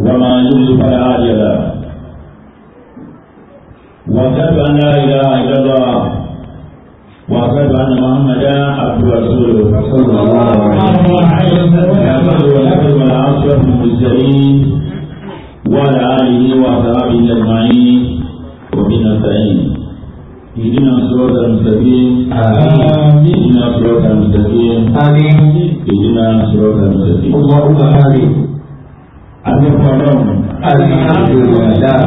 وما يضل فلا هادي له واشهد ان لا اله الا الله واشهد ان محمدا عبد ورسوله صلى الله عليه وسلم يقول ولا اشرف المرسلين وعلى اله واصحابه اجمعين وبنستعين اهدنا الصراط المستقيم امين اهدنا الصراط المستقيم امين اهدنا الصراط المستقيم اللهم امين adúgbòrán alihamdulilah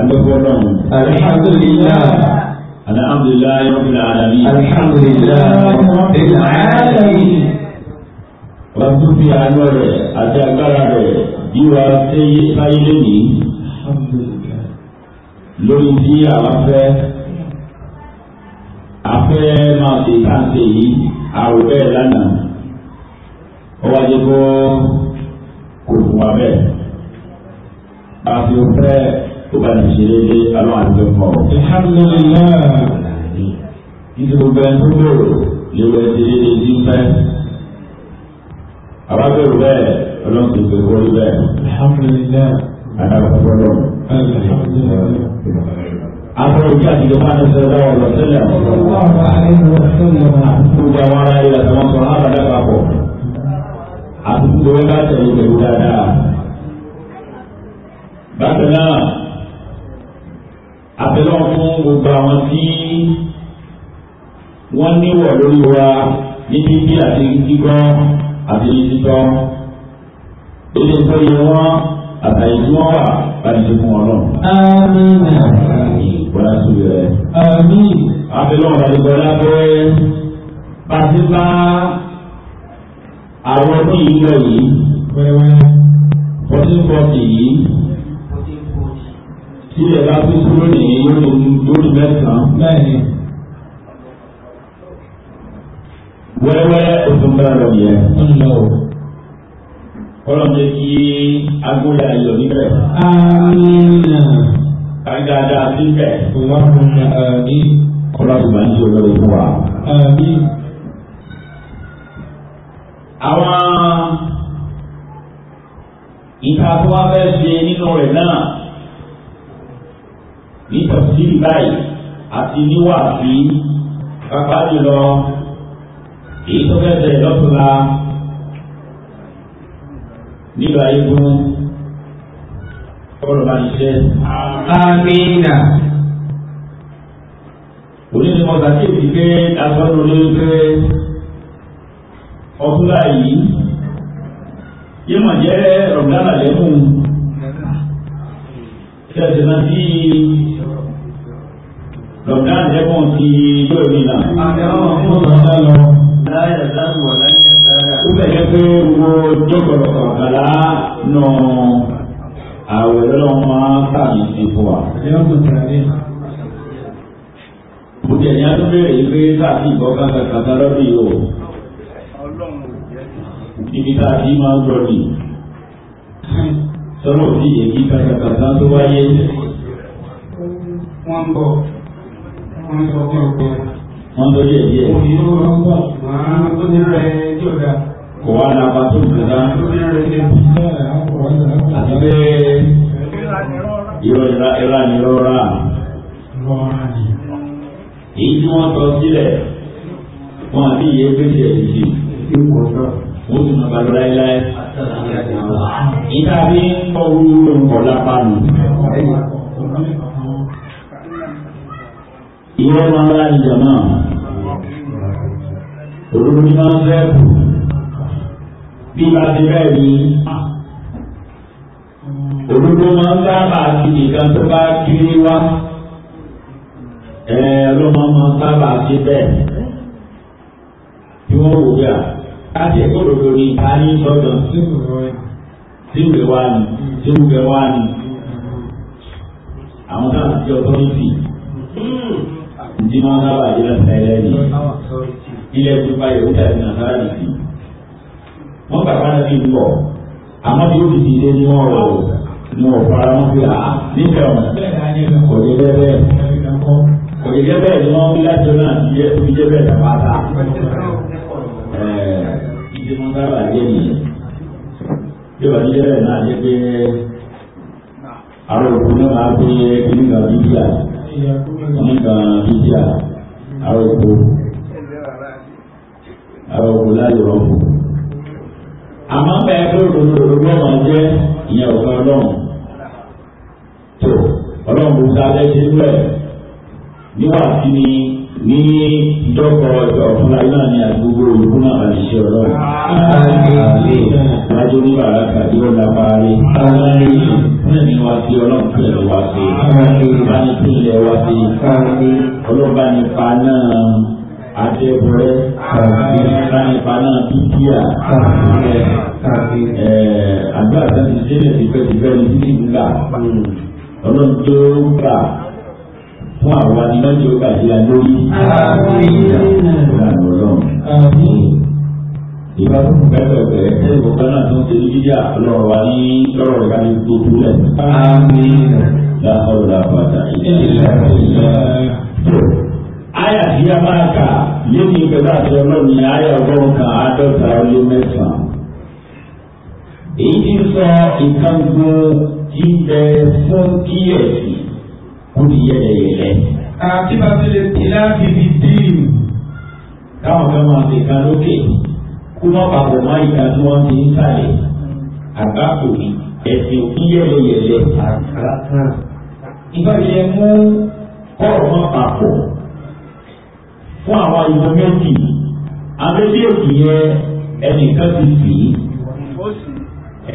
adúgbòrán alihamdulilah alihamdulilah rabbil alamin alihamdulilah rabbil alamin wàtú fi àánú rẹ̀ àti agbára rẹ̀ bí wà séyé sáyé lónìí lórí tí àwa fẹ́ afẹ́ máa ṣe káńtì yìí àrùbẹ́ lánàá ó wájú kó kò fún wa bẹ́ẹ̀ àti òfẹ́ tó bá ti ṣe déédéé alọ́ àti ọkọ̀. alhamdulilayi ìdí gbogbo ẹni tó gbòòrò lè wẹ̀ ṣe déédéé sí fẹ́. àbábẹ̀rù bẹ́ẹ̀ ọlọ́run ti gbogbo orí bẹ́ẹ̀. alhamdulilayi adáwọ̀pọ̀ lọ. Àwọn òbí àti ìjọba ní sẹ́dá ọ̀rọ̀ sílẹ̀. Gbogbo àwọn ará ìlú àti gbogbo àwọn ará ìlú àti wọn sọ̀rọ̀ àbàdà papọ̀ àti gbogbo bá tẹ̀lé pẹ̀lú dáadáa. bákan náà àtẹlọ́ fún gbogbo àwọn tí wọ́n níwọ̀ lórí wa níbi bí àti kíkọ́ àti títọ́ èdè tó yẹ wọ́n àtàyè tí wọ́n wà láti ṣe fún ọlọ́run. amínà. ìgbọ́lá síbi rẹ̀. àmín. àtẹlọ́ ọ̀rọ̀ ìgbọ́lá bẹ́ẹ̀ bá ti àwọn ọdún yìí lọ yìí fourteen forty yìí tí ẹ bá fi kúrò nìyí lórí mẹ́sàn-án. wẹ́wẹ́ òfin bá lọ yẹ. ọlọ́run jẹ́ kí agbóyà ayọ̀ níbẹ̀. àgbàdo àti bẹ̀. ọlọ́run máa ń jẹ́ olórí fún wa àwọn ìta tó wá fẹ́ ṣe nínú rẹ̀ náà ní tọ̀sílì báyìí àti níwàásí pápá jùlọ èyí tó fẹ́ tẹ̀ lọ́tọ̀la nílò ayégun ọlọ́ba ṣiṣẹ́. amina. onídìmọ̀ sàkíyèsí pé aṣọ́nù ló ń fẹ́ ọdún láàyè yíma jẹ́ rọ̀gbánà lẹ́kùn kẹsì náà tí rọ̀gbánà lẹ́kùn ti yóò ní ìlà. àtẹ̀wọ̀n fún ọ̀dọ́ lọ. láyé ẹ̀dáàbò wà láyé ẹ̀dáàbò. ó bẹ̀rẹ̀ pé wo jọ́kọ̀rọ̀ kọ̀ọ̀kàlá nù àwẹ̀ lọ́wọ́ máa tàbí sí fún wa. mo jẹ̀ ní adúlé rèé pé sáà sí ìbọn kankan kankan lọ́dún yìí o níbi tá a ti máa ń rọrì sọ́rọ̀ sí èyí kàkàkàtà tó wáyé. wọ́n ń bọ̀ wọ́n ń sọ fún ọgbọ́n. wọ́n tó yẹ díẹ̀. òní ló ń bọ̀ máa tó ní rẹ̀ tí ò dáa. kò wá lápá tó ń dáa. tó ní rẹ̀ tí ò dáa. àti pé ìrọ̀ ìrọ̀ ìrọ̀ra. èyí tí wọ́n sọ sílẹ̀ wọ́n àbí iye gbèsè ìsìn ó sì máa balọ̀ láéláé. ìta bí ń bọ̀ wúlò ló ń bọ̀ lápá nù. ìwọ máa ń láti jà náà olórí ní máa ń fẹ́ẹ̀kù bí bá ti bẹ́ẹ̀ ni olórí máa ń sábà ti nìkan tó bá kiri káṣẹ̀ kódòdó ni ta ní sọ́dọ̀ tí ìwé wá ní tí ìwé wá ní àwọn táwọn ti ọtọ́rìtì ǹdí máa ń sábà jẹ́ láti ilẹ̀ ní ilẹ̀ gbígbá ìwé tàbí nàìjíríà nìsí wọ́n gbàgbá náà ti ń bọ̀ àmọ́ tí ó fi dìde ní wọ́n rọ̀ ah, ní ọ̀fara wọn fi hà nífẹ̀ẹ́ wọn kò lè jẹ́ bẹ́ẹ̀ kò lè jẹ́ bẹ́ẹ̀ ni wọ́n fi lájọ náà ti jẹ́ bẹ́ẹ̀ tàbátà tí wọ́n sábà jẹ́ nìyẹn bí wọ́n ti dẹ́rẹ̀ náà jẹ́ pé àwọn òkú náà máa pé kíní kan bíbíà kíní kan bíbíà àwọn òkú àwọn òkú láyé rọ́pò. àmọ́ bẹ́ẹ̀ pé òdodo olóògbé jẹ́ ìyẹn òfin ọlọ́run tó ọlọ́run kò sáré ṣe ń bẹ̀ níwà ni ní dọ́kọ̀ ọ̀fúnra náà ni àgbogbo olùkún náà lè ní bàrà kàdé ọ̀la parí náà ni wá sí ọlọ́run tó lè wá sí bá ní tó lè wá sí ọlọ́run bá ní pa náà adébúrẹ́ bá ní pa náà dúkìá àgbà àti àti sílẹ̀ tìpẹ́tìpẹ́ ní títí gbà ọlọ́run tó gbà fún àwa ni má jẹ́ ó bàjẹ́ lórí. ìgbà tó kù bẹ́ẹ̀ bẹ́ẹ̀ bẹ́ẹ̀ ṣé ìbùkún náà tó ń ṣe ní bíyà lọ́rọ̀ wa ní lọ́rọ̀ rẹ̀ káni tó kú lẹ̀. láàárọ̀ làbàdà ìdílé aya tí a máa kà yéèmí pẹ̀lú àti ọlọ́ọ̀ni aya ọgọ́rùn kan àádọ́ta ó mẹ́sàn-án. èyí ti sọ ìkan ti bẹ fún kíyèsí ó di yẹlẹyẹlẹ. àti bàbílẹ̀ tìlá bìbí dìrì káwọn fẹ́ máa fi kan lókè kó má papọ̀ má ìka tí wọ́n ti ń sàlẹ̀ àgbákò ẹ̀sìn òkú yẹlẹyẹlẹ. ìbáyẹ mú kọ́ọ̀rọ̀ má papọ̀ fún àwọn ìwọ̀n méjì abẹ́bíyèsí yẹ ẹnìkan ti sì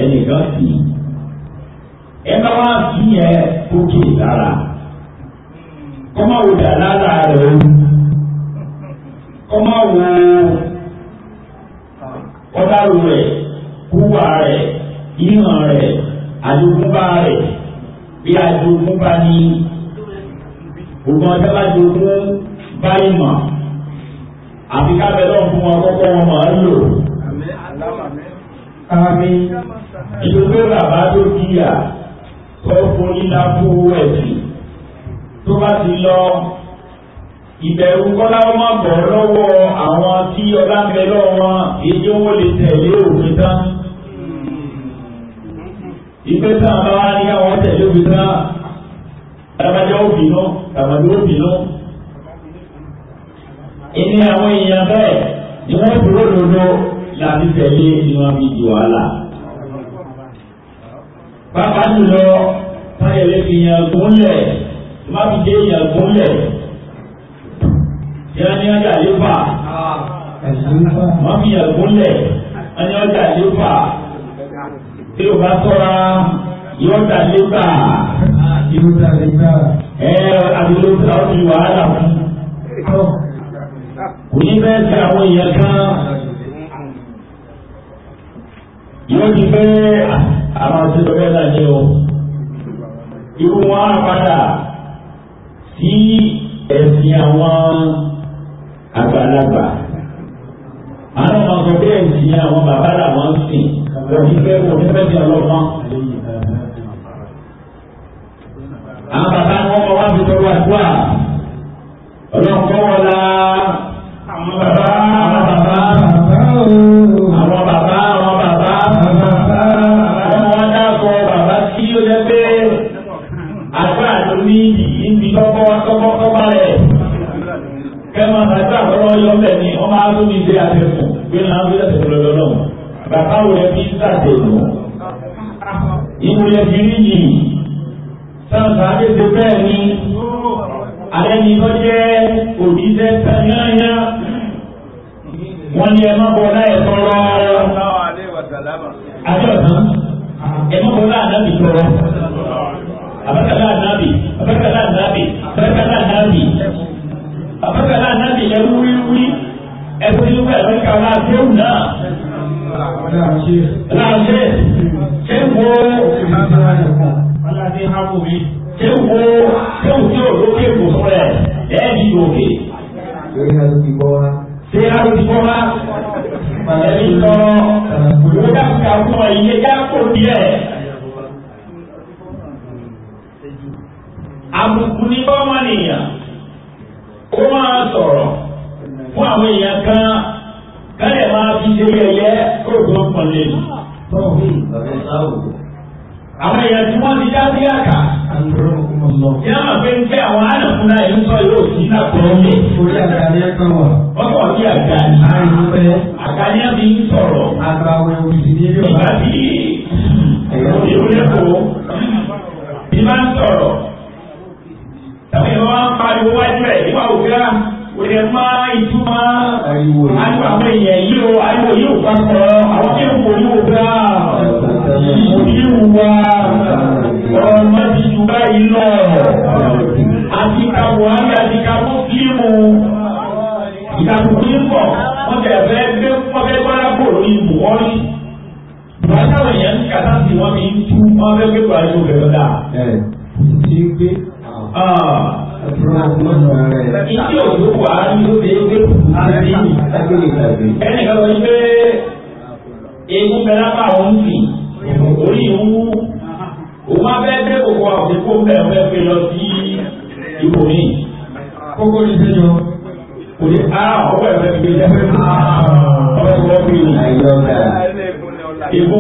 ẹnìkan sì ẹ bá wá sí yẹ kókè dára kọ́má wò dà lára rẹ̀ o kọ́má wò ọ̀dàrú rẹ̀ kúwà rẹ̀ ìhàn rẹ̀ àjogúnbá rẹ̀ bí àjogúnbá ní ògùn ọjọ́ bá jogún àfi kábẹ́ fún wọn kọ́kọ́ wọn máa ń lò. Ami ìdókòwò bàbá tó kíyà tó fún nílá fún ẹ̀sìn tó bá ti lọ ìbẹ̀rù kọ́lá ó má bọ̀ lọ́wọ́ àwọn tí ọlá ń bẹ lọ́wọ́ wọn èyí wọn lè tẹ̀lé òfin tán. ìgbé tán bá wá ní àwọn tẹ̀lé òfin tán tàbájá òfin náà tàbájá òfin náà. ìní àwọn èèyàn bẹ́ẹ̀ ni wọ́n dúró lọ́dọ̀ láti tẹ̀lé ni wọ́n fi di wàhálà. pápá jùlọ táyẹ̀lẹ́ fi yan gúnlẹ̀ má fi dé èèyàn gúnlẹ̀ yẹn ní ọjà lébà má fi èèyàn gúnlẹ̀ ẹni ọjà lébà tí o bá tọ́ra yóò dà lébà yóò dà lébà ẹ àdúgbò tí a ti wàhálà fún kò ní bẹ́ẹ̀ sí àwọn èèyàn kan yóò ti fẹ́ ah, àwọn àti ìdọ́gbẹ́lá ni o irú wọn á padà tí ẹ̀sìn àwọn àgbàlagbà àwọn ọmọ sọ pé ẹ̀sìn àwọn bàbá làwọn ń sìn onífẹ́ onífẹ́ ti ọlọ́pàá. àwọn bàbá wọn kọ wá fi tọrọ àdúrà ọlọ́pàá wọn la àwọn bàbá àwọn bàbá. tọ́kọ́tọ́kọ́ rẹ̀ kẹ́mọ́ àtàtà lọ́rọ́ yọ bẹ́ẹ̀ ni wọ́n máa tún ní ilé àtẹ̀kù pé náà ń bílẹ̀ tẹ̀lé lọ́lọ́ bàbá wo yẹ fi ń tàdé nù. ìwò yẹ fi rí yìí sáǹsà àdéhùn bẹ́ẹ̀ ni alẹ́ ni wọ́n jẹ́ òdìdẹ́ tányányá wọ́n ní ẹ má bọ̀ náà ẹ̀ tọ́lọ́ àjọ tán ẹ má bọ̀ náà àdábì tọ́lọ́ àbákàlà àdábì àbákàlà àdábì bẹ́ẹ̀kálá náàbì àbẹ́kálá náàbì ẹrú wíwí ẹgbẹ́ tó bẹ̀rẹ̀ lọ́kà láàbẹ̀wò náà. láàbẹ̀ ṣé wo aláàbẹ̀ hábò mi ṣé wo ṣé wo tí olókè kò sọ rẹ̀ lẹ́ẹ̀dì òkè. ṣé arúgbó bọ́ wá ẹ̀mí sọ̀rọ̀ òwúrọ̀ kàkúkà fún ẹ̀yẹ yá kò díẹ̀. àbùkù ní báwọn èèyàn ó máa sọ̀rọ̀ fún àwọn èèyàn kan kálẹ̀ máa fi ṣe yẹ̀yẹ́ kóòtù ọ̀pọ̀n lè mú. àwọn èèyàn tí wọ́n ti dá sí àkà yàrá pé ń fẹ́ àwọn ànàkúnlá yìí ń sọ yóò sí nàpọ̀ omi. orí àgbàdì ẹ̀kan wà. wọ́n kọ̀ sí àgbàdì. àìrúfẹ́. àgbàdì ẹ̀ fi ń sọ̀rọ̀. àgbàwẹ̀ òsì ní ilé ọ̀gá. ìgbà tí ìrúlẹ̀ kò bí máa ń sọ̀rọ̀ àwọn èèyàn máa ń pariwo wájú ẹ̀ nígbà òkúra òde máa ìtumọ̀ àti àwọn èèyàn yìí o àìwò yìí àwọn tí èèwò yìí ò bá ọmọ ti báyìí lọ àti kàwọ àmì àti kàwọ fíìmù ìtàkùn ní pọ̀ wọ́n tẹ̀ gbé pọ́fẹ́ gbọ́dá kò lórí ìbùkọ́rí bàtà wọ̀nyẹn kàtà sí wọn mi tú wọn fẹ́ gbé pàṣẹ òkè lọ́dà. Ìjọ òjò wà ní oṣù Ewé àti ẹnìkan lọ pé ewu bẹ lápá òun sì orí ìwú òun máa bẹ́ẹ̀ dé kòkó àti kó bẹ̀rẹ̀ bẹ́ẹ̀ fi lọ sí ipò mi. Kókó ní sí yọ. Kò ní á ọwọ́ ẹ̀fẹ́ fi gbé jẹ́ ọwọ́ ẹ̀fẹ́ gbé jẹ́ ìfún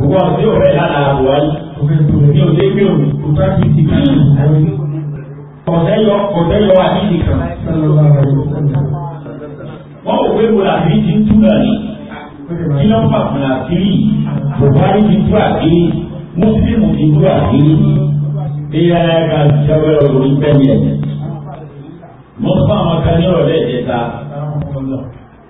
Gbogbo àwọn tí ọ̀rẹ́ lára àbò wáyé. Ní òde gbé òní. Kọ̀tẹ́yọ kọ̀tẹ́yọ àdídì kan. Wọ́n wò pé mo làbí ti ń túnra Kí ló ń fún àkírí? Bùhárí ti tú àkírí. Mùsùlùmù ti tú àkírí. Ìyá ẹ̀ka ìjọba ìròyìn tẹ́lẹ̀. Mo fún àwọn kan ọ̀rẹ́ ìjẹta.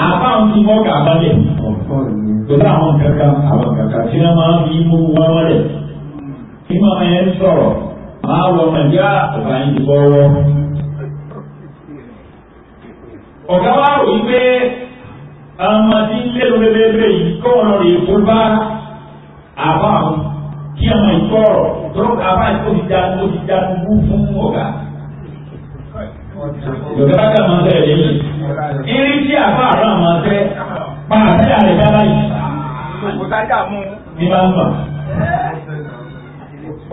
àbá ń fi wọ́n kà balẹ̀ pẹ̀lú àwọn kankan àwọn kankan tí wọ́n máa fi mú wọ́n wọlé kí wọ́n máa yẹn sọ̀rọ̀ máa wọ nàìjíríà ọ̀gá yìí bọ́wọ́. ọ̀gá wa rò yí pé ọmọ tí ń lé lórílẹ̀ yìí kọ́ ọ̀nà rè fún bá àbá kí ọmọ ìkọ̀rọ̀ tó àbá ìkó ti dá tó ti dá tó wú fún ọ̀gá. Yorùbá bá dà máa tẹ̀ lẹ́yìn. Irin tí àfa àrà máa tẹ́ pa àtẹ́yà rẹ̀ bá báyìí. Ní bá ń bà.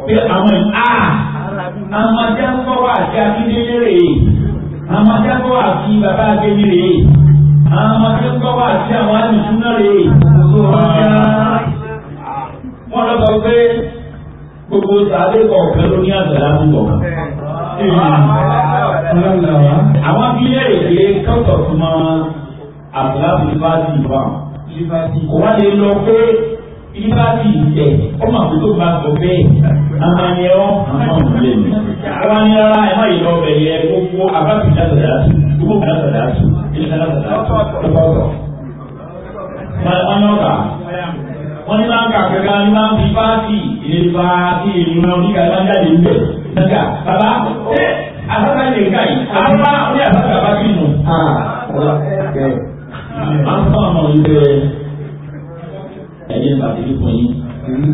Pé àwọn ìhà àmàjá ń bọ̀ wá àti akíndélé rè é. Àmàjá ń bọ̀ wá àti bàbá agbẹ́ni rè é. Àmàjá ń bọ̀ wá àti àwọn àlùsúná rè é. Wọ́n lọ sọ pé gbogbo sàlẹ̀ kọ̀ọ̀kan ló ní àgbàlá ń àwọn abúlé èké kọ́tọ̀ tó mọ àbúrásù lífàtì wà kò wá lè lọ pé lífàtì ìtẹ̀ ó mà kó tó bá sọ bẹ́ẹ̀ amáyẹ ọ́ àwọn ní ara ẹ̀ má yìí lọ bẹ̀ yẹ gbogbo abáfi dàgbàdà tù gbogbo dàgbàdà tù ilé dàgbàdà tù ọlọ́ọ̀ta wọ́n ní máa ń kà kẹ́kẹ́ ní máa ń fi fáàtì ìlú fáàtì ìlú náà oníkàlá jáde ń bẹ̀ ìgbà bàbá ṣé àbáta lè ká yìí àbá ní àbáta bá kì í nù. a ń fọ ọmọ yìí bẹ ẹyẹ ìbàdí fún yín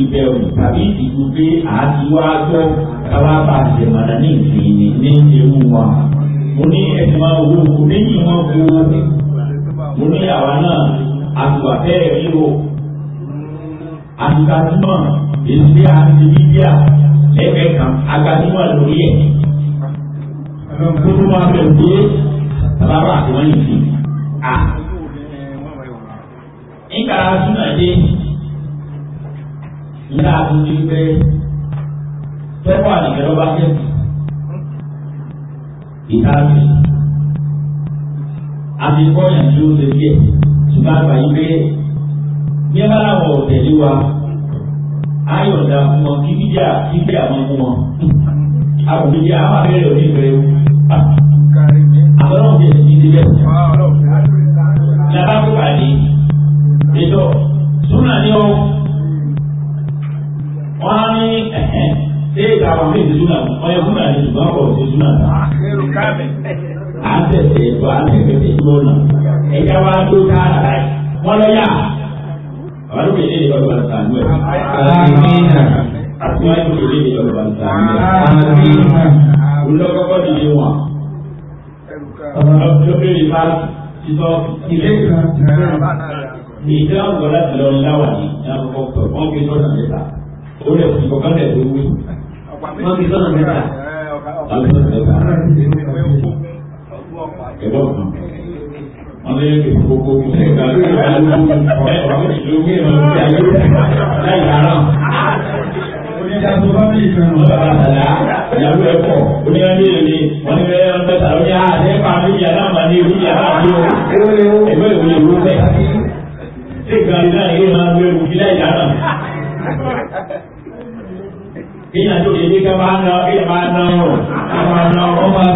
ìbẹ̀rù tàbí ìdìbò pé àti wá gbọ́ káwá bá àjẹmọ̀nà ní ìsìn ní ewu wa mo ní ẹ̀sìn máa wo kò lẹ́yìn wọn kú mo ní àwa náà àtùwà bẹ́ẹ̀ rí o àtùkà tí náà èsì àti bíbíà ẹgbẹ́ kan agbadúmọ̀ lórí ẹ̀. Gbogbo wa bẹ̀rù pé bàbá àti wọ́n lè fi à. Nígbà súnà dé, ìyá àtúntò pé tọ́kọ̀ àdìgbẹ́ lọ́ba kẹ́kọ̀ọ́. Ìta mi, àti kọ́yàn tí ó ṣe díẹ̀, ṣùgbọ́n àgbà yí pé bí ẹ bá láwọn ò tẹ̀lé wa. ayọ̀dà fún wọn kí bíjà kí bíjà máa mú wọn àwọn bíjà á máa òní ìbẹ̀rẹ̀ o. àwọn ọ̀rọ̀ ẹ̀sìn ti bẹ̀. lábàkú pàdé ètò súnà ni ó wọn á ní ṣé ìta àwọn méjì súnà yẹ súnà ṣùgbọ́n súnà. à ń tẹ̀sẹ̀ à ń tẹ̀sẹ̀ àwọn olùkọ́ ilé ìjọba ìgbà sàánú ẹ̀. àti wáyé olùkọ́ ilé ìjọba ìgbà sàánú ẹ̀. olùkọ́kọ́ dìde wọn. lóbìnrin bá títọ́ ilé ìjọba ìgbà láti lọ láwà ní àkọ́kọ́ pẹ̀ wọ́n fi sọ́nà mẹ́ta. ó lè fi kọ̀ọ̀kan lẹ̀ tó wí. wọ́n fi sọ́nà mẹ́ta. ọ̀pá ọ̀pá ẹ̀gbọ́n kan wọ́n lé lè gbogbo kí ṣe ìgbà lórí ìgbà lórí ìlú ń bẹ́ta lórí àdé máa gbé ewu ilé ìyàrá? máa ná ọ̀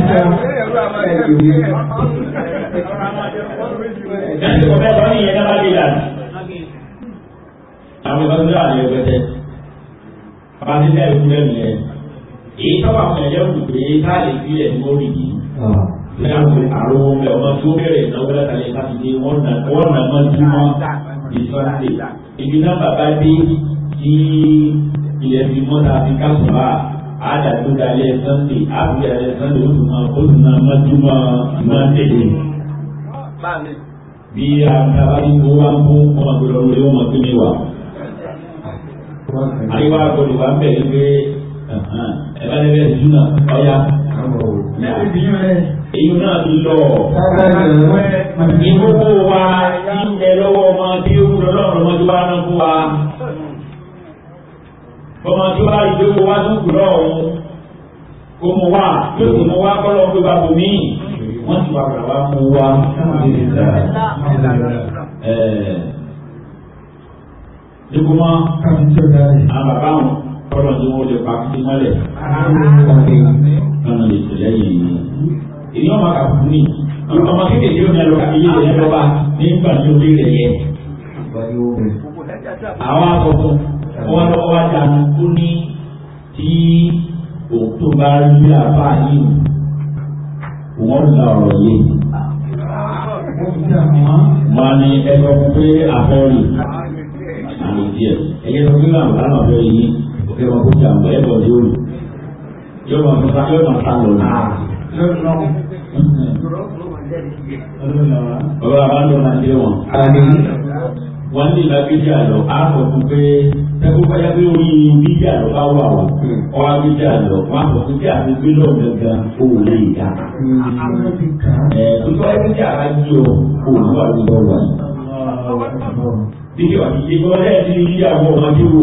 ìdájọ́ kọfẹ́ lọ ní ìyẹn dábàá gíga àwọn ìbáṣe náà lè rẹpẹtẹ bàbá ti dẹ́rù kú lẹ́nu yẹn èyí tọ́wọ́ àwọn ẹ̀jẹ̀ kù pé táà lè fi ẹ̀ mórí yìí fẹ́ràn pé àrùn ọmọ ọmọ tó bẹ̀rẹ̀ ìnáwó látàlẹ́ sátidé wọ́n nà wọ́n nà mọ́ sí mọ́ ìsọ́ndé ibi náà bàbá dé ní ilẹ̀ fi mọ́ ta fi kásùbà àdàtú dalẹ̀ sọ́ndé àbúyalẹ̀ sọ́ndé ó dùn mọ́ ó dùn mọ́ mọ́ dùn mọ́ mọ́ tẹ̀lé bí àtàrí owó bá ń kú ọmọ gbèrò lórí ọmọ tó ní wà. àríwá gbọdọ̀ wà ń bẹ̀ ní pé ẹ bá lẹ́bẹ̀ẹ́ ìdúnà ọ̀yá. èyí náà ti lọ. ìkókó wa ń bẹ lọ́wọ́ ọmọ tí ó kú lọ́rùn ọmọ tó bá ń kú wa. ọmọ tó bá ìjókòó wá tó kù lọ́rùn kó mo wá yóò sì mo wá kọ́ lọ́ọ́ pé bàbá mi wọ́n ti wà bàbá mú wa duguma àbàbà wọn kọ́lọ̀ ní wọ́n lè pa kí mọ́lẹ̀ lọ́nà lè tẹ̀lé yìí èyí ọmọ kà fún mi ọmọ kékeré yóò ní ẹlọ́ka iye rẹ̀ lọ́ba nígbà tí ó lé rẹ̀ yẹ. àwọn akọ̀kọ̀ wọn lọ́wọ́ wájà kú ní tí òkú bá rí àbá yìí wọ́n lọ̀rọ̀ yìí. Máa ní ẹgbẹ́ fún pé àfẹ́rì àmì díẹ̀. Ẹyẹ sọ pé náà lánàá fẹ́ yìí òkè wọn kó jà mọ́ ẹ̀bọ̀ yóò lù. Yóò máa fi sáfẹ́ máa sá lọ náà. Ọlọ́run àwọn àbá lọ máa dé wọn wọ́n ní ìlà gbé díà lọ á sọ fún pé tẹ́kọ̀ báyà pé orí bí díà lọ bá wà o ọwọ́ hmm. gbé díà lọ wọ́n á sọ fún díà tó gbé lọ gangan o ò lè dá. ẹ tuntun ayé gbé díà bá yí o kò ní wà lóyún lọ́wọ́. bí kí wàá ti ṣe gbọ́dọ̀ àwọn ọmọdé wò.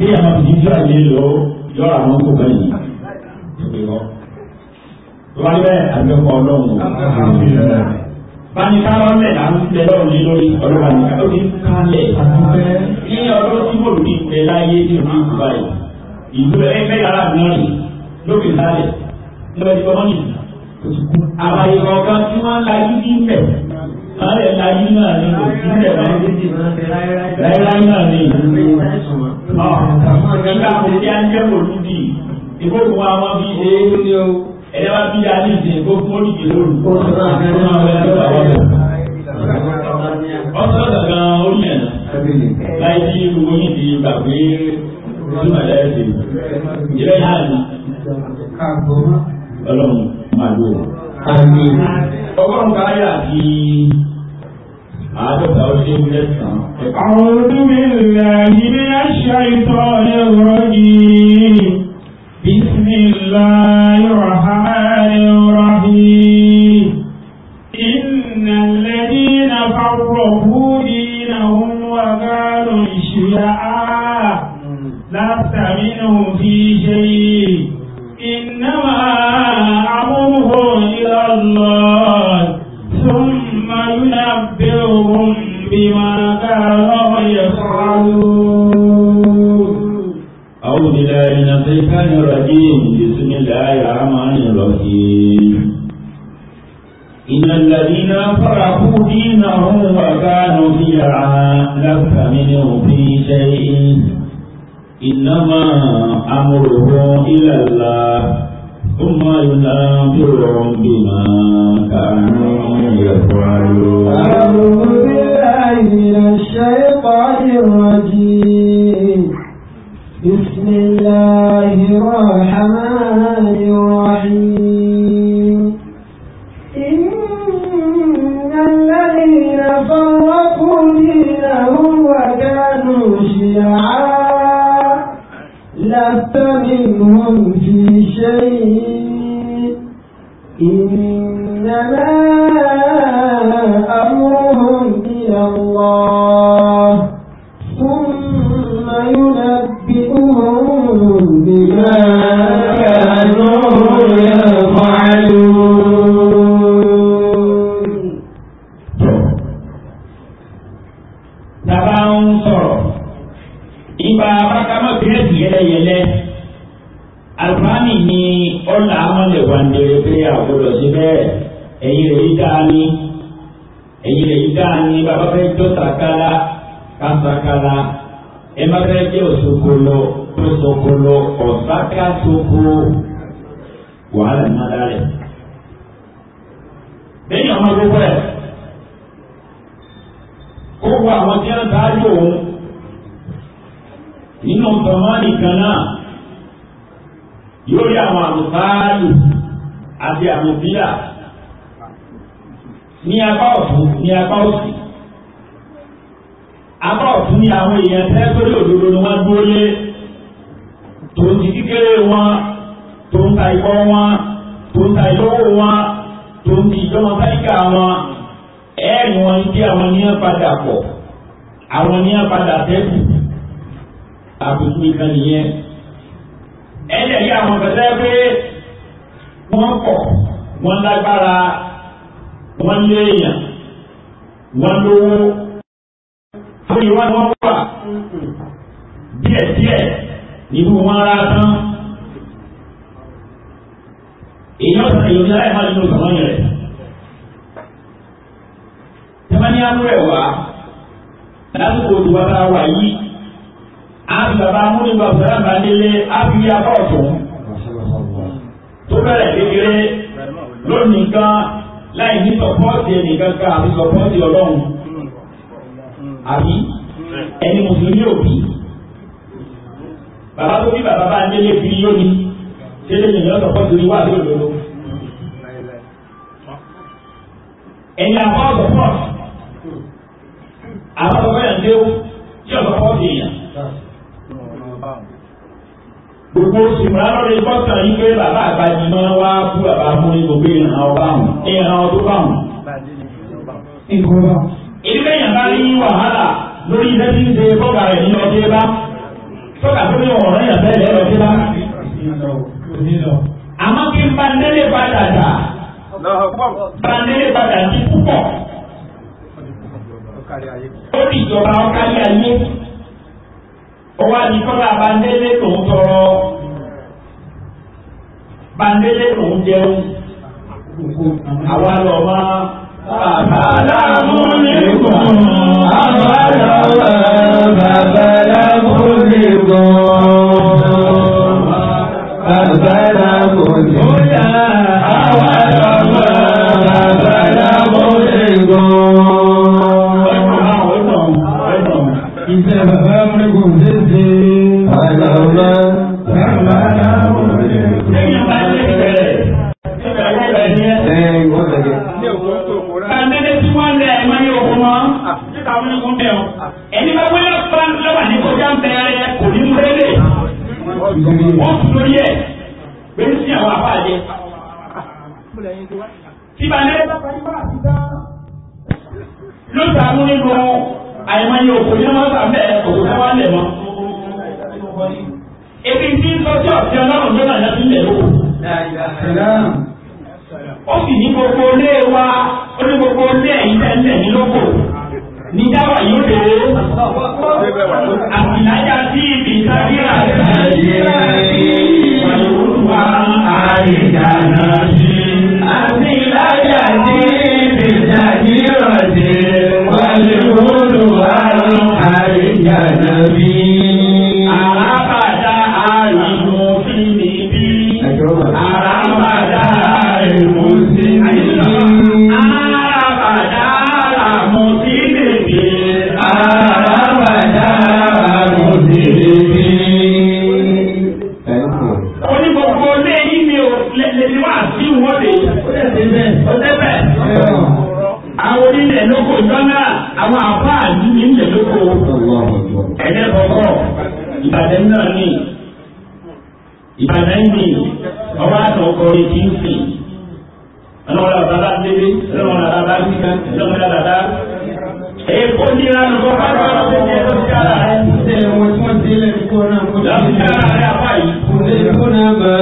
bí àwọn ìdíjọ́ ìlú lọ yọ̀rọ̀ àwọn kò bẹ́ẹ̀ yìí ìgbé lọ. Lọ́wọ́ bẹ́ẹ̀ àgbẹ̀kọ̀ ọlọ́run. Bani káwọn lẹ̀ là ń tẹ lọ́rùn ní lórí ọlọ́wà ní ká lórí kálẹ̀. Ní ọdún tí mo rí ìpè láyé ní ìlú Ìgbà yìí, ìlú ẹgbẹ́ yàrá mìíràn lókè sálẹ̀. Lọ́wọ́ ti kọ́ mọ́nì. Àbàyè kọ̀ọ̀kan tí wọ́n ń la yí bí mẹ́ ààrẹ láyé náà ni kò sí ilẹ̀ láyé náà ni ọ̀gá kò sí àjẹ́kò lùdì ìgbóhùn wa wọn bí ṣe ẹ̀rẹ́ wa bí a ní ìsìn kó fún olùdí lóru. ọ̀sán ọ̀gá orí ẹ̀ láyé tí gbogbo yìí ti gbà pé ojúmọ̀ ẹ̀dá ẹ̀sìn ìrẹ́ yára ni ọlọ́run máa lò wọ́n ọgọ́rùn-ún káyà di àádọ́ta ó lé mẹ́sàn-án. A'udhu billahi minash shaitanir rajim. Bismillahir rahmanir rahim. Innal ladhina farraqu dinahum wa kanu shiya'a lasta minhum fi shay'in. أعوذ بالله من الشيطان الرجيم بسم الله الرحمن الرحيم إن الذين فرقوا دينهم وكانوا فيها لست منهم في شيء إنما أمرهم إلى الله ثم ينبئهم بما كانوا يفعلون أعوذ بالله من الشيطان الرجيم بسم الله الرحمن الرحيم إن الذين فرقوا دينهم وكانوا شيعا لست منهم في شيء إنما أمرهم إلى الله asakala ẹ má fẹ́ jẹ́ òṣokolo tó ṣokolo ọ̀sáká ṣoko wàhálà ní adá rẹ̀. lẹ́yìn ọmọ gbogbo ẹ̀ kó wọ àwọn tí wọ́n sáájú òun nínú tọ́mọ́nì kan náà yóò rí àwọn àlùfáàlù àti àlùfíà ní apá ọ̀tún ní apá òsì ní àwọn èèyàn tẹ́ sórí òdodo ni wọ́n dúró lé tó ń ti kékeré wọn tó ń ta ikọ́ wọn tó ń ta ìlọ́wọ́ wọn tó ń ti ìjọba sáyíkà wọn ẹ̀ẹ́nì wọn jẹ́ àwọn níyàn padà pọ̀ àwọn níyàn padà tẹ́kù àbùkù nìkan nìyẹn ẹ̀ẹ́dẹ̀ yí àwọn kẹsẹ́ pé wọ́n pọ̀ wọ́n lágbára wọ́n léèyàn wọ́n lówó orí wọn wọ́n wà díẹ̀díẹ̀ nínú wọn rà tán èèyàn sàn yóò ní aláìmọ́ nínú sàn yẹn rẹ̀ tẹ́mání amúrẹ̀ wá lásìkò òdùbà tá wà yìí á bàbá amúnibà bàbá àbádélé á apá ọ̀tún tó bẹ̀rẹ̀ kékeré lónìí kan láì ní sọpọ́ọ̀tì ẹnìkan ká àti sọpọ́ọ̀tì ọlọ́run àbí ẹni mùsùlùmí ò bí bàbá tó bí bàbá bá ń délé fi yóni délé yìí lọ́sọ̀ pọ̀ torí wà ló lòlò. ẹ̀yin àwọn ọ̀sọ̀ pọ̀ àwọn ọ̀sọ̀ pọ̀ yàn léwu tí ọ̀sọ̀ pọ̀ ti yàn. gbogbo sìmùlá lórí bọ́sà yìí pé bàbá àgbàjì máa wá kú bàbá mú ní gbogbo ìrànlọ́wọ́ báwọn ìrànlọ́wọ́ tó báwọn. ìgbọ́n báwọn rí wàhálà lórí iṣẹ́ tí ń ṣe tọ́ka rẹ̀ nínú ọdún bá tọ́ka tó ní ọ̀rọ̀ yẹn bẹ́ẹ̀ lẹ́yìn ọdún bá. àmọ́ kí n bá nílé padà dà bá nílé padà ní púpọ̀ ó ní ìjọba ọ̀kárí ayé ọwọ́ àdìkọ́lá bá nílé tòun tọrọ bá nílé tòun jẹun àwa lọ́ọ́ máa. Àbálámú nìkan, àbálámú bàbálámú nìkan, bàbálámú nìkan, àbálámú bàbálámú nìkan. wọ́n kú lórí ẹ̀ pé ń sin àwọn àbá yẹ. Tíbalẹ̀ ló sàánú nínú àìmọye òkú ní wọ́n sàn bẹ́ẹ̀ òkú náà wà lẹ̀ mọ́. Ebi tí ń sọ sí ọ̀sẹ̀ ọlọ́run ló nàá sí ilẹ̀ lóko. Ó sì ní gbogbo ilé wa, ó ní gbogbo ilé ẹ̀yìn tẹ́lẹ̀ ní lóko ní dáwà yóò dé àtìláyà tí ibi sábíà rẹ̀ ṣe é wà lórúkọ àìdáná sí. ìbàdàn ní ọwọ́ àtọ̀kọ rẹ̀ kì í sìn ọlọ́wọ́lá bàbá délé ọlọ́wọ́lá bàbá kíkan ọlọ́wọ́lá bàbá. èkó ní ìlànà kọ́ bá bá wọn ṣe tó ti kára rẹ̀. ṣé wọn tí wọ́n ti lè kó náà kó tó ti kára rẹ̀ apá yìí. kò lè kó náà bá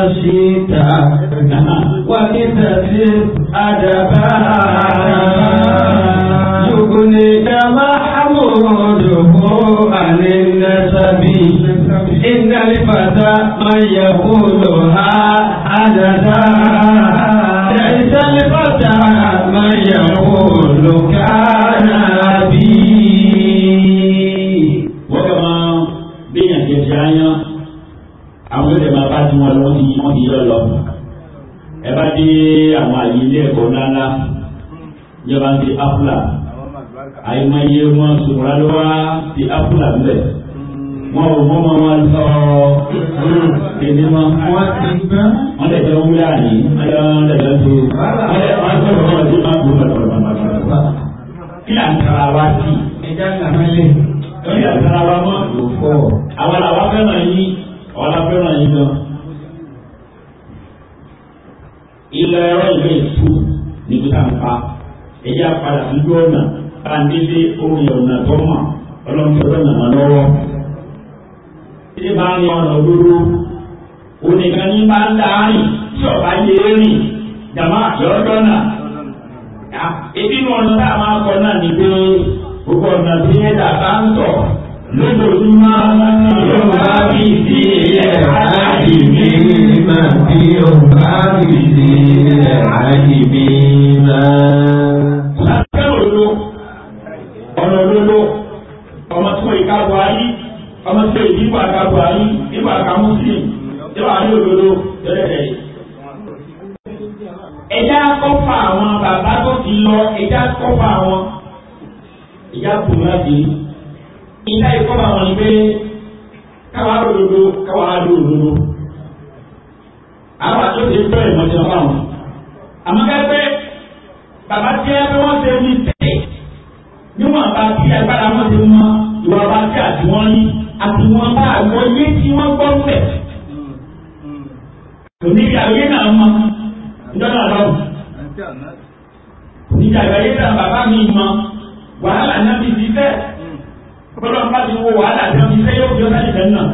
a ṣe ta wà ní tàbí àdàbà àdàbà yóò kó ní. الفتى من يقولها حدثا ليس الفتى من يقول كان بي وكما بين الجزايا àwọn ọdẹ máa bá tí wọn lọ sí wọn ti yọ lọ ẹ bá dé àwọn àyè ilé ẹ̀kọ́ ńláńlá ìjọba ń di áfúlà àyè máa yé wọn sùnmùrà lọ́wọ́ di áfúlà ńlẹ̀ wọn ò mọ́ mọ́ wọn sọ hmm, èmi mọ́. wọ́n ti gbẹ́. wọ́n lè jẹ́ wúlẹ̀ àní wọ́n lè jẹ́ tó. wọ́n lè wọ́n sọ fún ọ̀dọ́ máa kú bàtọ̀ bàtọ̀. kí là ń tara wa sí. ẹja ń kàmẹ́ lé. kí là ń tara wa mọ́. àwọn làwọn fẹ́ràn yín àwọn làwọn fẹ́ràn yín náà. ilẹ̀ ẹ̀rọ ìlú èso níbi tá à ń pa ẹja padà ń dúró náà bá ń délé orin ọ̀nà tó mọ̀ ọlọ́run tó lọ́nà lọ́wọ́ tí bá ń yan ọ̀nà òdodo onìkan ní bá ń dáárìn tí ọ̀bá yé rìn jàmá àjọ́jọ́ náà ebi ní ọ̀nà tá a máa kọ náà ní pé gbogbo ọ̀nà tí ẹ̀dá bá ń tọ̀ lójoojúmọ́ yóò bá bí sí ilẹ̀ aláàjì mi máa bí yóò bá bí sí ilẹ̀ aláàjì mi máa ọ̀nà òdodo ọmọ tí wọ́n ìka wọ ayé ọmọ tí èyí ìwà ká buhari ìwà ká muslim ìwà ní òdodo lẹ́lẹ́lẹ́ yìí. ẹja kọfà àwọn bàbá tó ti lọ ẹja kọfà àwọn ìyá kù láti ìta ìkọfà àwọn ni pé káwa òdodo káwa ló òdodo. àwọn àtúntò ìgbẹ́rẹ̀ mọ́tò náà wà wọ́n. àmọ́ kẹ́kẹ́ bàbá tí ẹ bí wọ́n ṣe ní tẹ̀ níwọ̀n bá tí agbára wọn ti mọ ìwà bá tí àti wọ́n ní àti wọn bá àwọn ilé tí wọ́n gbọ́ mẹ́. Oníjà ayé náà mọ ìjọba lọ́wọ́. Oníjà ayé náà bàbá mi mọ wàhálà náà mi ti fẹ́. Ọlọ́run bá ti wo wàhálà náà mi fẹ́ yóò fi ọ́nà ìfẹ́ náà.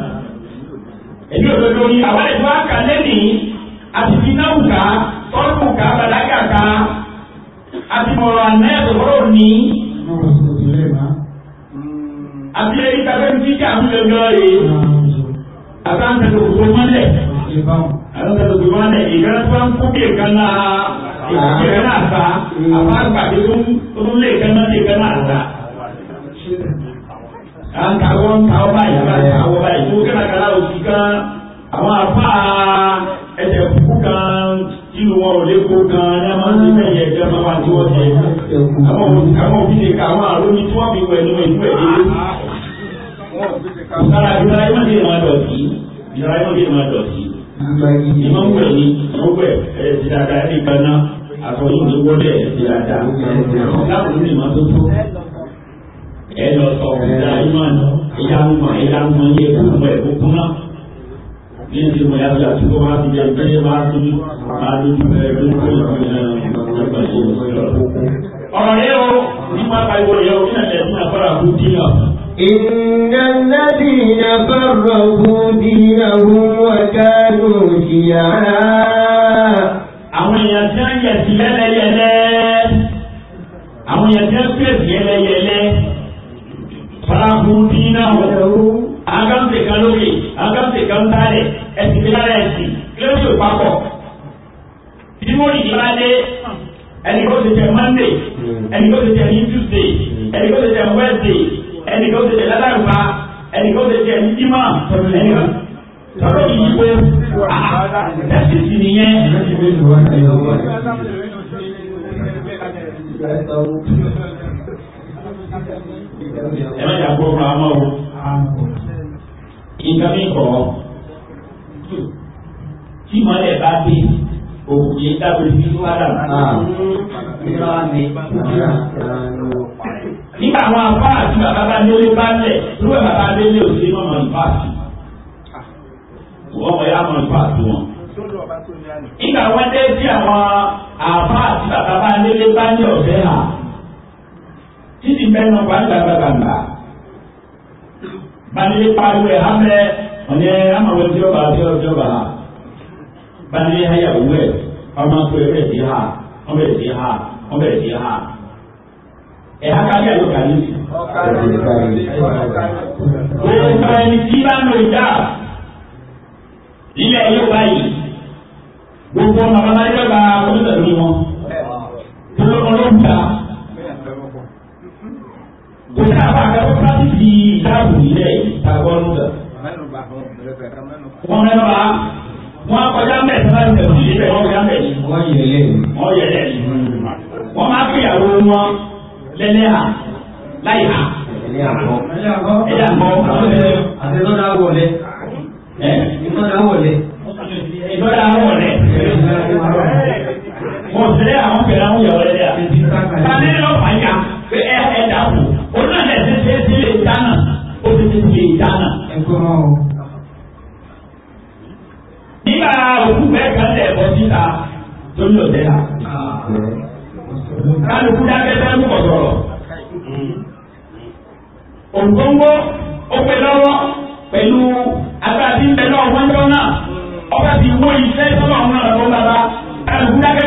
Èmi ò lọ lórí àwọn ìlú àkàlẹ́ nìyí àti fi náà wùkà tọ́lùkà bàdágà ká àti mọ̀rọ̀ àná ẹ̀dọ̀rọ̀ ní àti ẹ̀yìn tàbí jíjà ń gbẹ̀gbẹ̀ rẹ̀ àtàntàlù òkú mọ́lẹ̀ àtàntàlù òkú mọ́lẹ̀ ìgbẹ́rẹ́ tó bá ń kókè kan náà ìgbẹ́rẹ́ náà ta àwọn àgbàdo tó ń lè kan náà lè kan náà ta. à ń ta wọ́n ń ta ọba yìí bá ta ọba báyìí tó kẹ́nà kan láwùjọ kan àwọn àfa ẹ̀jẹ̀ kúkú kan ìlú wọn ò lè kó kan ní ọmọ sí mẹ́yẹ ẹgbẹ́ ọmọ tí wọ́n jẹ àwọn òbí lè ka àwọn àrùn ní tí wọ́n fi wẹ̀ nínú ìlú ẹ̀dẹ́ lára ìlera yóò dé máa dọ̀ sí ìlera yóò dé máa dọ̀ sí ìmọ̀ ń wẹ̀ ní ìmọ̀ wẹ̀ ẹ̀ ti dáadáa ẹ̀ lè gbaná àtọ̀yìn ní wọlé ẹ̀ ti dáadáa láwọn ní ìmọ̀ tó tó ẹ̀ lọ sọ̀rọ̀ ìlera yóò máa ìyá ń mọ̀ ìyá ń mọ̀ yẹ kó mọ̀ ẹ̀ kó kúná yadda ma ya zaci ko ma su yan tsaye ma su yi halin ɗin kuma ọ̀rọ̀ yẹn o nípa pariwo yẹn o nínú ẹ̀sìn àfárá kú dínà. إن الذين فرقوا دينهم وكانوا شيعا àwọn èèyàn tí wọ́n yẹ̀ sí yẹ́lẹ́yẹ́lẹ́ àwọn èèyàn tí wọ́n pèsè yẹ́lẹ́yẹ́lẹ́ farahu dínà wọ́n àwọn kan ń pè kan lókè àwọn kan ń pè kan sáré ẹsìn mi lára ẹsìn lórí òpapọ̀ bí mo rìn bá dé ẹni kó ti tẹ monday ẹni kó ti tẹ tuesday ẹni kó ti tẹ wednesday ẹni kó ti tẹ lálàrúbá ẹni kó ti tẹ ní jimá ẹni kan tọ́lọ́ yìí pé àtẹ̀sí nìyẹn. ẹ má yà gbọ́ ọmọ àmọ́ o nǹkan mi kọ̀ tí mọ́lẹ̀ bá dé òkú yẹn dábòlì bí wọ́n dà ah. nígbà àwọn afá àti bàbá bá délé bá lẹ̀ lóògbé bàbá délé òsè mọ́mọ́ nípa àti wọ́n wọ̀ yá mọ́ nípa àti wọn. nígbà wọn dé sí àwọn afá àti bàbá bá délé bá ní ọ̀fẹ́ hà títí mẹ́nu wà ní bàbá bàbá bani pariwo ẹ hamẹ ọnyẹ amawọ ẹbí ọba ẹbí ọbí ọba ha bani ayawo ẹ ọmọ akọ ẹbí ẹbí ha ọmọ ẹbí ha ọmọ ẹbí ha ẹ ha kárí ayọ kárí sí. òǹkà ẹni tí bá ń lò ìjà ilẹ̀ yóò báyìí gbogbo ọmọ bàbá ẹjọba olùdarí wọn olóńgbà kò sí àwọn àgbàdo pàtìkì ìdáàbò ilẹ̀ ìtàgbọ́nù dà. wọ́n mẹ́nu bá wọ́n kọjá mẹ́ẹ̀ tí wọ́n ti tẹ̀sí ìbẹ̀ wọ́n kọjá mẹ́ẹ̀. wọ́n yẹ lẹ́yìn. wọ́n yẹ lẹ́yìn. wọ́n máa fi ìyàwó wọn lẹ́lẹ́ hà láì hà. ẹ̀lẹ́ àbọ̀. ẹ̀lẹ́ àbọ̀. ẹ̀lẹ́ àbọ̀. àti ìtọ́jà wọlé. ìtọ́jà wọlé. ìtọ́jà wọlé. mọ̀ọ́sẹ̀lẹ̀ àwọn fẹ̀rẹ̀ àwọn ìyàwó lẹ́lẹ́ à. onílẹ̀ ti ṣe é sí ilé ìdáná ó ti ti ṣe ìdáná. nígbà òkú bẹ́ẹ̀ kan lẹ̀ bọ́ síta tó ń lò kálukú dákẹ́ bẹ́ẹ̀ kọ̀tọ̀rọ̀. òǹgbóǹgbó ó lọ́wọ́ pẹ̀lú agbábí ń bẹ náà wọ́n jọ náà ọba ti wó iṣẹ́ tọ́lọ̀ ọ̀hún náà lọ́wọ́ bàbá kálukú dákẹ́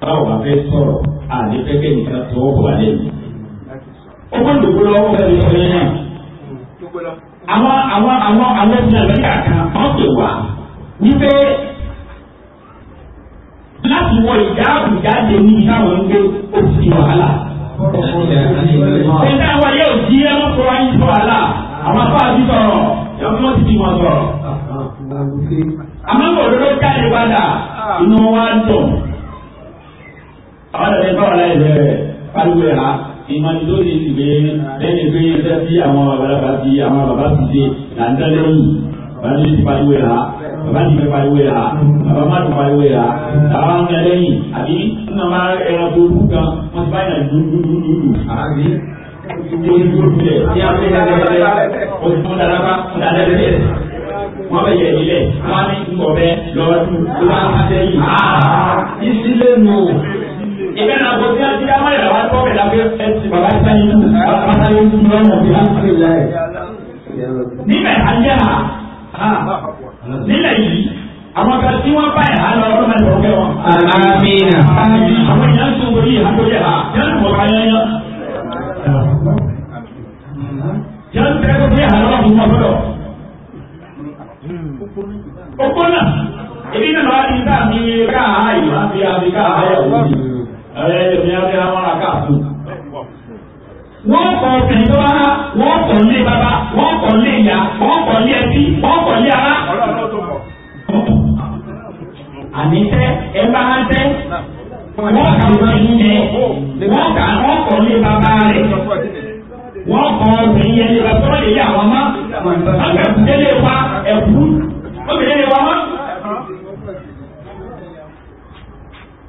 báwo bá fẹ́ sọ̀rọ̀ àlè fẹ́kẹ́ nìkan tó wọ́ wà lẹ́yìn. ó kọ́ ìdòkó lọ́wọ́ fẹ́ lè fẹ́ náà. àwọn àwọn àwọn àwọn ẹ̀sìn àgbẹ̀yà kan wọ́n pè wá wípé láti wọ ìdáàbò jáde ní ìdáwọn ń gbé oṣù wàhálà. ẹ̀dá wa yóò di ẹlọ́kọ̀ọ́ ayé sọ wàhálà àwọn afáàbí sọ̀rọ̀ ẹ̀fọ́ ti di wọn sọ̀rọ̀. àmọ́ òdodo jáde padà inú wa dùn àwọn ẹ̀rọ ìfọwọ́ láì bẹ̀rẹ̀ pariwo ẹ̀ ha ìmọ̀ni tó lè ti gbé lẹ́yìn pé iṣẹ́ tí àwọn babalaba ti àwọn baba ti ṣe là ń dá lẹ́yìn bàbá mi ti pariwo ẹ̀ ha bàbá mi fẹ́ pariwo ẹ̀ ha bàbá má ti pariwo ẹ̀ ha bàbá ń bẹ lẹ́yìn àbí nínú àwọn ẹranko olú kan wọ́n ti báyìí dúdúdúdúdú àbí olùdókòlẹ̀ ní abẹ́rẹ́ oṣù daraba dalẹ́ bẹ́ẹ̀ wọ́n bẹ yẹ ilẹ̀ wọ́n á ní nkọ̀bẹ lọ́wọ́ tó wọ́n á sẹ́yìn. ìdílé nù ìgbẹ́ náà kò sí àti àmọ́ ìrànwá tó bẹ̀ lábẹ́ ẹtì bàbá sáyé bàbá sáyé ń lọ mọ̀ bí i níbẹ̀ ayé ha nílẹ̀ yìí àwọn kan tí wọ́n bá ẹ̀ há lọ ọdún mẹ́ta ọ̀kẹ́ wọn. amiina. àwọn ìyá ń sọ wọlé ìhà tó yẹ ha yẹn ń bọ̀ ká yẹn yẹn. yẹn ń tẹ́kọ̀ọ́ bí ìhà lọ́wọ́ fún wọn òpó náà èyí náà wá mi ká àyè wá àbíká àyà òun yìí ẹlòmí á fẹ́ àwọn ará káàkiri. wọ́n kọ obìnrin tó bá rá wọ́n kọ lé bàbá wọ́n kọ lé ìyá wọ́n kọ lé ẹbí wọ́n kọ lé ará. àní tẹ ẹ bá rán tẹ wọ́n kà wọ́n yín lẹ wọ́n kà wọ́n kọ lé bàbá rẹ̀ wọ́n kọ obìnrin yẹn lé bàbá tó lè yà wọ́n mọ́ àgbẹ̀kú délé wa ẹ̀kú obìnrin lè wọ́n mọ́.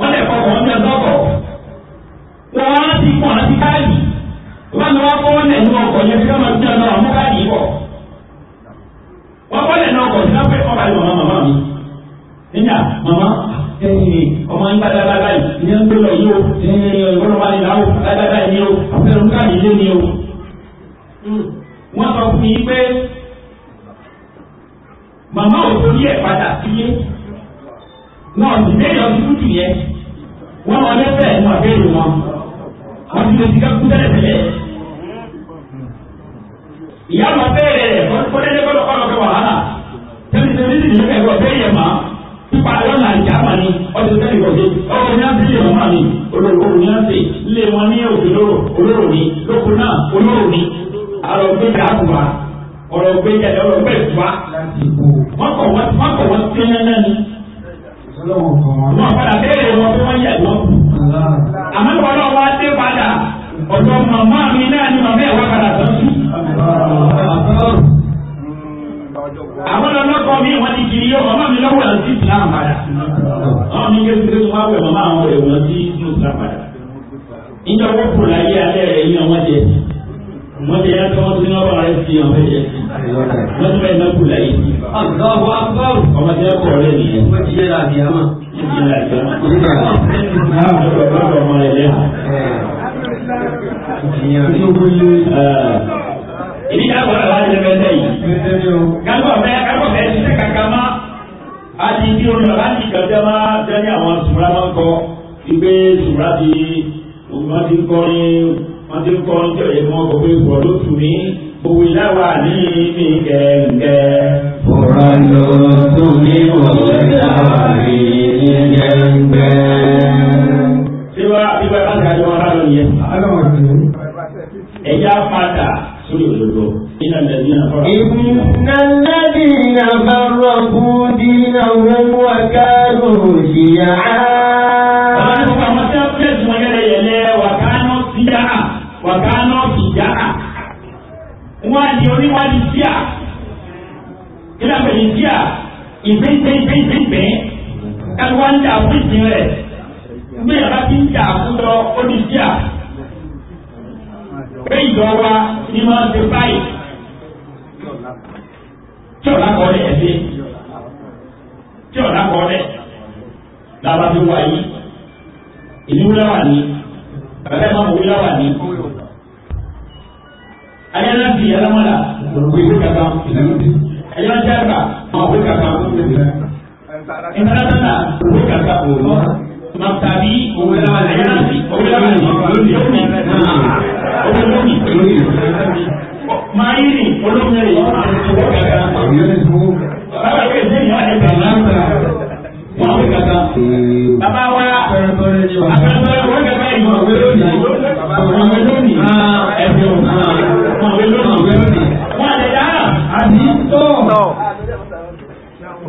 wọ́n lè fọwọ́ wọn lẹ́nu ọkọ̀ wọ́n á ti kàn láti káàdì wọ́n lọ́wọ́ kọ́ wọn lẹ́nu ọkọ̀ yẹn fi ọmọ ìdílé náà mú káàdì bọ̀ wọ́n kọ́ lẹ́nu ọkọ̀ sí lápẹ́ ọba ìlú màmá màmá mi níyà màmá ẹ̀yìn ọmọ nígbà dáadáa báyìí ìyẹn ń gbé lọ yìí o ẹ̀yìn ọlọ́wọ́ bá ní náà dáadáa báyìí ni o àfẹ́rù káàdì ilé ni o hmm. wọ́n sọ fún mi pé màmá òkú ní ẹ̀ padà sílé wọn sì léyìn ọdún kútù yẹn wọn wọn lẹ́fẹ̀ẹ́ wọn àbẹ́rù wọn wọn ti lè ti ká kú tẹ́lẹ̀tẹ́lẹ̀ ìyá wọn bẹ́ẹ̀rẹ̀ rẹ̀ wọ́n ti fọ́lẹ́lẹ́ kọ́lọ́ kọ́lọ́ kẹ́ wàhálà tẹ́lẹ̀ tẹ́lẹ̀ ní ìlú ẹ̀rọ bẹ́ẹ̀ yẹn mà pípa lọ́nà ìjà mà ní ọdún tẹ́lẹ̀ ìwọ̀dé ọkọ̀ ní àti ìyẹn mà ní olóró ní àti ilé wọn ní òkèlóró olóró ní lóko náà olóró ní àrọ̀ gbéjà àbùwà ọ̀rọ̀ gbéjà ọ̀rọ̀ gbẹ̀tùwà láti ìbò wọ́n kọ̀ wọ́n ti wọ́n padà béèrè wọn pé wọ́n yẹ̀ wọ́n kù. àmọ́ ìwọ náà wá dé padà ọ̀dọ̀ màmá mi náà ni màmá ẹ̀ wá padà tán sí. àwọn ọlọ́kọ̀ mi wọ́n ti kiri yọ màmá mi lọ́wọ́ sí Islam padà. mi mọ́tẹ́ yá kọ́ mọ́tò nínú ọ̀rọ̀ ayé fi hàn fẹ́jẹ̀ wọ́n ti bẹ́ẹ̀ náà kù láyé. àgbàwọ̀ àgbàwọ̀. ọmọ tí wọ́n kọ̀ ọ̀rẹ́ nìyẹn. wọ́n ti yẹ láàbì àmà. Ibi káàkó àlá ti bẹ sẹ́yìn. Káàkó bẹ káàkó bẹ ṣiṣẹ́ kankan má. A ti di omi ọ̀la ti gbẹ̀dẹ̀ má dání àwọn sùmùrà máa ń ti ògùn máa ti ń kọ́ wọ́n ti ń kọ́ ní ìjọyẹ̀ mọ́ gbogbo ìgbọ̀ ló tù òwe láwà ní mi gẹ̀ǹgẹ̀. ọ̀rọ̀ ló tún ní òwe láwà ní mi gẹ̀ǹgẹ̀. ṣé wàá bí bá bá ń kájọ wọn lálọ́ yẹn. ẹ̀yà padà sórí òdodo. إن الذين فرقوا دينهم وكانوا شيعا wàgá nọ́ọ̀sì yára wọ́n á di oníwádìí síà kílá pẹ̀lú síà ìgbẹ́ngbẹ́ngbẹ́ngbẹ́ káwọn wá ń jà fún ìsìn rẹ̀ gbé yàrá tí ń jà àkúrọ̀ oní síà pé ìjọba ni wọ́n ti báyìí tí ọ̀la kọ́ lẹ̀ ẹ̀dẹ́ tí ọ̀la kọ́ lẹ̀ làbá fi wáyé ìlú wíláwà ni bàbá ẹ̀ máa mọ̀ wíláwà ni ayana bi yalama la o bɛ ka kan ayana jaba o bɛ ka kan ìmọ̀láta la o bɛ ka kan o lọ mọ̀tàbí o bɛ laban la ayana bi o bɛ laban la o bɛ lóni o bɛ lóni o bɛ lóni maa yi ni olóńgbé yi o bɛ ka kan o yɛrɛ tó baba yɛrɛ tɛ ɲɔ de ka kan wọn bɛ ka kan baba wa pɛrɛpɛrɛ ni wa pɛrɛpɛrɛ o bɛ ka kan yi o bɛ lóni o bɛ lóni ɛfɛ o.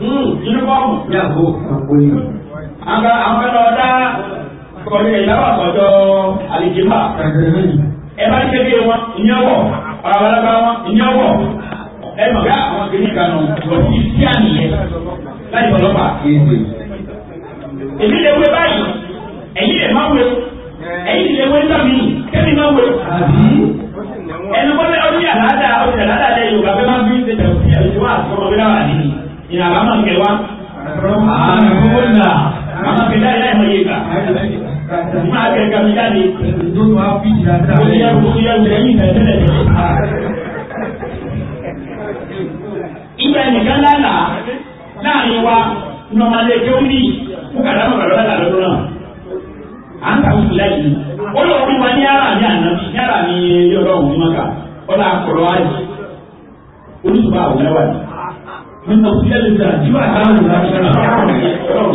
yunifọ́ọ̀mù hmm, yàgò àwọn afẹ́lẹ́ ọ̀dá kọ̀ọ̀lù ìyàwó àkọ́jọ́ àlìjìmá ẹ bá ní kékeré wọn ìyẹn wọ̀ ọ̀làbàlàbà wọn ìyẹn wọ̀ ẹ mọ̀ bí àwọn kìíní kan nù lọ́sí sí àmì yẹn láti ọlọ́pàá kéde. èmi lè wé báyìí ẹ̀yin lè má wé ẹ̀yin lè wé nígbà míì kẹ́mi má wé. ẹnu bọ́lá ọdún yàrá dáa ọdún yàrá dáa lẹ́yìn òkà fẹ́ máa ń bí ṣe tẹ̀wọ́ ìyá àbámọ̀ kẹwàá àkókòlá àmọ́ kẹlẹ́ ẹ̀yà ìmọ̀ yé gbà máa kẹ̀kẹ́ mi jáde olùyẹ̀wò ẹ̀yìn tẹ̀lé ibẹ̀ nìkan lálà láàrin wa ní ọmọdé tí ó ní kúkàdá náà bàbá lálà lọ́dún náà à ń kàwé ìlà yìí ó lọ fún wa ní yàrá ní àná ní yàrá ní ilé ọlọ́run ní mọ́ta ọlá àkọlọ́ àyè oníṣùpá àwọn mẹ́wàá yìí nínú sílẹ̀ ìgbà tí wà á lè ra ṣẹlẹ̀. Àdé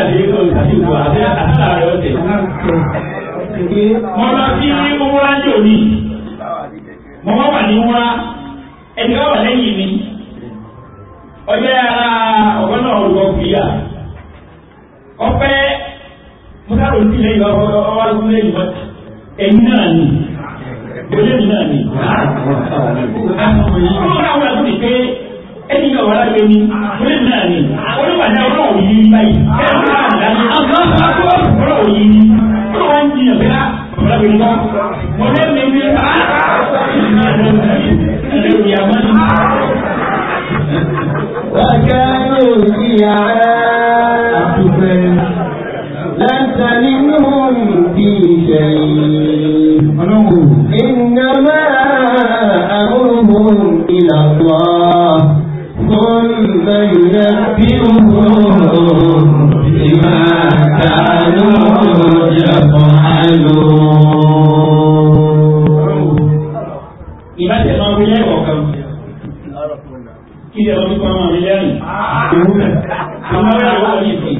àdé òṣìṣẹ́ ìwò àdé àtàlà rẹ̀ ọ̀tẹ̀. Mo lọ sí Wúra ní òní. Mo máa wà ní Wúra. Ẹni wá wà lẹ́yìn mi. Ọjọ́ ara ọ̀gọ́nà olùkọ́ kùyà. Ọpẹ́ mọ́tàrò sí lẹ́yìn ọwọ́ ọdún lẹ́yìn wọn ẹ̀yìn náà ni olóyìn náà ni. ọlọ́run àwọn àti ti pé ẹni náà wà láti ẹni olóyìn náà ni olùwàdà ọlọ́run yìí ní báyìí bẹ́ẹ̀ ló wà láti ọlọ́run yìí ní olùwà ń jiyàn bẹ́ẹ̀ ah, ọ̀rọ̀ mi kọ́ mọ̀lẹ́ mi ní Wàkàtí òsì àárẹ̀ àtúfẹ́. لست منهم في شيء إنما أمرهم إلى الله ثم ينبئهم بما كانوا يفعلون ìbáṣẹ̀ máa wí lẹ́wọ̀n kan kí lè ọdún kan máa wí lẹ́yìn ìwúlẹ̀ àwọn ará ìwọ́n yìí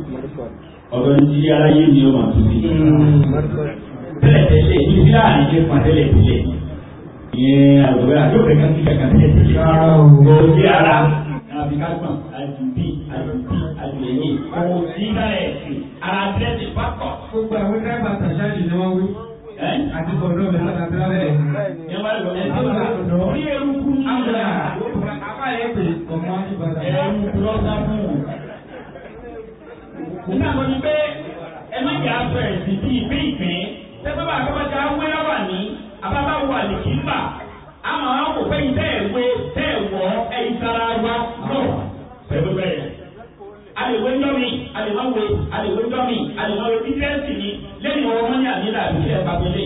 ọ̀dọ̀ ní ti aráyé ni ó máa tẹ́lẹ̀tẹ́lẹ̀ ní sílá àníjẹ́ pa tẹ́lẹ̀tẹ́lẹ̀ ìyẹn àgbẹ̀ àjọkẹ́ kan ti kàkà tẹ́lẹ̀tẹ́lẹ̀ rárá o. kò sí ara àbí ká gbọ̀n àdùbí àdùbí àdùbí kò sí kálẹ̀ ara tẹ́lẹ̀tẹ̀ pákọ̀. gbogbo àwọn ẹgbẹ́ bàtà ṣáàjì ni wọ́n wí. àti kọ̀ọ̀dọ̀ mi láti abẹ́rẹ́ bẹ́ẹ̀. ẹ ẹ̀ nínú àwọn ni pé ẹ má jà sọ ẹ̀sìn tí ìpín ìpín tẹ́gbẹ́ bá àkọ́bàjá wé láwà ní àbábá wà ní kíńbà àmọ́ àwọn kò fẹ́yìn tẹ́ ẹ̀ wé tẹ́ ẹ̀ wọ́ ẹ̀yìn sára wa náà pẹ̀lú bẹ́ẹ̀. àlèwé ńjọ́ mi àlèwé wo àlèwé ńjọ́ mi àlèwé wo bísẹ́ẹ̀sì ni lẹ́yìn ọwọ́ mọ́ni àníyàn àbí ilẹ̀ pàgbélé.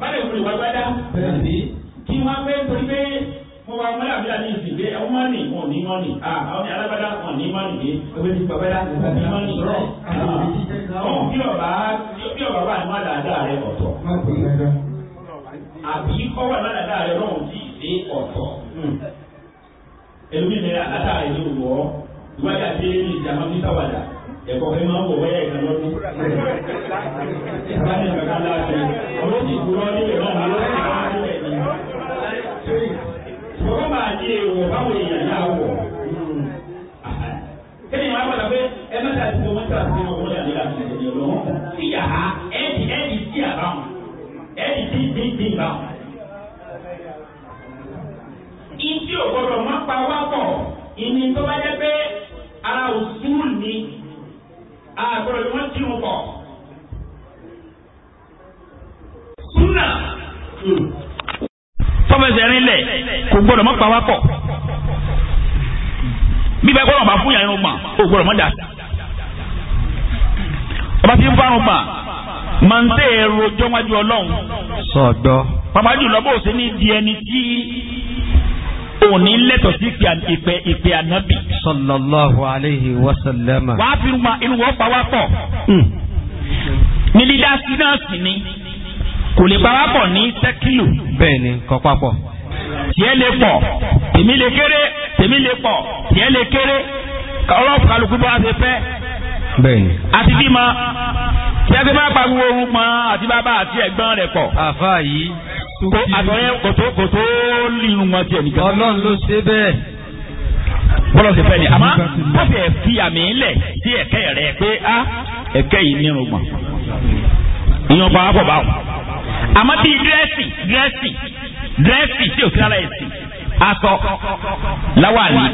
bá mo máa mọ́lá àbí àdéhùn sì pé ọmọ ní wọn ní mọ́nì àwọn ní alábàdà wọn ní mọ́nì pé ewé ti bàbá dá wọn ní mọ́nì rọ. ọ̀hún bí ọba bí ọba wà ní mọ́dàdà rẹ ọ̀tọ̀. àbí kọ́ wà ní mọ́dàdà rẹ ọ̀rọ̀ tí ì ṣe ọ̀tọ̀. ẹlòmíì mẹ́rin àtàtà rẹ̀ ní òwò ìwádìí àti ẹni ìjà máa fi sáwàdà ẹ̀kọ́ fẹ́ máa ń wọ̀ wáyà ìkànnì ọdún. ìbánisọ̀kan láti ọlọ́sìn kúrọ́ nílẹ̀ náà ló ń kọ́kọ́ bá di èèwọ̀ báwọn èèyàn yà wọ̀. kéde ìwà padà pé ẹ má ta ìdíwọ́ mọ́tà sí ọmọ ìyá nílà lọ́wọ́ sí yàrá ẹ̀dì ẹ̀dì sí àbáwọn ẹ̀dì sí dídí báwọn. ìdí ògbọ́dọ̀ má pa wá pọ̀ ìní tó bá jẹ́ pé ara ò súnmù ní àgbọ̀dọ̀ ni wọ́n ti ń pọ̀. súnà gbọ́dọ̀ mọ́ pa wá pọ̀ bíbá ẹ̀kọ́ náà bá fún yàrá ìrùngbọ̀n ó gbọ́dọ̀ mọ́ dà sí. ọba tí ń fárun gbà máa ń tẹ̀ ẹ̀rọ ọjọ́ wájú ọlọ́run. sọ̀dọ̀. pàpà jùlọ bó o ṣe ní di ẹni tí òní lẹ́tọ̀ sí ìpè ìpè ànábì. sallallahu alayhi wa sallam. wàá fi inú wọn pa wá pọ̀. Hmm. ní lídásí náà sì ni kò lè pa wá pọ̀ ní sẹ́kìlù. bẹ́ẹ̀ ni kọ́ papọ̀ tiẹ̀ lè pọ̀ tèmi lè kéré tèmi lè pọ̀ tiẹ̀ lè kéré ọlọ́pù kálukú bá ṣe fẹ́. bẹ́ẹ̀ni. àti bímọ tí a ti máa pariwo orun pọn àti bàbá àti ẹ̀gbọ́n rẹ̀ pọ̀. àfa yìí. kò àtọ̀yẹ kòtó kòtó lílù wọn tiẹ̀ nìkan. ọlọ́run ló ṣe bẹ́ẹ̀. bọ́lá ṣe fẹ́ ni àmọ́ pàṣẹ fi àmì ńlẹ̀ sí ẹ̀kẹ́ rẹ̀ pé á ah, ẹ̀kẹ́ yìí ní irun gbọ̀n. ìyọ̀nba àpọ̀ báwọn. àmọ́ bíi dírẹ́sì dírẹ́sì dírẹ́sì tí ò kí lára ẹ̀sìn aṣọ láwàní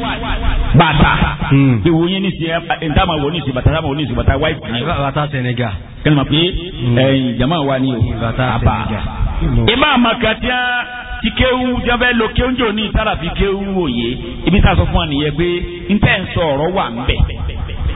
bàtà ìwò hmm. yín nísì ntàmà eh, wò nísì bàtà ntàmà wò nísì bàtà white. bàtà Senegal. kẹ́ni ma pé ẹ̀yìn hmm. eh, jama wa ni o. bàtà Senegal. ìmọ̀ àmàkàtìyà ti kéwú jẹ́fẹ́ lo kéwú jò ni ìtara fi kéwú òye ibi tá a sọ fún wa nìyẹn pé ntẹ́ ń sọ ọ̀rọ̀ wà ń bẹ̀.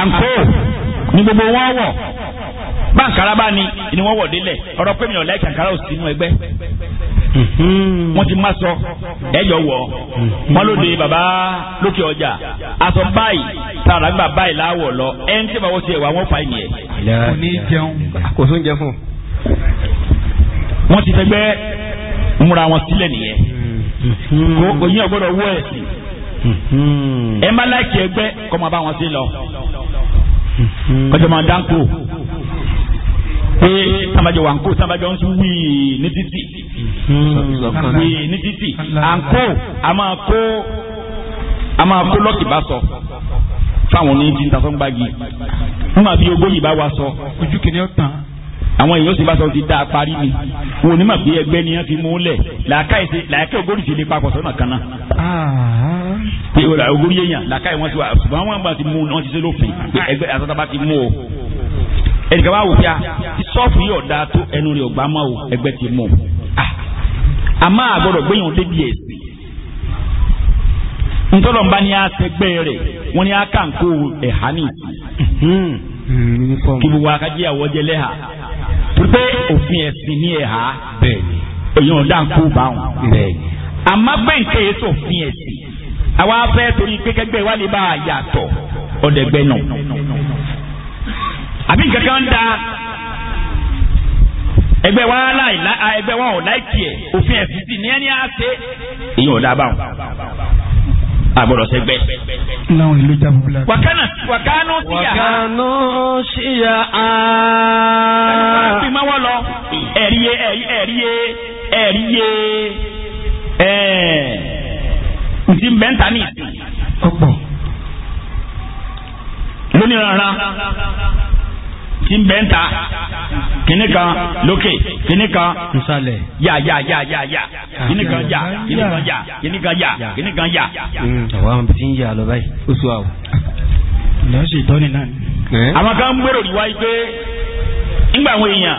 àǹkó ni gbogbo wọn wọ̀ báǹkárá bá ní ni wọ́n wọ̀ délẹ̀ ọ̀rọ̀ pé mi ò láì kàǹkárá ò sínú ẹgbẹ́ mhm. wọ́n ti má sọ ẹ̀yọ̀ wọ̀ mhm. wọ́n lóde bàbá lókè ọjà aṣọ báyìí tààrà gbà báyìí láwọ̀ lọ ẹ̀ ń tẹ́bà wọ́n ti ẹ̀wà wọ́n fà ní ẹ̀. kò ní jẹun kò tún jẹ fún. wọ́n ti fẹ́ múra wọn sílẹ̀ nìyẹn. Mhm. kò yín ọ̀gbọ́dọ̀ wọ ẹ̀sìn ẹ má láìkí ẹgbẹ́ kọ́ máa bá wọn sí lọ kọjá máa dáńkò pé tábàjọ wà ń kó tábàjọ ń sún wíì ní títì wíì ní títì à ń kó a máa kó a máa kó lọ́ọ̀kì bá sọ fáwọn oní tí ń ta sọ́ngbági wọ́n ogójì bá wa sọ. ojú kìnìún tán àwọn èèyàn sì bá sọ ti dá a parí ni wọn ò ní mà pé ẹgbẹ́ ni wọ́n fi mú lẹ̀ làákà ògórí sì lè papọ̀ sọ́nà kan náà. Ah. pé ògórí èèyàn làákà ìwọ́n ti wà ṣùgbọ́n wọ́n gbà ti mú wọn ti ṣe lófin pé ẹgbẹ́ àtàtàbà ti mú o. ẹnìkan wá wò pé a ah, sọ́ọ̀fù yóò da tó ẹnu rẹ̀ ọ̀gbá mọ́ o ẹgbẹ́ ti mú o. Ah, a sẹgbẹ́ rẹ̀ wọ́n ni a kà ń hmm. Hmm, kí gbogbo akadé àwọ̀jẹ́ lẹ́hà pé òfin ẹ̀sìn ní ẹ̀há bẹ́ẹ̀ ni èèyàn dáńkú bá wọn bẹ́ẹ̀ ni àmọ́ gbẹ̀ǹkẹ́ yẹn tó òfin ẹ̀sìn àwa fẹ́ torí kékẹ́gbẹ́ wa lè bá a yàtọ̀ ọ̀dẹ̀gbẹ́ náà àbí kankan da ẹgbẹ́ wa láì ẹgbẹ́ wa ò láì tiẹ̀ òfin ẹ̀sìn sì ní ẹni á ṣe èèyàn ò dá bá wọn àgbọ̀dọ̀ sẹ́gbẹ́. láwọn ìlú jábọ̀ bílá. wàkánà wàkánú síyà. wàkánú síyà á. ẹni tí wọ́n lọ ẹ̀ríye ẹ̀ríye ẹ̀ríye ẹ̀ẹ́ ntí bẹ́ńtà ní. ọ̀pọ̀. lónìí rárá tí ń bẹ́ ń ta kìnnì kan lókè kìnnì kan nsàlẹ̀ ya, yà ya, yà ya, ah, kìnnì kan yà kìnnì kan yà kìnnì kan yà kìnnì kan yà. àwọn àwọn tí ń yà lọ báyìí ó sọ àwọn. àwọn kan ń gbèrò wáyé pé ńgbà àwọn èèyàn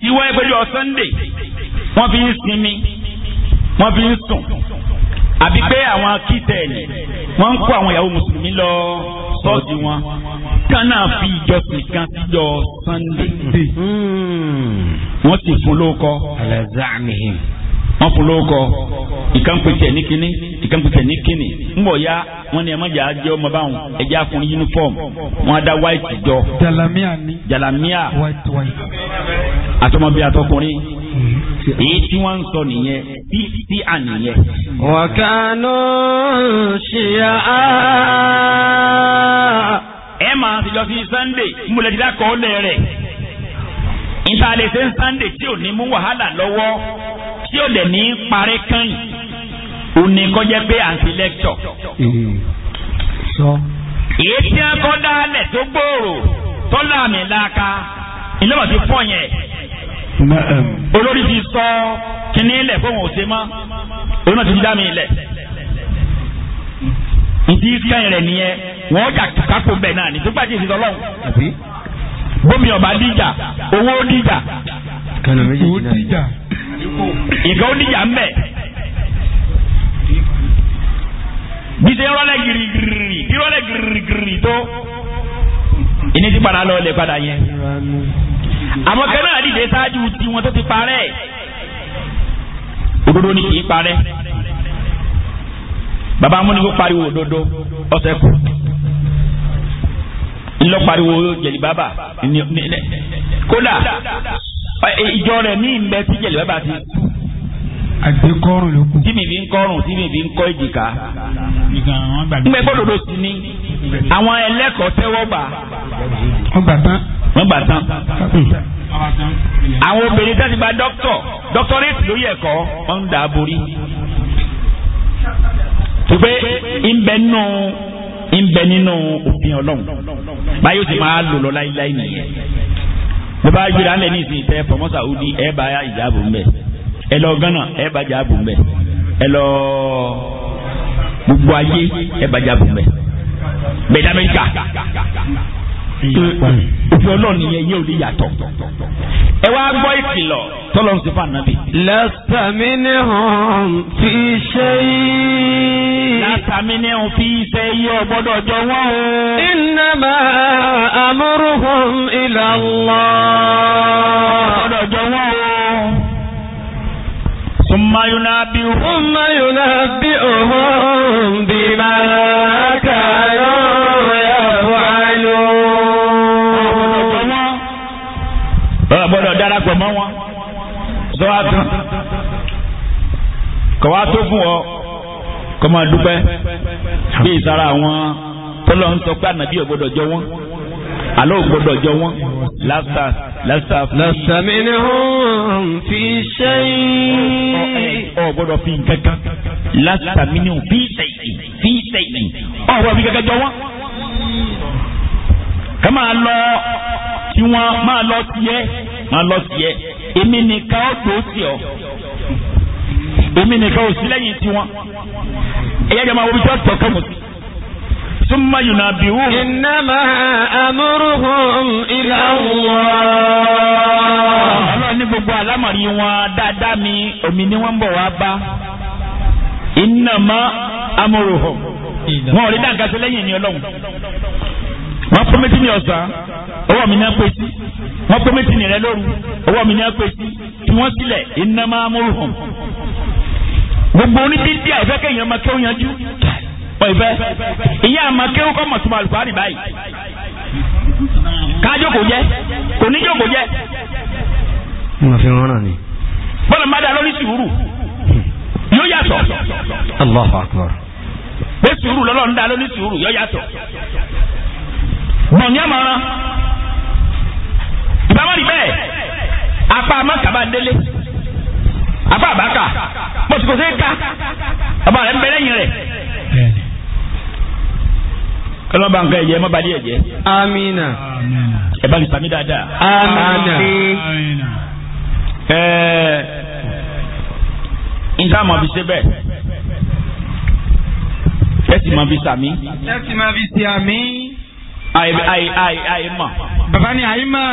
tí wáyé Sunday wọ́n fi ń sinmi wọ́n fi ń sùn àbí pé àwọn kìtẹ́ẹ̀lì wọ́n ń kó àwọn ìyàwó mùsùlùmí lọ sọ́ọ̀dì wọn kan náà fi ìjọsìn kan síjọ Sunday hmm. wọ́n sì fún lóko. alazamihim. wọ́n fún lóko ìkànpẹ̀tẹ̀ ní kínní mbọ ya nwanne ya wọ́n ní ẹ̀mọ́jà ajé ahụ báwọn ẹ̀jẹ̀ afun uniform wọ́n á da jọ. jalamiya tí wọn ń sọ nìyẹn tí tí à nìyẹn. wàkánú ṣìyà á. ẹ máa ti sí sunday múlẹ̀dídá kọ́ ọ́ lẹ̀ rẹ̀ ṣe tí ò ní mú wàhálà tí ò dẹ̀ ní parẹ́ kányìn òní kọjá pé à ń ṣe lẹ́kítọ̀. èyí tí wọn kọ́ dálẹ̀ tó gbòòrò tó láàmì láàka ìlọ́wọ́ ti pọ̀ yẹn olórí ti sọ kíní ilẹ̀ fóun ò ṣe mọ́ òun náà ti dá mi ilẹ̀ ìdí kẹ́yìn rẹ̀ nìyẹn wọ́n jà kákó bẹ̀ náà nítorí pàtó ìṣẹ̀lẹ̀ ọlọ́run gómìnà ọba díjà owó díjà ìwò díjà nǹkan ó níjà ń bẹ̀. gbèsè rọlẹ̀ girigiri bí rọlẹ̀ girigiri tó ìní ti padà lọ lè padà yẹn. àmọ́ kẹ́lẹ́ náà dìde ṣáájú tiwọn tó ti parẹ́ òdodo ni kì í parẹ́ baba amúnigbó pariwo òdodo ọ̀sẹ̀ kù ńlọ pariwo jẹ̀lì bàbà kódà ìjọ rẹ̀ ní ìmẹ́ tí jẹ̀lẹ̀ bá ti. àgbékọ́rùn ló kù. tí mi fi ń kọ́rùn tí mi fi ń kọ́ èjìká. ńgbẹ́ gbọ́dọ̀dọ̀ sí ni àwọn ẹlẹ́kọ̀ọ́ tẹ́wọ́ gbà. wọ́n gbà tán. wọ́n gbà tán. àwọn obìnrin tẹ́sí gba dókítọ̀ dókítọ̀rẹ́tì lórí ẹ̀kọ́ wọ́n ń dà á borí. tó pé nù ńbẹ nínú òfin ọlọ́run báyọ̀ sì máa lò lọ láíláí nìyẹn ló bá yíra ńlẹ̀ ní ìsìn tẹ́ pọ̀mọ́sà òdi ẹ̀ bá ìjáàbò ńbẹ̀ ẹ lọ gánà ẹ̀ bá ìjáàbò ńbẹ̀ ẹ lọ gbogbo ayé ẹ̀ bá ìjáàbò ńbẹ̀ bẹ̀dẹ̀ amẹ́ríkà mm-hmm. òfin ọlọ́run nìyẹn yóò lè yàtọ̀. ẹ wá gbọ́ ìkìlọ̀ tọ́lọ́run fún ànábì. lẹ́sẹ̀ hàn fi ṣe yìí látàmí ní òun fi iṣẹ́ iye ọgbọ́dọ̀ jọ wọ́n o. innama amruhum ila Allah. ọgbọ́dọ̀ jọ wọ́n o. Summa yunabbi'uhum. Summa yunabbi'uhum bima kanu yaf'alun. Ọ̀gbọ́dọ̀ darapọ̀ mọ́ wọn. Sọ wá kọ́ máa dúpẹ́ bí ìsara àwọn tọ́lọ́ ń sọ pé ànàbí ò gbọ́dọ̀ jọ wọ́n àlọ́ ò gbọ́dọ̀ jọ wọ́n lásà lásà lásà mi ni wọ́n fi ṣe ọ̀ gbọ́dọ̀ fi nǹkan kan lásà mi ni wọ́n fi ṣe fi ṣe ọ̀ gbọ́dọ̀ fi nǹkan kan jọ wọ́n ká máa lọ tí wọ́n máa lọ tiẹ̀ máa lọ tiẹ̀ èmi nìkan ó tó tiẹ̀ èmi nìkan ò sí lẹ́yìn tiwọn ẹ̀yà jẹ́ máa wo bí tí wọ́n tọ̀ kẹ́mù sí. ثم ينبئون إنما أمرهم إلى الله ọlọ́run ní gbogbo àlámọ̀rí wọn dáadáa mi omi ni wọ́n ń bọ̀ wá bá innama amruhum wọn ò rí dáǹkà sí lẹ́yìn ní ọlọ́run wọ́n pọ́mẹ́tì ní ọ̀sán ọwọ́ mi ní apẹ́ sí wọ́n pọ́mẹ́tì ní rẹ lóru ọwọ́ mi ní apẹ́ sí tí wọ́n sílẹ̀ innama amruhum gbogbo onídìídì a kéèyàn máa kéwòn yanjú ọ̀ ìfẹ́ ìyá àmà kéwòn kọ́ mọ̀ túmọ̀ báyìí kájọ kò jẹ́ kò níjọ kò jẹ́. mo fi rán náà ni. bọ́lá má lórí sùúrù yóò yàtọ̀. Allahu Akbar. pé sùúrù lọ́lọ́ ń dá lórí sùúrù yóò yàtọ̀. afa àbáka mo ti kò sí ká ọba rẹ̀ ń bẹ lẹ́yìn rẹ̀ kọlọ́n bá nǹkan ẹ̀jẹ̀ mọ́bàdí ẹ̀jẹ̀. amina. ẹ bá ní sami dáadáa. amina. ẹẹ n táwọn fi ṣe bẹ́ẹ̀ ẹ sì máa fi sàmí. ẹ sì máa fi sàmí. àì àì àì àì mọ̀. bàbá ni àì ma.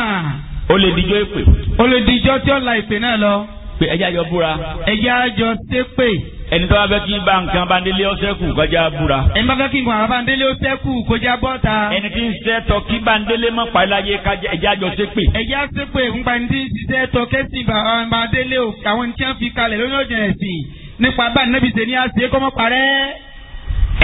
o lè dijọ́ èpè. o lè dijọ́ tí ó la ìpè náà lọ pé ẹjẹ́ àjọ búra. ẹjẹ́ àjọ ṣépè. ẹni tó bá fẹ́ kí bá nǹkan bá délé ọ̀sẹ̀ kù kọjá búra. ẹni bá fẹ́ kí nǹkan bá délé ọ̀sẹ̀ kù kọjá bọ́ta. ẹni tí ń ṣe tọ kí bá délé mọ́ pàláyé ẹjẹ́ àjọ ṣépè. ẹjẹ́ àṣépè nípa ẹni tí ń ṣiṣẹ́ tọ kẹ́sì bá délé àwọn tí wọ́n fi kalẹ̀ lórí ọ̀jẹ̀ ẹ̀sìn nípa bá nẹ́bí ṣe ní àṣẹ kọ́mọ́ parẹ́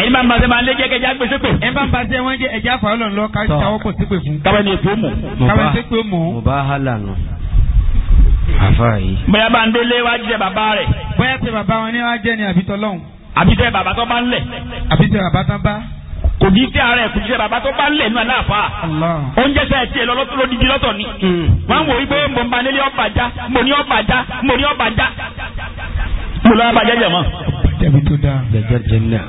ẹni bá ń basẹ́ máa ń lé jẹ́ kẹjá gbé sépè. ẹni bá ń basẹ́ wọn jẹ́ ẹ̀já fàálọ̀ ńlọ ká ṣàwọ́pọ̀ sépè fún. káwọn ni ètò mọ̀. káwọn ni ètò mọ̀. mo bá hàlà nù bóyá bá ń délé wá jẹ bàbá rẹ̀. bóyá tẹ bàbá wọn ni wá jẹ ni àbítọ lọ́hùn. àbítẹ bàbá tó bá ń lẹ̀. àbítẹ bàbá tó bá. kò ní tẹ ara ẹ kò ní tẹ bàbá tó bá ń lẹ̀ nínú àláàfà. oúnjẹ sẹ tiẹ lọ lọtọ ni. Hmm. wọn wò wípé mo ń ba nílé ọba já mo ní ọba já mo ní ọba já. mo lọ bá jẹjẹ mọ. jẹbi tó dáa. jẹjẹ jẹ náà.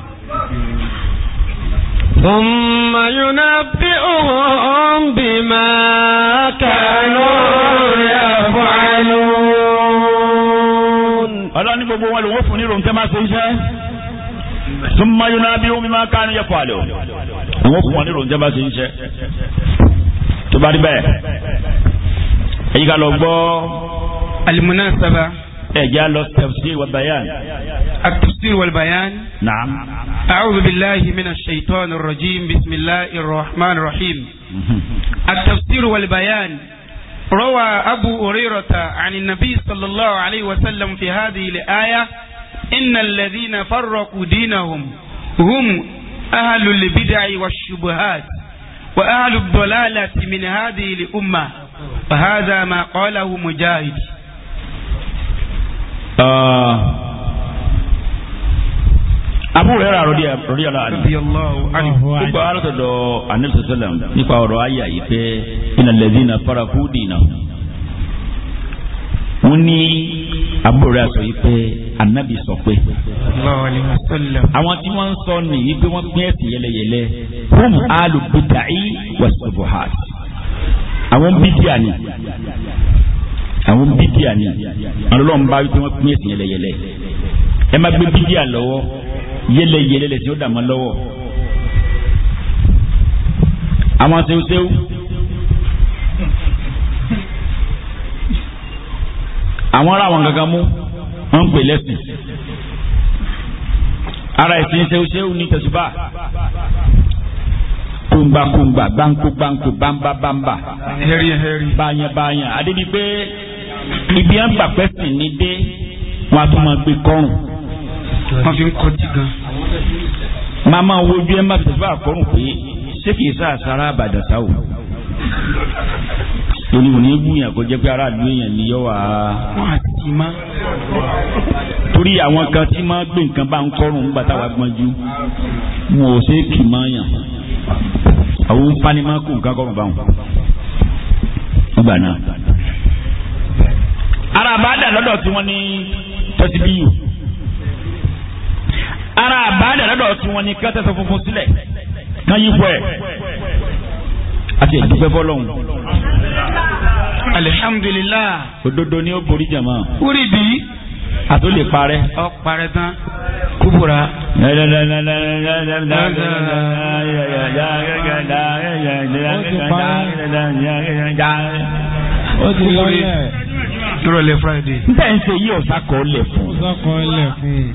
ثم ينبئهم بما كان gbogbo wọn lòun fún nírò nǹkan máa ṣe iṣẹ́ tún máa yún náà bí omi máa ká ní yẹpọ̀ àlẹ́ o àwọn fún wọn nírò nǹkan máa ṣe iṣẹ́ tó bá rí bẹ́ẹ̀ èyí ká lọ gbọ́. almunasaba. ẹ jẹ́ lọ tafsir wal bayan. at-tafsir bayan. naam. a'udhu billahi minash shaitanir rajim bismillahir rahmanir rahim. Mhm. at-tafsir bayan. روى أبو هريرة عن النبي صلى الله عليه وسلم في هذه الآية إن الذين فرقوا دينهم هم أهل البدع والشبهات وأهل الضلالة من هذه الأمة وهذا ما قاله مجاهد آه abu rẹ́ra rọ̀dí àlọ́ àní ó gba alátọ̀dọ̀ anẹ́sọ̀sọ́lẹ̀m nípa ọ̀rọ̀ ayà yìí pé iná lẹ́sìn náà fara kú dìínà wọ́n ní abu rẹ́ra sọ yìí pé anabi sọ pé àwọn tí wọ́n ń sọ nìyí pé wọ́n pín ẹ̀sìn yẹlẹyẹlẹ hum alu bidai wa subuhat àwọn bídíà ni àwọn bídíà ni àwọn ọlọ́run bá wípé wọ́n pín ẹ̀sìn yẹlẹyẹlẹ ẹ má gbé bídíà lọ́wọ́ yẹlẹyẹlẹ lẹsí ó dàmọ́ lọ́wọ́ àwọn sewusewu àwọn ará àwọn kankan mú wọn ń pè lẹ́sìn ara ẹ̀sìn sewusewu ní tẹ̀sùbà kóńgbà kóńgbà gbáǹkó gbáǹkó bámbá bámbá báyà báyà adébí pé ibi à ń gbà pẹ́sìn ní dé wọn a tún máa gbé kọ́rùn wọ́n fi ń kọjú gan. màá máa wojú ẹ má fi tẹ̀síwá àkọ́rùn pé ṣé kìí sá àsárá àbàdàsá o. torí òní gbìyànjú kó jẹ́ pé aráàlú èèyàn ni yọ wá. wọ́n á ti má. torí àwọn kan tí máa gbé nǹkan bá ń kọ́rùn nígbà táwa gbọ́njú wọn ò ṣe é kì máa yàn. àwọn ń fani máa kó nǹkan kọ́rùn báwọn. nígbà náà. ara bá dà lọ́dọ̀ tí wọ́n ní tọ́síbíyù ara àbáàdà lọ́dọ̀ tí wọ́n ní kí wọ́n tẹ̀sán funfun sílẹ̀ kan yí pọ̀ ẹ̀ àti ìdúpẹ́ fọlọ́hún. alihamdulilah. òdodo ni ó borí jama. wúri bí. àti ó lè parẹ́. ọ parẹ́ tán. kúbura. ó ti lọ yẹ. nírọ̀lẹ́ friday. n tẹ́ ń ṣe yí ọ̀sà kọ́ lẹ̀ fún. ọ̀sà kọ́ lẹ̀ fún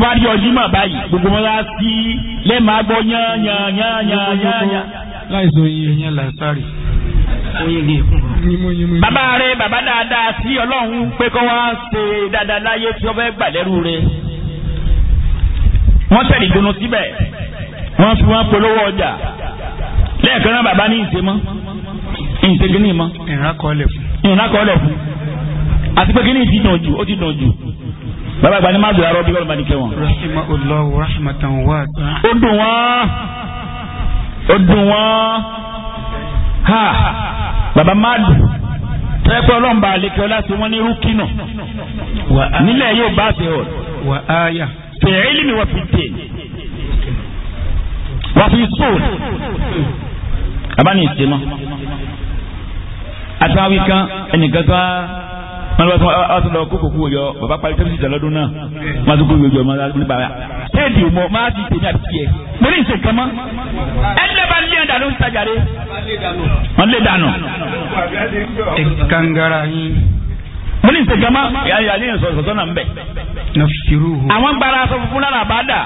tó bá rí ọdún mà báyìí gbogbo wọn lá sí lẹ́ẹ̀ma gbọ́ yán yán yán yán yán yán. láìsọ iye yẹn lansari bàbá rẹ bàbá dáadáa sí ọlọ́run pé kọ́ wá ṣe dáadáa láyé tí wọ́n fẹ́ gbà lẹ́rú rẹ wọ́n tẹ̀lé ìdùnnú síbẹ̀ wọ́n fi wọ́n polówó ọjà lẹ́ẹ̀kan náà bàbá ní ìṣe mọ́ ìṣe gíní mọ́ ìrànkọ́lẹ̀ fún àti pé gíní ti dùn jù ó ti dùn jù bàbá àgbà ni má dùn arọ bí wọn bá ní kẹ wọn. rahimahullahu rahmatan wa. ó dùn wọn ó dùn wọn ha baba madu. dùn tẹ́pẹ́ ọlọ́mba àlekẹ́ láti wọ́n ní rúkìnà nílẹ̀ yóò bá tẹ ọ. wà á yà. fèrè ilé mi wà fi dé wà fi sóòlù abáni ìsèmọ àtàwí kan ẹnìkan kan wọn lọ wọn tún lọ kókò kú yọ bàbá parí tẹ́lifísì ìjà lọ́dún náà wọn tún kú yọ yọ ọmọdé nípa rẹ̀ téèdì mọ máa ti tèmi àti tiẹ̀ mẹ́rin ìṣe kan mọ́ ẹ̀ńdẹ́ bá lé ẹ̀dá ló ń tajà dé wọ́n lé dànù. kangara yín. mẹ́rin ìṣe kan mọ́ ìyá ní ìsọ̀sọ̀sọ̀ náà ń bẹ̀. àwọn gbara aṣọ funfun lára bá dà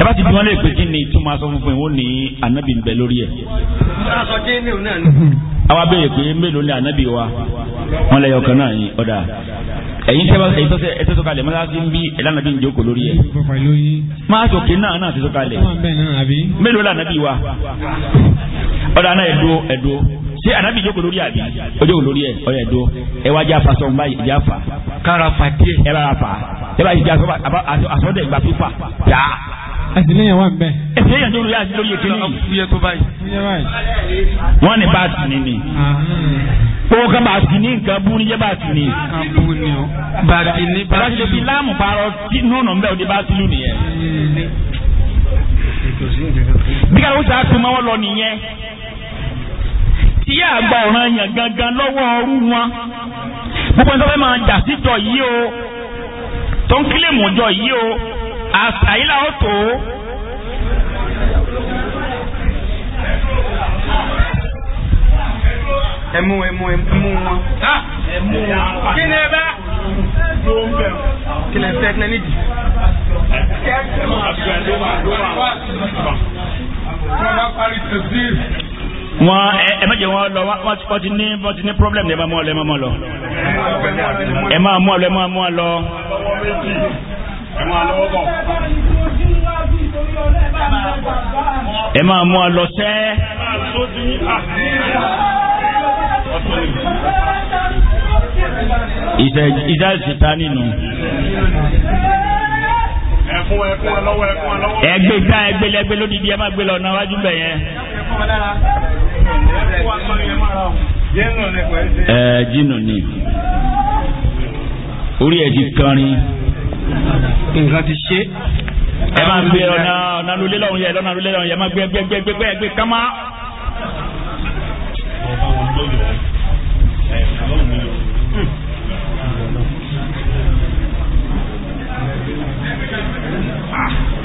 ẹ bá ti bí wọn lè pè kí ni túmọ̀ aṣọ funfun yìí wọ́n ní anábì ń lórí ẹ̀. àwa béèrè pé mélòó ni ànábì wa wọn lẹ́yọ̀ kan náà yín ọ̀dà ẹ̀yin tẹ́ bá ẹ̀yin tọ́sẹ̀ ẹ̀ tẹ́tọ́ kalẹ̀ mọ́tà ti ń bí ẹ̀lànà bí ń jókòó lórí ẹ̀. máa sòkè náà náà tẹ́tọ́ kalẹ̀ mélòó ni ànábì wa ọ̀dà náà ẹ̀dó ẹ̀dó ṣé ànábì jókòó lórí àbí ó lórí ẹ̀ ọ̀yẹ̀ ẹ̀dó ẹ wá jẹ́ afa sọ̀n báyìí kára fa díẹ̀ ẹ bá fa ẹ bá yìí jẹ́ asọ́dẹ̀ ìgbà pípa yàá àtìlẹ́yìn wà bẹ́ẹ̀. ẹsẹ̀ yẹn tó lóye àtìlóye kìíní. fúyẹ́ tó báyìí. fúyẹ́ báyìí. wọ́n ní bá a sì ní ni. owó kan bá a sì ní nǹkan bú ní jẹ́ bá a sì ní. nǹkan bú ni o. bàtì ní bá a sì ní. bàtì láàmù parọ́ nùnú bẹ́ẹ̀ òde bá a sì lù nìyẹn. bí kàlọ́ sá ti mọ́ lọ nìyẹn. tí yà gba ọ̀ràn yẹn gangan lọ́wọ́ ọrú wọn. gbogbo nǹkan máa jà síjọ àyílà ó tó ẹmú ẹmú ẹmú wọn ẹmú wọn kí ni ẹ bá kí ni ẹ fẹ́ kí ni ẹ nídìí. wọn ẹ má wọn lọ wọn ti ní wọn ti ní problem ní ẹ má mú ọ lọ ẹ má mú ọ lọ ẹ má mú ọ lọ ẹ má mú ọ lọ ẹ máa mú ọ lọ sẹ́. ìṣe ìṣìta nínú. ẹgbẹ́ tá ẹgbẹ́ lẹ́gbẹ́ lódìdí ẹ má gbé lọ náà wájú bẹ̀ yẹn. ẹ jìnnà ni orí ẹ ti kanrin nǹkan ti ṣe. ẹ máa gbé ọ̀nà ọ̀nà lulẹ̀ lọ́run yẹ lọ́nà lulẹ̀ lọ́run yẹ máa gbé gbé gbé gbé gbé gbé kámá.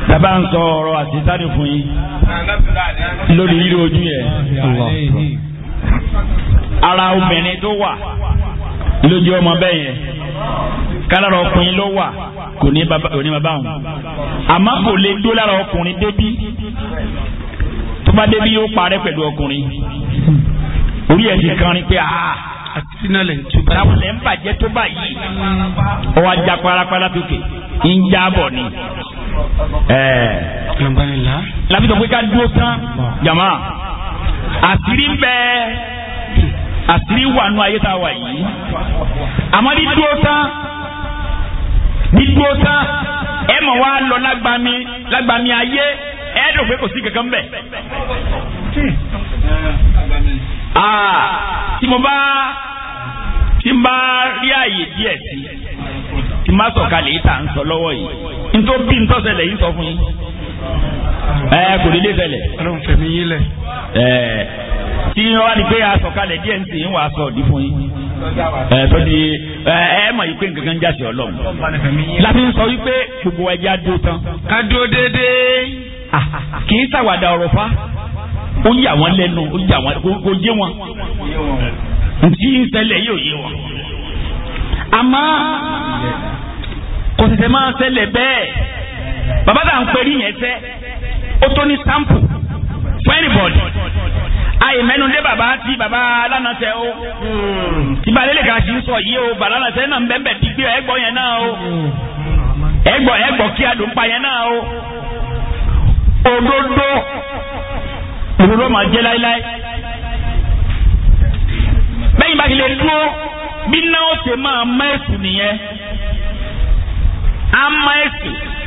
Bàbá ń sọ ọ̀rọ̀ àti sáré fún yín lórí rírì ojú yẹn. Ara obìnrin tó wà lójú ọmọ bẹ́ẹ̀ yẹn kálára ọkùnrin ló wà kò ní bàbá òun àmọ́ kò lè dó lára ọkùnrin débi tó bá débi yóò parẹ́ pẹ̀lú ọkùnrin orí ẹ̀ ti kan ni pé aa àtinálẹ̀ tuba. Láwùlẹ̀ ń bàjẹ́ tó báyìí. Ó wá já parapara tókè. Ń já bọ̀ ni. Lábìtàn pé ká dúró tán. Jàmá. Àṣírí bẹ́ẹ̀ àṣírí wà nú ayé tá a wà yìí àmọ́ dídúró tán dídúró tán ẹ mọ̀ wá lọ lágbàmí lágbàmí ayé ẹ dùn pé kò sí kankan bẹ̀. Ah, tí mo bá tí n bá rí àyè díẹ̀ sí tí n bá sọ̀kalẹ̀ yìí tá ń sọ lọ́wọ́ yìí n bí n tọ́sẹ̀lẹ̀ yìí sọ fún yín. ẹ eh, kò ní lè ẹ eh, tí wọ́n wá ní pé asọ̀kalẹ̀ díẹ̀ ń sè ń wàá sọ̀ fún yín. ẹ eh, tó di ẹ mọ̀ yìí pé nǹkan kan jáde ọlọ́run. láti ń sọ wípé gbogbo ẹja dúró tán. ká dúró déédéé. kì í ọ̀rọ̀ fa ó yà wọ́n lẹ́nu ó yà wọn. ntí ń yóò yé wọn. àmọ́ kò bẹ́ẹ̀. baba tá à ń perí yẹn sẹ́ ó tó ní sample fún anybody àyè mẹ́nu dé bàbá baba bàbá alánàṣẹ o ìgbà hmm, lélẹ̀ kan ṣì sọ yìí o bàbá alánàṣẹ náà bẹ́ẹ̀ bẹ́ẹ̀ ti o ẹgbọ́ ẹgbọ́ kí adùn naa yẹn náà o òdodo òdodo máa jẹ́ láíláí bẹ́yìn bá ti dúró bí náà ó ṣe máa mẹ́sùn nìyẹn á mẹ́sùn.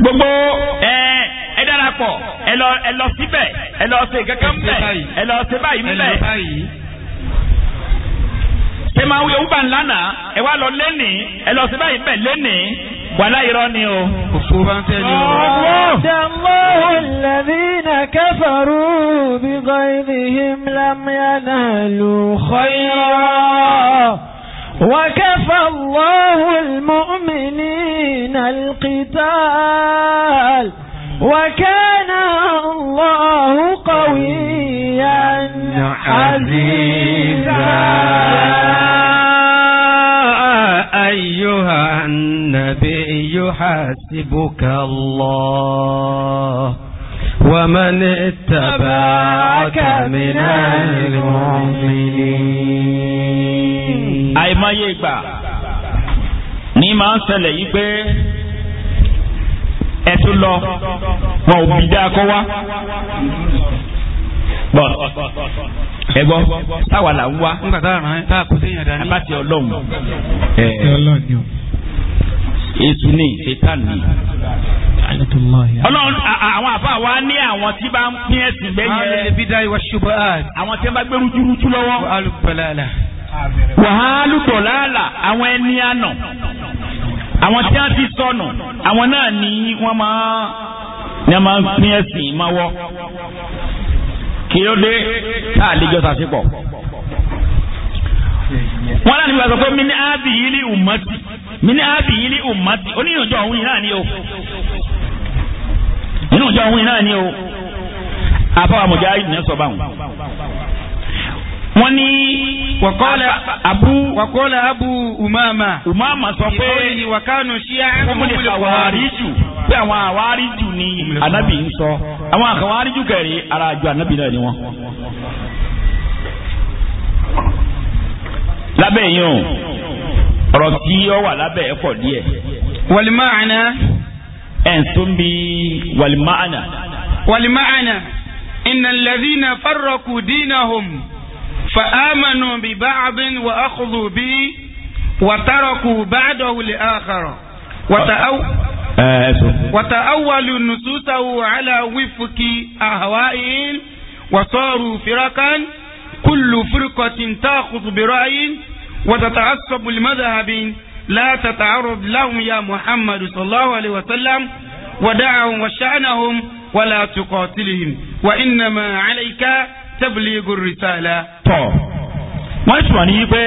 gbogbo ẹ ẹ darapọ̀ ẹ lọ ẹ lọ kankan bẹ̀ ẹ lọ ṣe báyìí níbẹ̀. ṣé máa wí ewúbà ńlá náà ẹ wá lọ lẹ́nìí ẹ lọ ṣe ni o. kòkó bá ń tẹ́ ni o. jàmbáwò lẹ́bínà kẹfàrú bí gọ́ ibi him lámúyánà lù وكفى الله المؤمنين القتال وكان الله قويا عزيزا أيها النبي يحاسبك الله ومن اتبعك من المؤمنين àìmọye ìgbà ní máa ń ṣẹlẹ̀ yìí pé ẹ tún lọ wọn ò bí dáa táwa là ń wá nígbà táwa ràn án táà kò sí ìyàdá ní abáti ètù ní ṣètàn ní. ọlọ́run àwọn àfa wa ní àwọn tí bá ń pín ẹ̀sìn bẹ́yẹn. àwọn ẹlẹ́bí dá ìwà ṣubú àd. àwọn tí wọ́n bá gbẹ́rú júrújú lọ́wọ́. wàhálù bọ̀láàlà. wàhálù bọ̀láàlà àwọn ẹni àná. àwọn tí wọ́n ti sọnù àwọn náà ni wọ́n máa ní a máa ń pín ẹ̀sìn máa wọ́. kí ló dé tá a lè jọ sàṣepọ̀. wọ́n náà ní wàá sọ pé mi ní ábì yìí ní ùmọ́tì. mini abi yili umati onínú oh, ìjọ òun náà ni o nínú ìjọ òun na ni o àbáwá mọ̀já ìdùnnú sọ báwọn. wọ́n ní wàkọ́lá abu abu umama umama sọ pé ìròyìn wàkánu ṣíà pé àwọn ni anabi ń sọ àwọn ara àjọ anabi náà ni wọn. lábẹ́ yìí o. ọ̀rọ̀ tí ó wà lábẹ́ ẹ̀ pọ̀ díẹ̀. wàlímáàna. ẹ̀ ń tún bí wàlímáàna. wàlímáàna inna alladhina farraku dinahum fa amanu bi ba'din wa akhudhu bi wa taraku ba'dahu li akhara wa ta'aw wa ta'awwalu nususahu ala wifqi ahwa'in wa saru firakan kullu firqatin ta'khudhu bi ra'yin وتتعصب لمذهب لا تتعرض لهم يا محمد صلى الله عليه وسلم ودعهم وشأنهم ولا تقاتلهم وإنما عليك تبليغ الرسالة tọ́ wọ́n ìtumọ̀ ní pé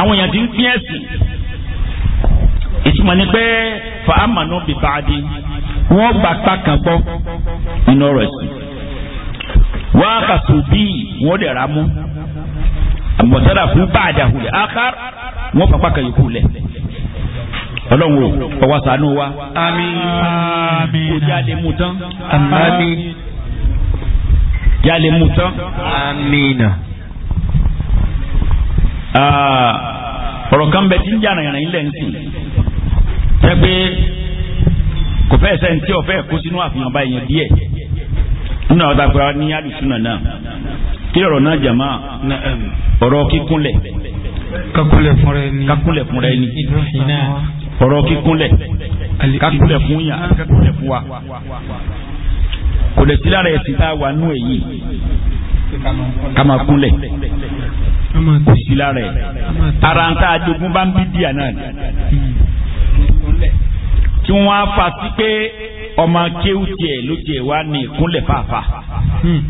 àwọn èèyàn ti ń pín ẹ̀sìn ìtumọ̀ ní pé fàámànà bìbáàdì wọ́n gbà pàkà gbọ́ iná rẹ̀ sí wọ́n á kà sùn bíi wọ́n dẹ̀ ra mú àmọ̀tẹ́rà fún báàdà hulẹ̀ akar wọ́n pàpà kan yòókù lẹ̀ ọlọ́run ọwọ́ sànú wa àmín kò jáde mú tán àmín jáde mú tán àmín. ọ̀rọ̀ kan bẹ tí ń jà rìnrìn ilẹ̀ ń sìn tẹ́ kò fẹ́ sẹ́ni ọ̀fẹ́ kó sínú àfihàn báyìí díẹ̀ nínú àwọn tàbí wa ní àdùsúnà náà kí ọ̀rọ̀ náà jàmá ọ̀rọ̀ kíkúnlẹ̀ kakunlẹ̀ fúnra ẹni kakunlẹ̀ fúnra ẹni ọ̀rọ̀ kíkúnlẹ̀ kakunlẹ̀ fún yàn kakunlẹ̀ fún wa kò lè sí lára ẹ̀sìn tá a wà nú èyí ká kò sí lára ẹ̀ ara ń tá a jogún bá ń bí díà náà tí hmm. wọ́n á fa sí pé ọmọ kéwù tiẹ̀ ló tiẹ̀ wá ní ìkúnlẹ̀ fàáfàá. Hmm.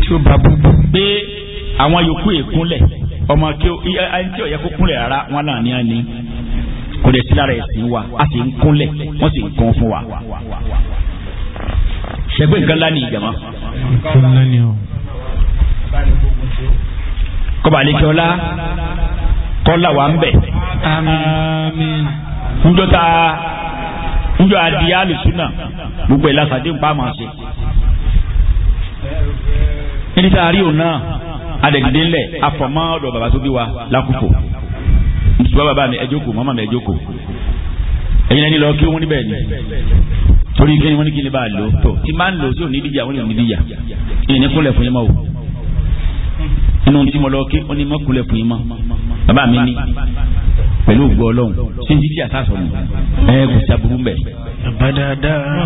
tí ó bá búbu. pé àwọn yòókù ìkúnlẹ̀ ọmọ kéwù ẹni tí ó yẹ kó kúnlẹ̀ rárá wọn náà ní ẹni kò lè sí lára ẹ̀sìn wa a sì ń kúnlẹ̀ wọ́n sì ń kún fún wa. ṣẹgbẹ́ nǹkan lá ní ìjàmá. kọ́ba àlejò kọ́lá wa ń bẹ̀. àmín njọ adi alùsùnà gbogbo ẹ̀ lásàdé ń pa máa ṣe. níbi tá a rí òun náà adẹ̀dìdé ńlẹ̀ afọ̀mọ́ ọ̀dọ̀ bàbá tó bí wa lákòókò mùsùlùmá bàbá mi ẹ jókòó màmá mi ẹ jókòó ẹ̀yin ẹni lọ kí wọ́n níbẹ̀ ni torí kí ni wọ́n ní kí ni bá a lò tó tí máa ń lò sí òní díjà wọ́n ní òní díjà ìní kúnlẹ̀ fún yín mọ́ o inú tí mo lọ kí ó ní mọ́kúnlẹ̀ fún yín mọ́ bàbá mi ní pẹ̀lú ògbọ́ ọlọ́run ṣé jíjí àtàsọ̀ nù ẹ kò sábúrú mbẹ. àbádáadáa.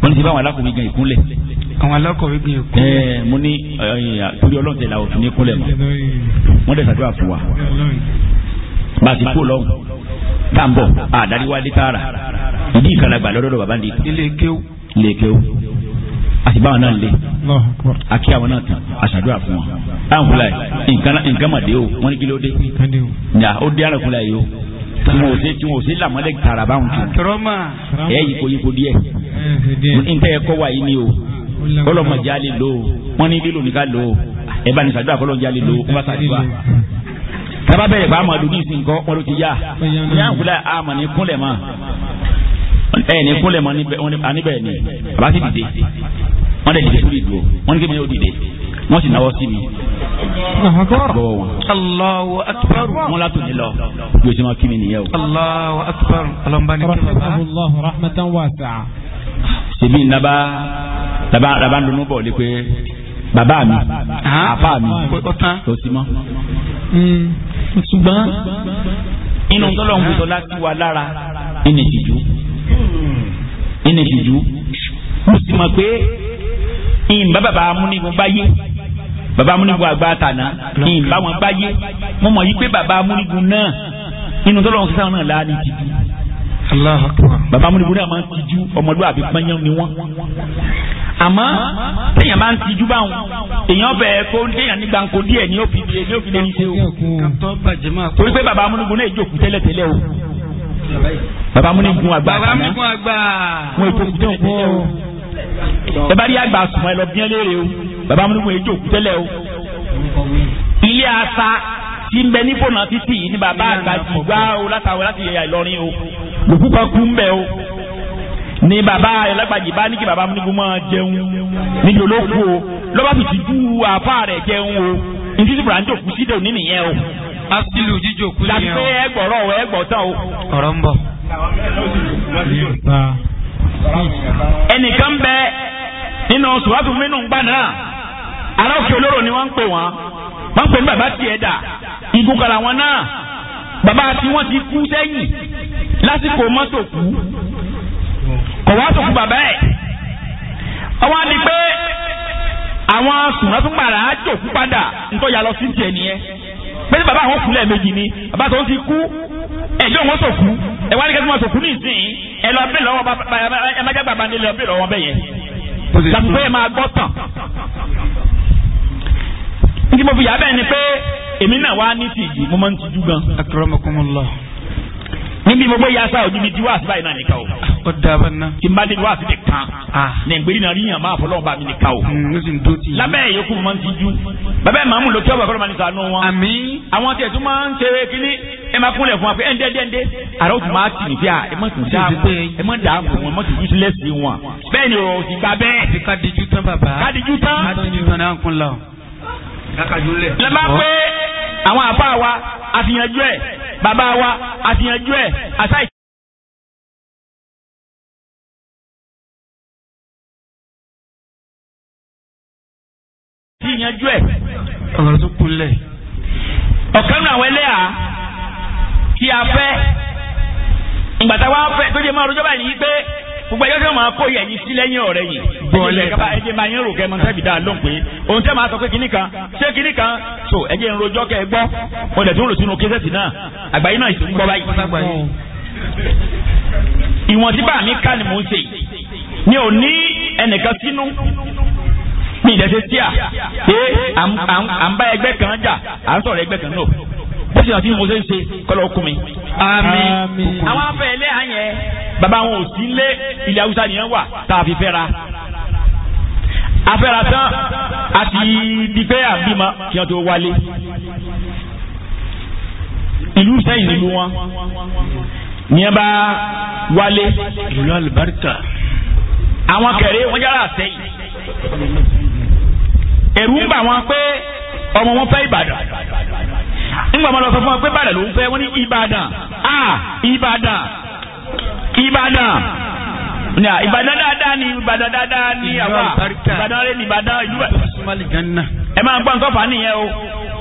wọ́n ní ti bá àwọn alákòwé gan ìkúnlẹ̀. àwọn alákòwé gan ìkúnlẹ̀. ẹ mo ní torí ọlọ́run tẹ̀lé àwọn òfin ìkúnlẹ̀ mọ́ wọ́n dẹ̀ ṣàdúrà fún wa. bá a ti kú ọlọ́run tá à ń bọ̀ àdáríwá dé tààrà ìdí ìkàlàgbà lọ́dọ̀ bàbá ń di. ilé kéw. ilé kéw àti báwọn náà lé àkí àwọn náà tán àṣàdúrà fún wọn. báwọn fúnra yìí nǹkan mà dé o wọ́n ní kí ló dé. ǹyà ó dé àrùn fúnra yìí o tí wọn ò ṣe tí wọn ò ṣe làmọ́lẹ̀ tààrà báwọn tó. ẹ yìí kò yìí kò díẹ̀ nǹkan yẹn kọ́ wà yìí ni o ọlọ́mọdé á lè lò ó wọ́n ní lílo nìkan lò ó ẹ bá ní sàdúrà kọ́lọ́mọdé á lè lò ó wọ́n bá sàdúrà taba bẹ̀rẹ̀ bá amadu ní wọn ló ti yá ẹ ní kúnlẹ̀ mọ́ ni bàbá sì dìde wọ́n lè dìde sórí ìdúró wọ́n ní mi yóò dìde wọ́n sì náwó sí mi. Allahu akbar. Wọ́n látò ní lọ. Bí máa kí mi nìyẹn o. Allahu akbar. Ọlọ́mọba ní kí wọ́n. Allahu rahmatan wasi'a. Ṣèbí nàbà nàbà nàbà ń dunú bọ̀ Baba mi àfa mi tó sí mọ́. Hmm. Ṣùgbọ́n inú tọ́lọ̀ ń wùsọ̀ láti wà lára nínú ìtìjú. nínú ìtìjú mo sì mọ̀ pé ìyìnbá bàbá amúnigun báyé bàbá amúnigun àgbà tàná ìyìnbá wọn báyé mo mọ̀ yí pé bàbá amúnigun náà nínú tó lọ́wọ́ sísáwọn náà láàánú ìtìjú. bàbá amúnigun náà máa ń tìjú ọmọlúwàbí pẹ́yẹ́ ni wọ́n. àmọ́ téèyàn bá ń tìjú báwọn èèyàn bẹ̀ẹ́ kó téèyàn ní gbàǹkó díẹ̀ ní òfin ní òfin lè ní torí pé bàbá amúnigun náà èjòkú tẹ́lẹ̀tẹ́lẹ̀ o baba múnigun àgbà baba múnigun àgbà wọn ètò òkú tẹ́lẹ̀ tẹ́lẹ̀ o ẹ bá rí àgbà sùn ẹ lọ bí ẹ léèrè o baba múnigun ètò òkú tẹ́lẹ̀ o ilé asa ti ń bẹ ní bònà títì ní baba àgbà ti gbá o látàwọn láti yẹ Ìlọrin o òkú kan kú ń bẹ o ni baba ẹlẹgbàjì bá ní kí baba múnigun máa jẹun níbi olóko o lọ́ba tó ti dú àfa rẹ̀ jẹun o ntí sì bùràǹdì òkú sídẹ̀ òní nìyẹn o. asilu jíjò kú nìyẹn o. dàbí pé ẹgbọ̀rọ̀ ọ̀ ẹgbọ̀ tán o. ọ̀rọ̀ ń bọ̀. ẹnìkan bẹ nínú sùwádù mínú gbà náà ará òkè olóró ni wọ́n ń pè wọ́n wọ́n ń pè ní bàbá tiẹ̀ dà igun kara wọn náà bàbá tí wọ́n ti kú sẹ́yìn lásìkò mọ́tò kú kọ̀wá tó kú bàbá ẹ̀ ọwọ́ á pé àwọn sùnmọ́túnpàrà á jòkú padà nítorí yà lọ sí tiẹ̀ nìyẹn pé ní bàbá àwọn kú lẹ́ẹ̀mejì ni bàbá tó ń ti kú ẹ̀jọ́ wọn sòkú ẹ wá ní kẹ́sìmọ̀ sòkú ní ìsìn ẹ lọ bẹ́ẹ̀ lọ́wọ́ ẹ má jẹ́ bàbá nílé ọ bẹ́ẹ̀ lọ́wọ́ bẹ́ẹ̀ yẹn. láti pé máa gbọ́ tàn. nígbà mo fi yà bẹ́ẹ̀ ni pé èmi náà wá ní tìjú mo máa ń tìjú gan. akramakumullah níbi mo gbé yasa ojú mi di wáàsí báyìí náà nìkan o. ọ daba ná. tí n bá débi wáàsí de kan. Ah. ní ìgbéri náà rí yàn máa bá mi nìkan o. n hmm, sì ń dó ti. lábẹ́ ìyókù máa ń ti jú. bàbá ẹ̀ màmú ló ọ̀bà fọlọ́ ní sànú wọn. àmín. àwọn tiẹ̀ máa ń ṣe kínní ẹ máa kúnlẹ̀ fún wa pé ẹ̀ǹdẹ́ ẹ̀ǹdẹ́. àrà òtún máa tì ní bí a ẹ má tún dáa ẹ má dáa bò wọn má tún jútú lẹ́sìn wọn. bẹ́ẹ̀ ni o ti gba bẹ́ẹ̀. àti kádìjú tán bàbá. kádìjú tán. kádìjú tán náà ń kún la o. kákàjú lẹ̀. lẹ́ bá pé àwọn àbá bàbá wa àtìyànjú ẹ̀ àṣà tí ìyanjú ẹ̀. ọ̀rọ̀ tó kulẹ̀. ọ̀kan nínú àwọn ẹlẹ́yà tí a fẹ́ ìgbà táwa fẹ́ tó jẹ́ máa rojọ́ báyìí pé gbogbo ẹjọ́ sọ máa kó yẹ̀yìn sí lẹ́yìn ọ̀rẹ́ yìí. bọ́ọ̀lẹ̀ kaba ẹjẹ máa yẹn rò kẹ́ mọ́tàbí dáa lóhùn pé òun tẹ́ máa sọ pé kínní kan ṣé kínní kan so ẹjẹ ń rojọ́ kẹ́ ẹ gbọ́ mo dẹ̀ tún rò sínú késẹ̀tì náà àgbáyé náà ìsìn gbọ́ báyìí. ìwọ̀n tí bá mi ká ni mò ń ṣe mi ò ní ẹnìkan sínú mi ìdẹ́sẹ̀ síà pé à ń bá ẹgbẹ́ kan jà à ń sọ̀rọ̀ ẹgbẹ́ kan náà bó ṣe àti mo ṣe ń ṣe kọ́lọ́ kún mi. àmín àwọn afẹ́ ilé àyẹn bàbá wọn ò sí lé ilẹ̀ haúsá nìyẹn wà tá a fi fẹ́ ra afẹ́ra tán àti dìfẹ́ àbímọ kí wọ́n tó wálé ìlú sẹ́yìn ìlú wọn ní bá wálé ìlú alibarika àwọn kẹrẹ wọn yára sẹ́yìn ẹ̀rù ń bà wọn pé ọmọ wọn fẹ́ ìbàdàn nígbà wọn lọ sọ fún wọn pé ìbàdàn ló ń fẹ́ wọn ní ìbàdàn a ìbàdàn ìbàdàn ìbàdàn dáadáa ni ìbàdàn dáadáa ni àwa ìbàdàn rẹ ni ìbàdàn ìlú bàdàn. ẹ máa gbọ́ nǹkan fà nìyẹn o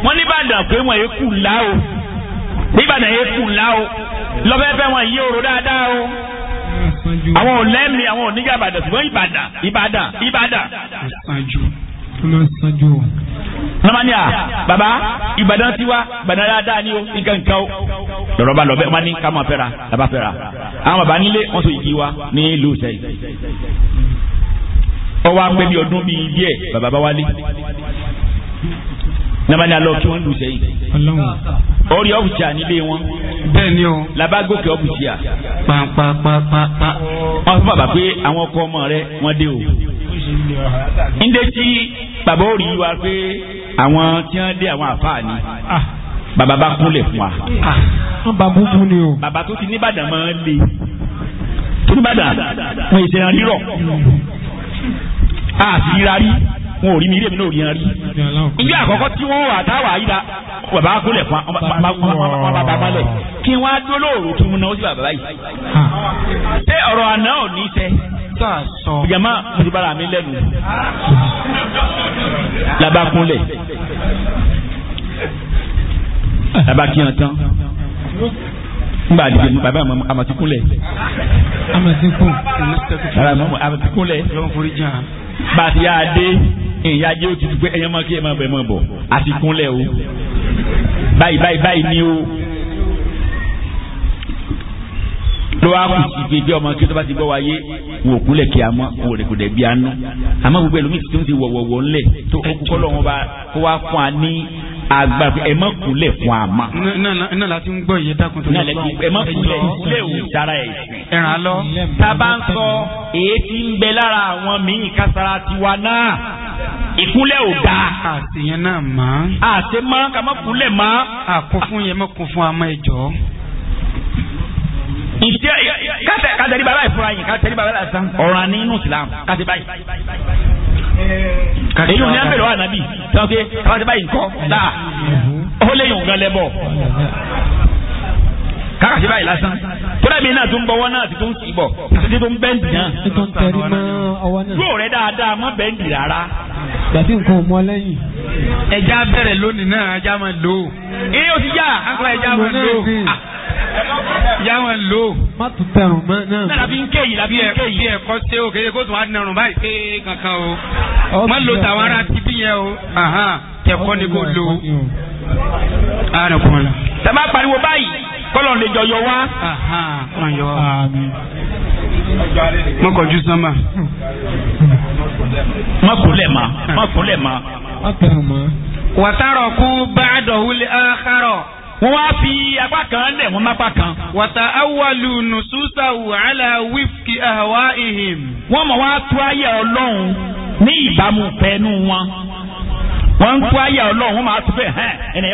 wọ́n ní ìbàdàn pé wọ́n yẹ kù ńlá o ní ìbàdàn yẹ ńlá o lọ́fẹ́fẹ́ wọn yí oró dáadáa o àwọn ò lẹ́mìí àwọn ò nígbà lọ́mọ ní baba bàbá ìbàdàn tiwa ìbàdàn dáadáa ni ó nǹkan nǹkan ó lọ́rọ́ bá lọ bẹ́ẹ̀ wọ́n ní ká máa fẹ́ra làbá fẹ́ra àwọn bàbá nílé wọ́n so ìdí wa ní ìlú sẹ́yìn ọwọ́ apẹ́ bí ọdún bíi díẹ̀ bàbá bá wálé nàbàlẹ̀ alọ́ kí wọ́n lù sẹ́yìn. orí ọ̀bùsà nílé wọn. bẹ́ẹ̀ni o. làbá gòkè ọ̀bùsà. pàápàápàápàá. wọ́n fún bàbá pé àwọn ọkọ ọmọ rẹ wọ́n dé o ndé tí bàbá ò rí wa pé àwọn tí wọ́n dé àwọn àfáà ni ah. bàbá bá kúnlẹ̀ fún wa. bàbá ah. búkú ni o. bàbá tó ti níbàdàn máa ń le tó níbàdàn wọn ìṣẹ̀yàn rírọ̀ àti ìrarí wọn ò rí mi rí èmi náà ò rí yan rí. ìgbé àkọ́kọ́ tí wọ́n wà tá wà yíra bàbá kúlẹ̀ fún wọn bàbá balẹ̀ kí wọ́n á dólóòrò kí wọ́n náwó sí bàbá yìí. ṣé ọ̀rọ̀ àná ò ní tẹ́ jama mo ti bára mi lẹ́nu labakunlẹ̀ labakiyan tán ngba adige mu baba mu amatikunlẹ̀ amatikun amatikunlẹ̀ baasi y'a de ìyá ajé ó ti dùn pé ẹyẹ máa kí ẹ máa bẹ̀ máa bọ̀ àti kúnlẹ̀ o báyìí báyìí báyìí ni o ló wá kù sí ibi bí ọmọ kí tó bá ti gbọ́ wáyé wò kúlẹ̀ kí a mọ́ wò lè kò dẹ̀ bí a nú àmọ́ gbogbo ẹlòmíì tó ń ti wọ̀wọ̀wọ̀ ńlẹ̀ tó kọ́ lọ́wọ́ bá kó wá fún wa ní agbára ẹ má kúlẹ̀ fún a ma. iná la ti ń gbọ́ iye dákun tó ń lọ. ẹ má kúlẹ̀ ìkúlẹ̀ ò dára ẹ̀ sìn. ẹ̀ràn lọ. tá a bá ń sọ èyí tí ń bẹ lára àwọn míì kására tiwa náà ìkúnlẹ̀ ò da, àṣeyàn náà mọ́. àṣe mọ́ ká má kúnlẹ̀ mọ́. àkún fún yẹn mọ́ kún fún amọ́ ẹ̀jọ́. ìṣe kátẹ ní bàbá ìfura yìí kátẹ ní bàbá lásán ọ̀ràn nínú Islam kátẹ báyìí. èyí ò ní abẹ́rẹ́ wà nábì tí wọ́n báyìí nǹkan náà ó léyìn lẹ́bọ̀ kàṣe báyìí lásán kódà mi náà tó ń bọwọ́ náà ti tó ń kì í bọ̀ àti tó ń bẹ́ǹdì náà. tó ń tẹrí mọ́ ọwọ́ náà. yóò rẹ dáadáa má bẹ́ǹdì rárá. gbàtí nǹkan ò mọ lẹ́yìn. ẹja bẹ̀rẹ̀ lónìí náà ajá máa lò ó. ee o ti yá àkọlá ẹja máa lò ó. ìyá ah, wọn lò ó. má tún tẹrùn mọ́ náà. náà lábí ń kéyìí lábí ń kéyìí. bí ẹ̀kọ́ ṣe o kéye kó tún wá nẹrùn báyìí pé kankan o. má lo tàwọn ará tibí yẹn o. tẹ̀kọ́ ni kò lò ó. tẹ bá pariwo báyìí kọ́lọ̀ lè jọ yọ wá. mọ́kànjú sánmà. mọ́kúnlẹ̀ ma mọ́kúnlẹ̀ ma. wàtárọ̀ kú wọ́n wá fi apá kan lẹ̀ wọ́n mápá kan. wàtà awalu nususa wàhálà wífkì àwa ihim. wọ́n mọ̀ wá tú ayé ọlọ́run ní ìbámu pẹ̀lú wọn. wọ́n ń ayé ọlọ́run wọ́n máa tú bẹ́ẹ̀ hẹ́n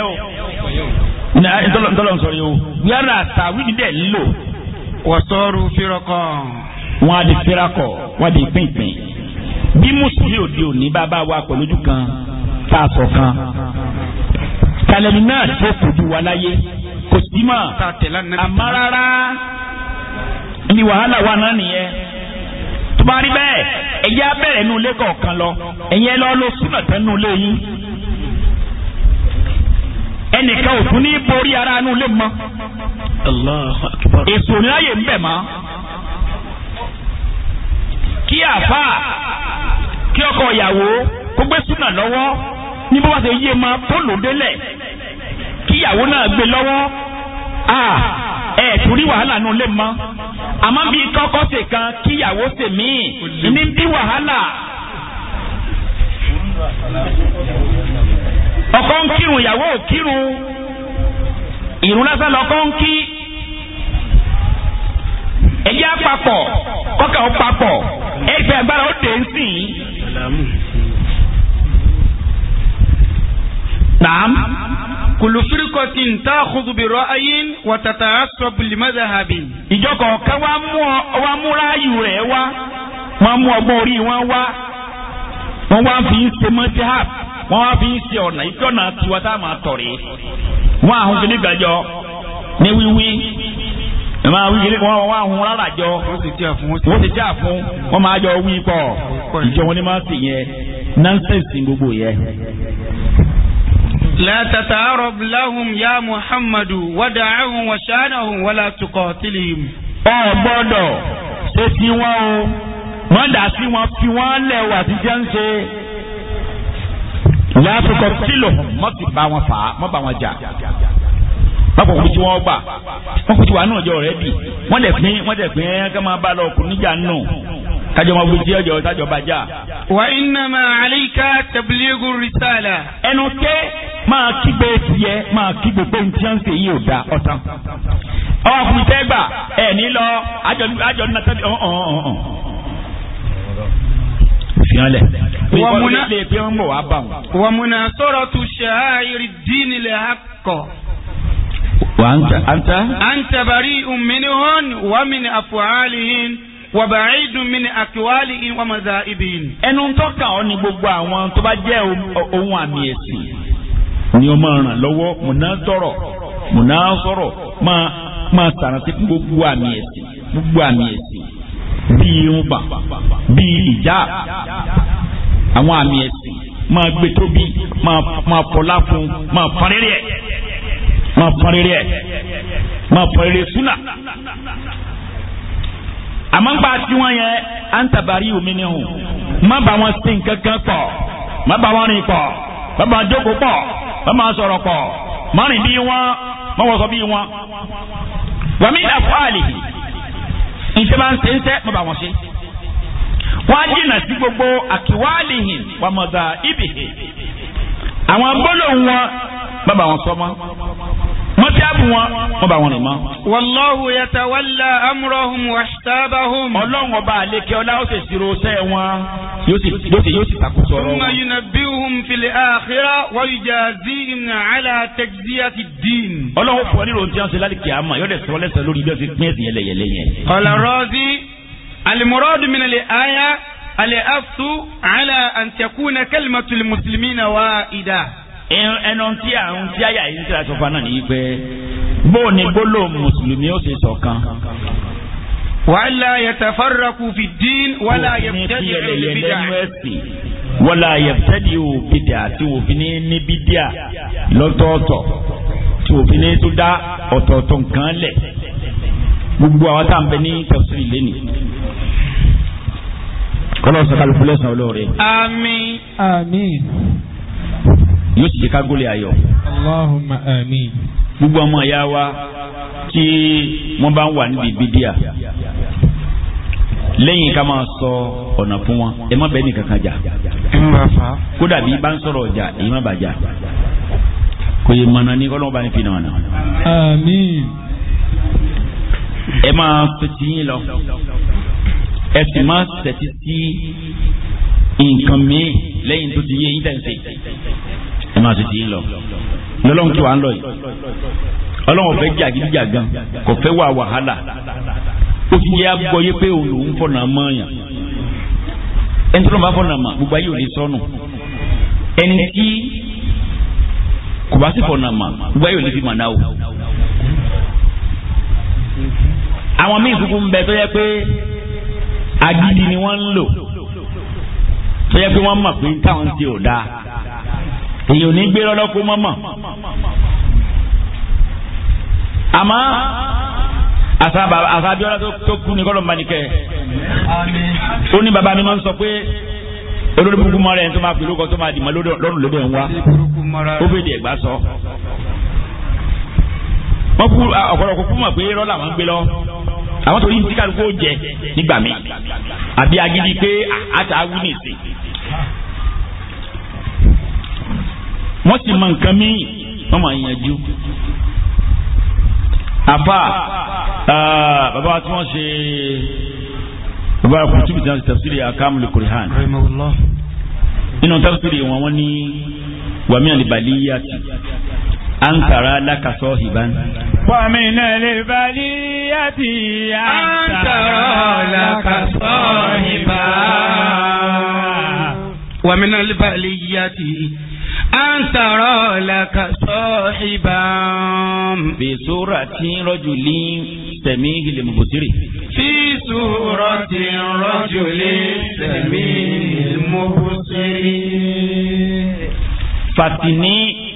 ntọ́lọ́n sọ̀rọ̀ yìí o yàrá tàwídìí dẹ̀ lò. wọ́sọ́rù fírọ́kọ̀. wọ́n á di fírọ́kọ̀ wọ́n á di pínpín. bí mùsùlùmí òde òní bá bá wa pẹ̀lú ojú kan tá a sọ kan. kàlẹ́nu náà ṣe kojú wa láyé kò sí mọ́ àmọ́ ni wàhálà wa náà nìyẹn tó bá rí bẹ́ẹ̀ ẹ̀yẹ́ abẹ́rẹ́ nu kọ̀ọ̀kan lọ ẹ̀yẹ́ lọ́ọ́ lo súnà tẹ́nu ilé yín. ẹnìkan ò tún ní borí ara inú ilé mọ́ èso níláyè ń bẹ̀ mọ́ kí àáfàá kí ọkọ ìyàwó kó gbé súnà lọ́wọ́ ní bó bá ṣe yé ma tó lò kí ìyàwó náà gbé lọ́wọ́ ẹ̀ tún rí wàhálà inú ilé bí kan kí ìyàwó ṣe míì ní bí wàhálà. ọkọ ń kírun ìyàwó ò kírun ìrún lásán lọkọ ń kí ẹjẹ́ àpapọ̀ kọ́kà ó papọ̀ ẹgbẹ́ agbára ó dé sí i. Naam. Kulu firikọti nta kudubirọ ayin watata sọbili madahabi. Ìjọ kọ̀ọ̀kan wa mú ọ wa múra ayù rẹ̀ wá, wọ́n mú ọgbọ́n orí wọn wá wọ́n wá fi ń ṣe mọ́tíháp wọ́n wá fi ń ṣe ọ̀nà ìjọ́nà tiwa tá a máa tọ̀ rí wọ́n àhún kìíní gbàjọ ní wíwí ẹ máa wí kìíní wọ́n wá àhún rárá jọ wọ́n ti tí àfún wọ́n máa jọ wí pọ̀ ìjọ wọn ni máa sì yẹn nonsense gbogbo yẹn. لا تتعرض لهم يا محمد ودعهم وشانهم ولا تقاتلهم. ọ̀ gbọ́dọ̀ ṣe ti wọ́n o wọ́n dà sí wọn fi wọ́n lẹ̀ wà tí jẹ́ ń ṣe láfikọ̀ kílò mọ́ ti bá wọn fà á mọ́ bá wọn jà bákan kò tí wọ́n gbà wọ́n kò tí wà náà jẹ́ ọ̀rẹ́ bì wọ́n dẹ̀ pín wọ́n dẹ̀ pín ká máa bá lọ ọkùnrin níjà nù kájọ máa wuli tí ọjọ́ tájọ bá jà. wà innama alayka tabligu risala. ẹnu ké máa kígbe tiẹ̀ máa kígbe pé n tiẹ́ ń sè yí ò da ọ̀tán. ọkùnrin tẹ́gbà ẹ̀ ní lọ àjọ àjọ nàtàbí ọ̀hún ọ̀hún ọ̀hún fi hàn lẹ̀. wàmúnà sọ̀rọ̀ tu ṣááyìrì dín ilẹ̀ akọ̀. وأنت أنت بريء منهن ومن أفعالهن wàbàáìdùn mi ni àkíwálì ìwàmọ̀dáìbì. ẹnu ń tọ́ka ọ ni gbogbo àwọn tó bá jẹ́ ohun àmì ẹ̀sìn ni ó máa ràn lọ́wọ́ múná tọrọ múná sọ̀rọ̀ máa máa gbogbo àmì ẹ̀sìn gbogbo àmì ẹ̀sìn bíi irunba bíi ìjà àwọn àmì ẹ̀sìn máa gbé tóbi máa fọlá fún máa fọrẹ́rẹ́ ẹ̀ máa fọrẹ́rẹ́ ẹ̀ máa fọrẹ́rẹ́ súnà àmọ́ ń gba tiwọn yẹn à ń tàbárí omi ni hù má ba wọn sí nǹkan kan pọ̀ má bá wọn rìn pọ̀ má bá wọn jókòó pọ̀ má bá wọn sọ̀rọ̀ pọ̀ má rìn bí wọn má wọ́n sọ bí wọn. wàmí àfọ́ àlè iṣẹ́ máa ń ṣe ń sẹ́ mọ́ bá wọn ṣe. wọ́n á sí gbogbo àkíwálìhìn wàmọ̀dà ibìhìn àwọn gbólóhùn wọn mọ́ bá wọn sọ mọ́ jáàbù wọn wọ́n bá wọn rìn mọ́. wallahu yatawalla amrahum wahtabahum. ọlọ́run ọba àlekè ọlá ó sì ṣírò sẹ́ wọn yóò sì yóò sì takùsọ ọ̀rọ̀ wọn. thumma yunabbihum fil akhirah wa yujazihim ala tajziyati ad-din. ọlọ́run fún ọ ní ròǹtí ọ̀sẹ̀ láti kì á mọ̀ yóò sọ lẹ́sẹ̀ lórí bí ọ̀sẹ̀ pín ẹ̀sìn yẹlẹyẹlẹ ẹnu tí à ń tí àyà yìí ń tẹ̀lé àtọ́fà náà nìyí pé bóò ni gbólóhùn mùsùlùmí ó ṣe ṣọ̀kan. wàhálà yatafarraqu fi dín wàhálà yẹtẹ̀dì òbídà. wàhálà yẹtẹ̀dì òbídà tí òfin ní bídíà lọ́tọ̀ọ̀tọ̀ tí òfin ní tó dá ọ̀tọ̀ọ̀tọ̀ nǹkan lẹ̀ gbogbo àwọn tá à ń bẹ ní tẹ̀sílì lẹ́nu kọlọsọ kalukulẹsọ olóore. àmín. àmín yóò sì jẹ́ ká gólé Allahumma àmín. gbogbo ọmọ ìyá wa tí wọ́n bá ń wà níbi bídíà lẹ́yìn ká máa sọ ọ̀nà fún wọn ẹ má bẹ́ẹ̀ nìkan kan jà. kódà bí bá ń sọ̀rọ̀ ọjà èyí má bàjá kò yẹ mọ̀nà ní kọ́lọ́mù bá ní fi nàmọ̀nà. àmín. ẹ máa fetí yín lọ ẹ sì máa tẹ̀sí sí nǹkan mìíràn lẹ́yìn tó ti yé yín dẹ̀ ẹ máa tètè lọ lọ́lọ́run kí wàá ń lọ yìí ọlọ́run fẹ́ jàgídíjà gan kò fẹ́ wà wàhálà ó ti yẹ abọ́yé pé òun lòún fọ̀nà mọ́ọ̀yàn ẹni tó lọ́n bá fọ̀nà mọ́ gbogbo ayé ò ní sọnù ẹni tí kò bá sì fọ̀nà mọ́ gbogbo ayé ò ní fi mọ̀ náà o. àwọn míì kúkú ń bẹ tó yẹ pé agídí ni wọ́n ń lò tó yẹ pé wọ́n mọ̀ pé táwọn ti ò dáa èyí ò ní gbé lọ́lọ́kú mọ́mọ́ àmọ́ àṣà abiola tó kú ní kọ́lọ̀ mbanikẹ́ ó ní baba mi máa ń sọ pé olórí burúkú mọ́ra ẹni tó máa pèlú kan tó máa dìmọ́ lọ́rùn lóde ń wá ó fèdè ẹ̀gbá sọ. wọ́n kú ọ̀pọ̀lọpọ̀ kú mọ̀ pé rọ́lá wọn gbé lọ àwọn tó ní tíkàlùkù ó jẹ nígbà mi àbí agídí pé àtàwù nìsín wọ́n sì mọ nǹkan míì wọ́n máa yanjú. àfa ah, bàbá tí wọ́n ṣe bàbá kùtùbù tí wọ́n ṣe tafsiri akamul Qur'an nínú tafsiri wọn wọ́n ní wàmí àlìbàlíyàtì ankara laka sohiban. ومن البلية أن ترى لك صاحبا ومن البلية àǹtàrọ̀ làkàṣọ́ ìbàm. fi surati rajulin samihil mubsiri. fi surati rajulin samihil mubsiri. fàtìní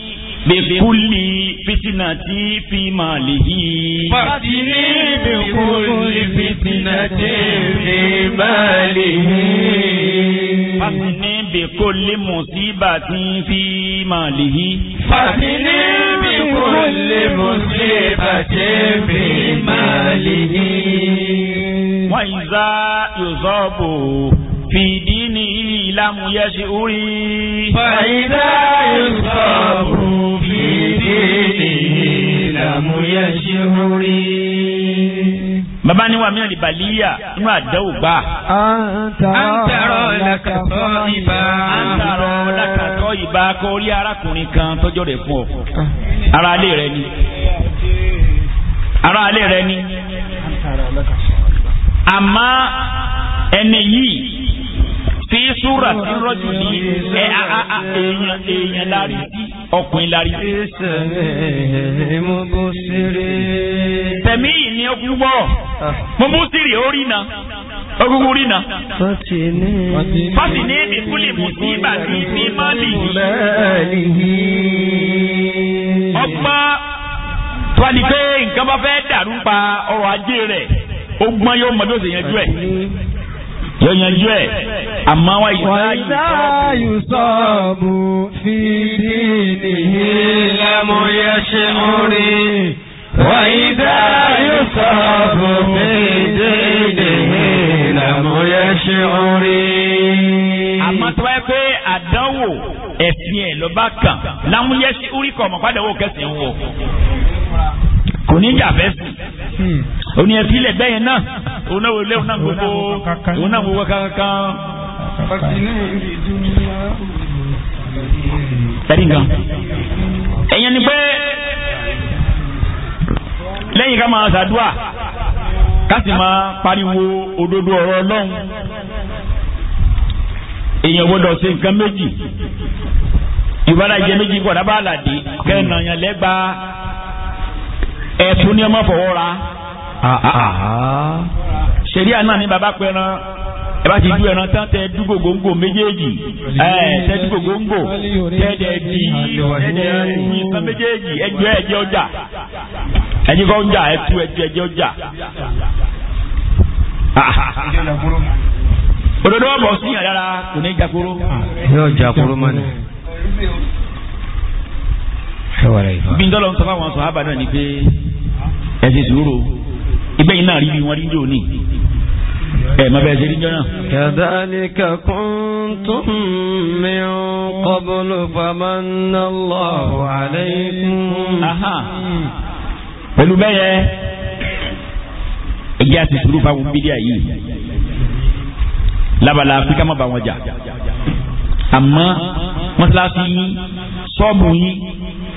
bikuli fitinati fi malihi. fatini bikuli fitinati fi malihi. fatini bikuli musibati fi malihi. fatini bikuli musibati fi malihi. wa iza yusobu. في دينه لم يسعر فإذا يصاب في دينه لم يسعر bàbá ni wà mí àlè bàlíyà inú àdáwò gbà. àǹtàrọ̀ làkàtọ̀ ìbá. àǹtàrọ̀ làkàtọ̀ ìbá kó rí arákùnrin kan tọ́jọ́ rẹ̀ fún ọ. ara alẹ́ rẹ ni. ara alẹ́ rẹ ni. àmọ́ ẹni yìí fi súra tí rọ́jù ní ẹ èèyàn èèyàn lárí ọkùnrin lárí. tẹ̀mí yìí ni ọkùnrin gbọ́ mo mú sírì orí na ọgbogbo orí na. fásitì ní èdè kúlẹ̀ mú sí ìbàdí ní mọ́lì. ọgbọ́n tó a di pé nǹkan bá fẹ́ dàrú pa ọrọ̀ ajé rẹ̀ ó gbọ́n yóò mọ bí ó ṣe ẹ̀ yóò yanjú ẹ̀ wa yìí. wàyíṣà yusọ́ọ̀bù fi dìní ìlàmú yẹṣẹ́ orí. wàyíṣà yusọ́ọ̀bù fi dìní ìlàmú yẹṣẹ́ orí. àmọ́ tó wáyé pé àdánwò ẹ̀sìn ẹ̀ ló bá láwọn yẹṣẹ́ orí kọ̀ ọ̀mọ̀ padà wò kẹsàn-án wò kò ní jà fẹ́ sùn òní hmm. ẹ̀fí lẹ̀ bẹ́yẹn náà òun náà wọlé òun náà gbogbo òun náà gbogbo kankan. ẹ̀rí nǹkan ẹ̀yẹn ni pé lẹ́yìn ká máa ṣàdúà ká sì máa pariwo òdodo ọ̀rọ̀ ọlọ́run èèyàn gbọ́dọ̀ ṣe nǹkan méjì ìbára jẹ méjì kọ̀dá bá àlàdé kẹ́ẹ̀nà yẹn lẹ́gbàá. ẹ̀fún ni ọmọ fọwọ́ ra ah, ah, ah, ṣẹ̀ríà ní bàbá pẹran ẹ bá ti dú ẹran tán tẹ dú gògóńgò méjèèjì ẹ tẹ dú gògóńgò tẹ́ẹ̀dẹ̀ di tẹ́ẹ̀dẹ̀ di ẹjọ́ ẹjẹ́ ọjà ọjà ẹjọ́ ẹjẹ́ ọjà. òdodo ọmọ sí àdára kò ní bí n tọ́lọ́ ń ẹ ṣe sùúrù ìgbẹ́yìn náà rí bí wọ́n rí jò ní ẹ̀mọ́ bẹ́ẹ̀ ṣe níjọ́ náà. kàdálíkà kuntum min qablu famannallahu alaykum. pẹ̀lú bẹ́yẹ ẹjẹ́ àti sùúrù fáwọn bídíà yìí lábala áfíríkà má bá wọn jà àmọ́ mọ́sálásí yín sọ́ọ̀bù yín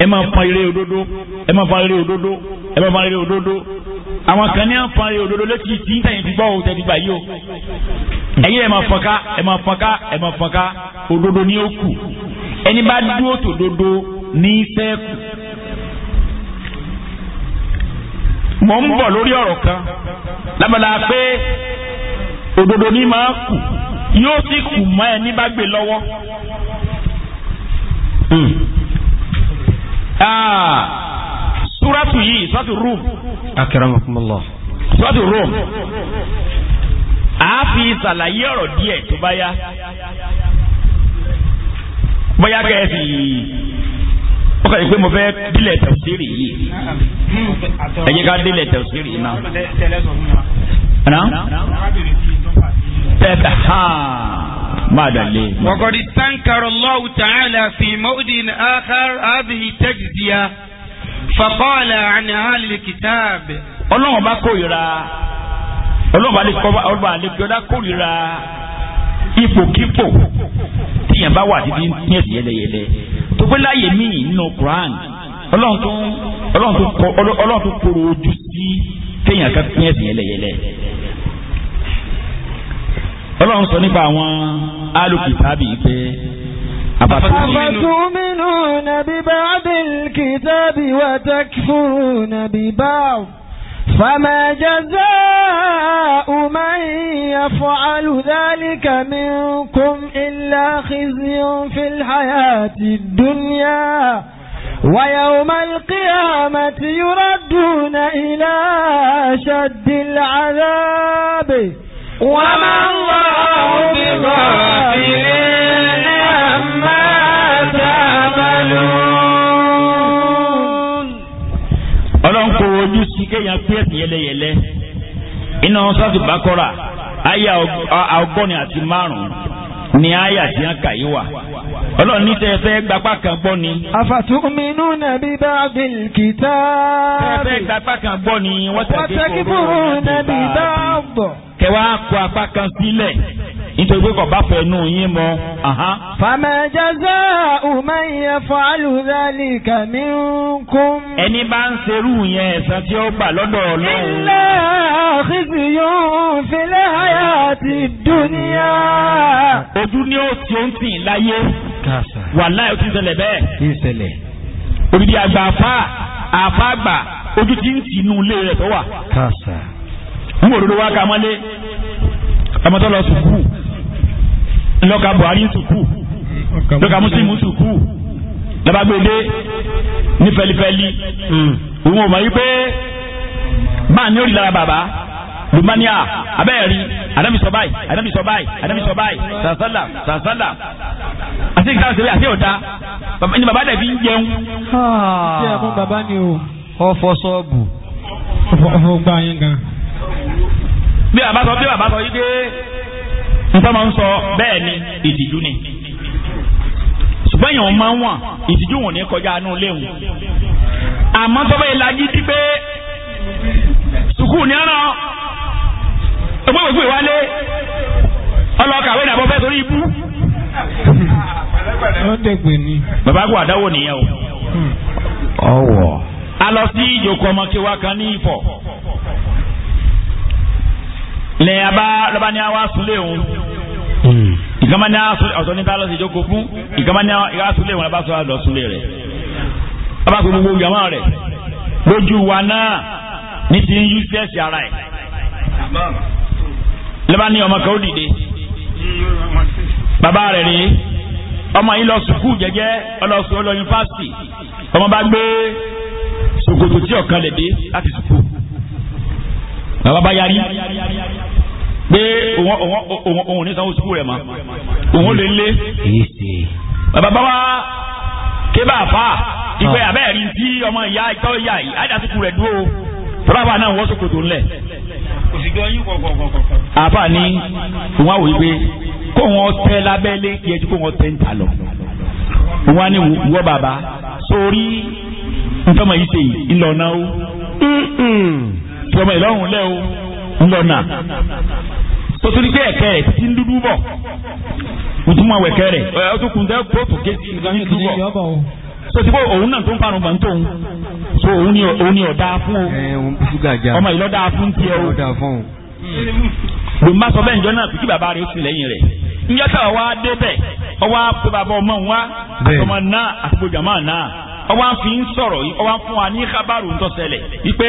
ẹ máa fa eré òdodo ẹ máa fa eré òdodo ẹ bá parí òdodo àwọn kan ní à ń parí òdodo létí tí ń tẹ̀yìn ti gbọ́ òun tẹ̀lé gbà yìí o ẹ̀yin ẹ̀ máa fọ́nká ẹ̀ máa fọ́nká ẹ̀ máa fọ́nká òdodo ní ó ẹni bá dúró tòdodo ní sẹ́ẹ̀kù. mo ń bọ̀ lórí ọ̀rọ̀ kan lábàlá pé òdodo ní máa kù yóò sì kù mọ́ ẹni bá gbé lọ́wọ́. Hmm. Ah súrátù yìí súrátù rúm. akẹ́rọ̀mọ́kúnmọ́lọ́. súrátù rúm. a fi ṣàlàyé ọ̀rọ̀ díẹ̀ tó bá yá. bóyá kẹ́ẹ̀sì ó kàn yín pé mo fẹ́ dílẹ̀ tẹ̀síìrì yìí. ẹ jẹ́ ká dílẹ̀ tẹ̀síìrì yìí náà. tẹ̀síìrì hàn. وقد استنكر الله تعالى في موضع آخر هذه التجزية fàkọ́ọ̀lẹ̀ àní àlìlì kìtáàbì. ọlọ́run bá kórìíra ọlọ́run bá lè kọ́ ọlọ́run bá lè kí ọlá kórìíra ipòkípò tíyẹn bá wà dídí ní ẹ̀sìn yẹlẹyẹlẹ tó pé láàyè míì nínú Quran ọlọ́run tó ọlọ́run tó kọ ọlọ́run tó kóró ojú sí téèyàn kan ní ẹ̀sìn yẹlẹyẹlẹ. ọlọ́run sọ nípa àwọn alùpùpù tàbí pé. أفتؤمنون ببعض الكتاب وتكفرون ببعض فما جزاء من يفعل ذلك منكم إلا خزي في الحياة الدنيا ويوم القيامة يردون إلى شد العذاب وما الله بغافل عما تعملون ọlọ́run kò ojú sí kéèyàn pé ẹ̀sìn yẹlẹyẹlẹ iná àti márùn ni àyà tí wọ́n kà yí wà ọlọ́run gbapá kan gbọ́ ni. àfàtúmínú nàbí báàbìl kìtá. tẹ́ gbapá kan gbọ́ ni wọ́n tẹ́ kí fún un kẹwàá kó apá kan sílẹ̀ nítorí pé kò bá fẹ́ nù yín mọ́. fama jaza'u man yaf'alu dhalika minkum. ẹni bá ń serú yẹn ẹ̀san tí ó gbà lọ́dọ̀ ọlọ́run. illa khizyun fil hayati dunya. ojú ni ó ti ń tì láyé. wàláhì ó ti ṣẹlẹ̀ bẹ́ẹ̀. ti ṣẹlẹ̀. olùdí àgbà àfa àfa àgbà ojú ti ń tì ilé rẹ̀ tó wà ń wò lórí wa ká mọ́lé ọmọ tó lọ sùkúù lọ́ka Buhari sùkúù lọ́ka Muslim sùkúù labagbede ní fẹlifẹli òun mm. ò mọ̀ yí pé máa ní òrìlára bàbá lumania abẹ́ẹ̀rí anabi sọ báyìí anabi sọ báyìí anabi sọ báyìí sàṣàlà sàṣàlà àti nǹkan àṣẹbí àti ọ̀tá ni bàbá dẹ̀ fi ń jẹun. ṣé ẹ̀kún bàbá ni o ọ̀fọ̀ sọ́ọ̀bù ọ̀fọ̀ gbà yín gan bí bàbá sọ bí bàbá sọ yí pé nǹkan máa ń sọ bẹ́ẹ̀ ni ìtìjú ni ṣùgbọ́n èèyàn máa ń wọ̀n ìtìjú wọn ní kọjá inú léwu àmọ́ tó bẹ́ẹ̀ lajú ti pé sùkúù ní ọ̀nà ẹgbẹ́ òkú ìwálé ọlọ́kàwé nàbọ̀ fẹ́ torí ibú. bàbá kò àdáwò nìyẹn o. ọwọ. a lọ sí ìjòkó ọmọ kí wa kan ní ìfọ̀ lẹ́yìn abá lọ́ba ní àwa súnlé òun ìkàmá hmm. ní ọ̀sọ́ ní tálọ́ sí ìjókòó fún ìkàmá ní àwa súnlé òun abá sọ àlọ́ súnlé rẹ̀ abá sọ gbogbo ìyàmọ́ rẹ̀ lójú wa náà ní ti ń useless ara ẹ̀ lọ́ba ní ọmọ kan ó dìde bàbá rẹ̀ rèé ọmọ yìí lọ sùkúù jẹ́jẹ́ ọlọsùn ọlọ yunifásitì ọmọ bá gbé ṣòkòtò tí ọ̀kan lè dé láti sùkúù bàbá bá yarí pé òun ní sanwó sukú rẹ̀ mọ́ òun lè lé bàbá bá wá kébà fà ah. ìgbẹ́ abẹ́ẹ̀rí tí ọmọ ìyá ìtọ́ ìyá yìí àdásùkú rẹ̀ dúró bàbá náà wọ́n sòkòtò ńlẹ̀ àbá ní òun àwòrán pé kó wọn tẹ lábẹ́lé kí ẹ ti kó wọn tẹ ń ta lọ òun á ní wọ́ bàbá sórí ntọ́mọ yìí ṣe ìlọ́nà ó fi ọmọ ìlọrun lẹ o ńlọnà tó torí pé ẹkẹ rẹ ti ń dúdú bọ ìtumọ̀ wẹ̀kẹ́ rẹ̀ ọ tó kùn dẹ́ bóòtù kéjì ní dúbọ̀ so ti bó òun náà tó ń parun bọ̀ǹtò òun so òun ni ọ̀dà fún o ọmọ ìlọ́dà fún tiẹ̀ o lòmá sọ bẹ́ẹ̀ njọ́ náà kí bàbá rẹ̀ ó sì lẹ́yìn rẹ̀ njọ́ tá ọwọ́ adébẹ̀ ọwọ́ pé bàbá ọmọ òun wá náà àtìgbò jàmọ́ náà ọwọ́ fi ń sọ̀rọ̀ ọwọ́ fún wa ní kábàrù ń tọ́sẹ̀lẹ̀ wípé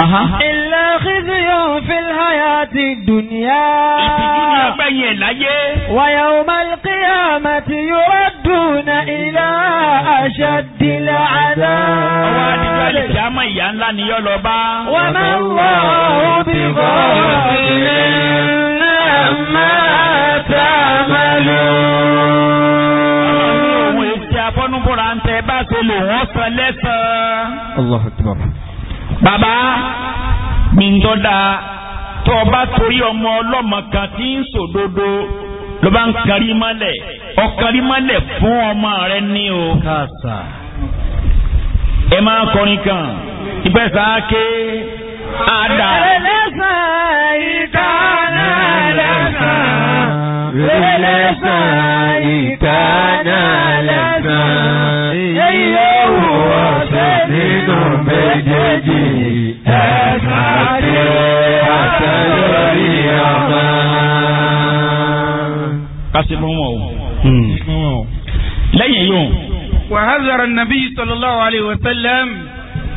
إلا خزي في الحياة الدنيا ويوم القيامة يردون إلى أشد العذاب وما الله بغافل ما تعملون. الله أكبر. Baba, mi ń tọ́ da tó o bá torí ọmọ ọlọ́mọ kan tí ń sòdodo ló bá ń kárí mọ́lẹ̀ ọkàrí mọ́lẹ̀ fún ọmọ rẹ ní o. ẹ máa kọrin kan ìgbésà ké àdá. ẹlẹ́sàn ìka náà lẹ́sàn. ẹlẹ́sàn ìka náà lẹ́sàn méjèèjì ẹ̀sán àti àtẹ̀lórí ọmọ. kásì hmm. wọn o. lẹ́yìn yóò. wàhálà nàbí sallallahu alayhi wa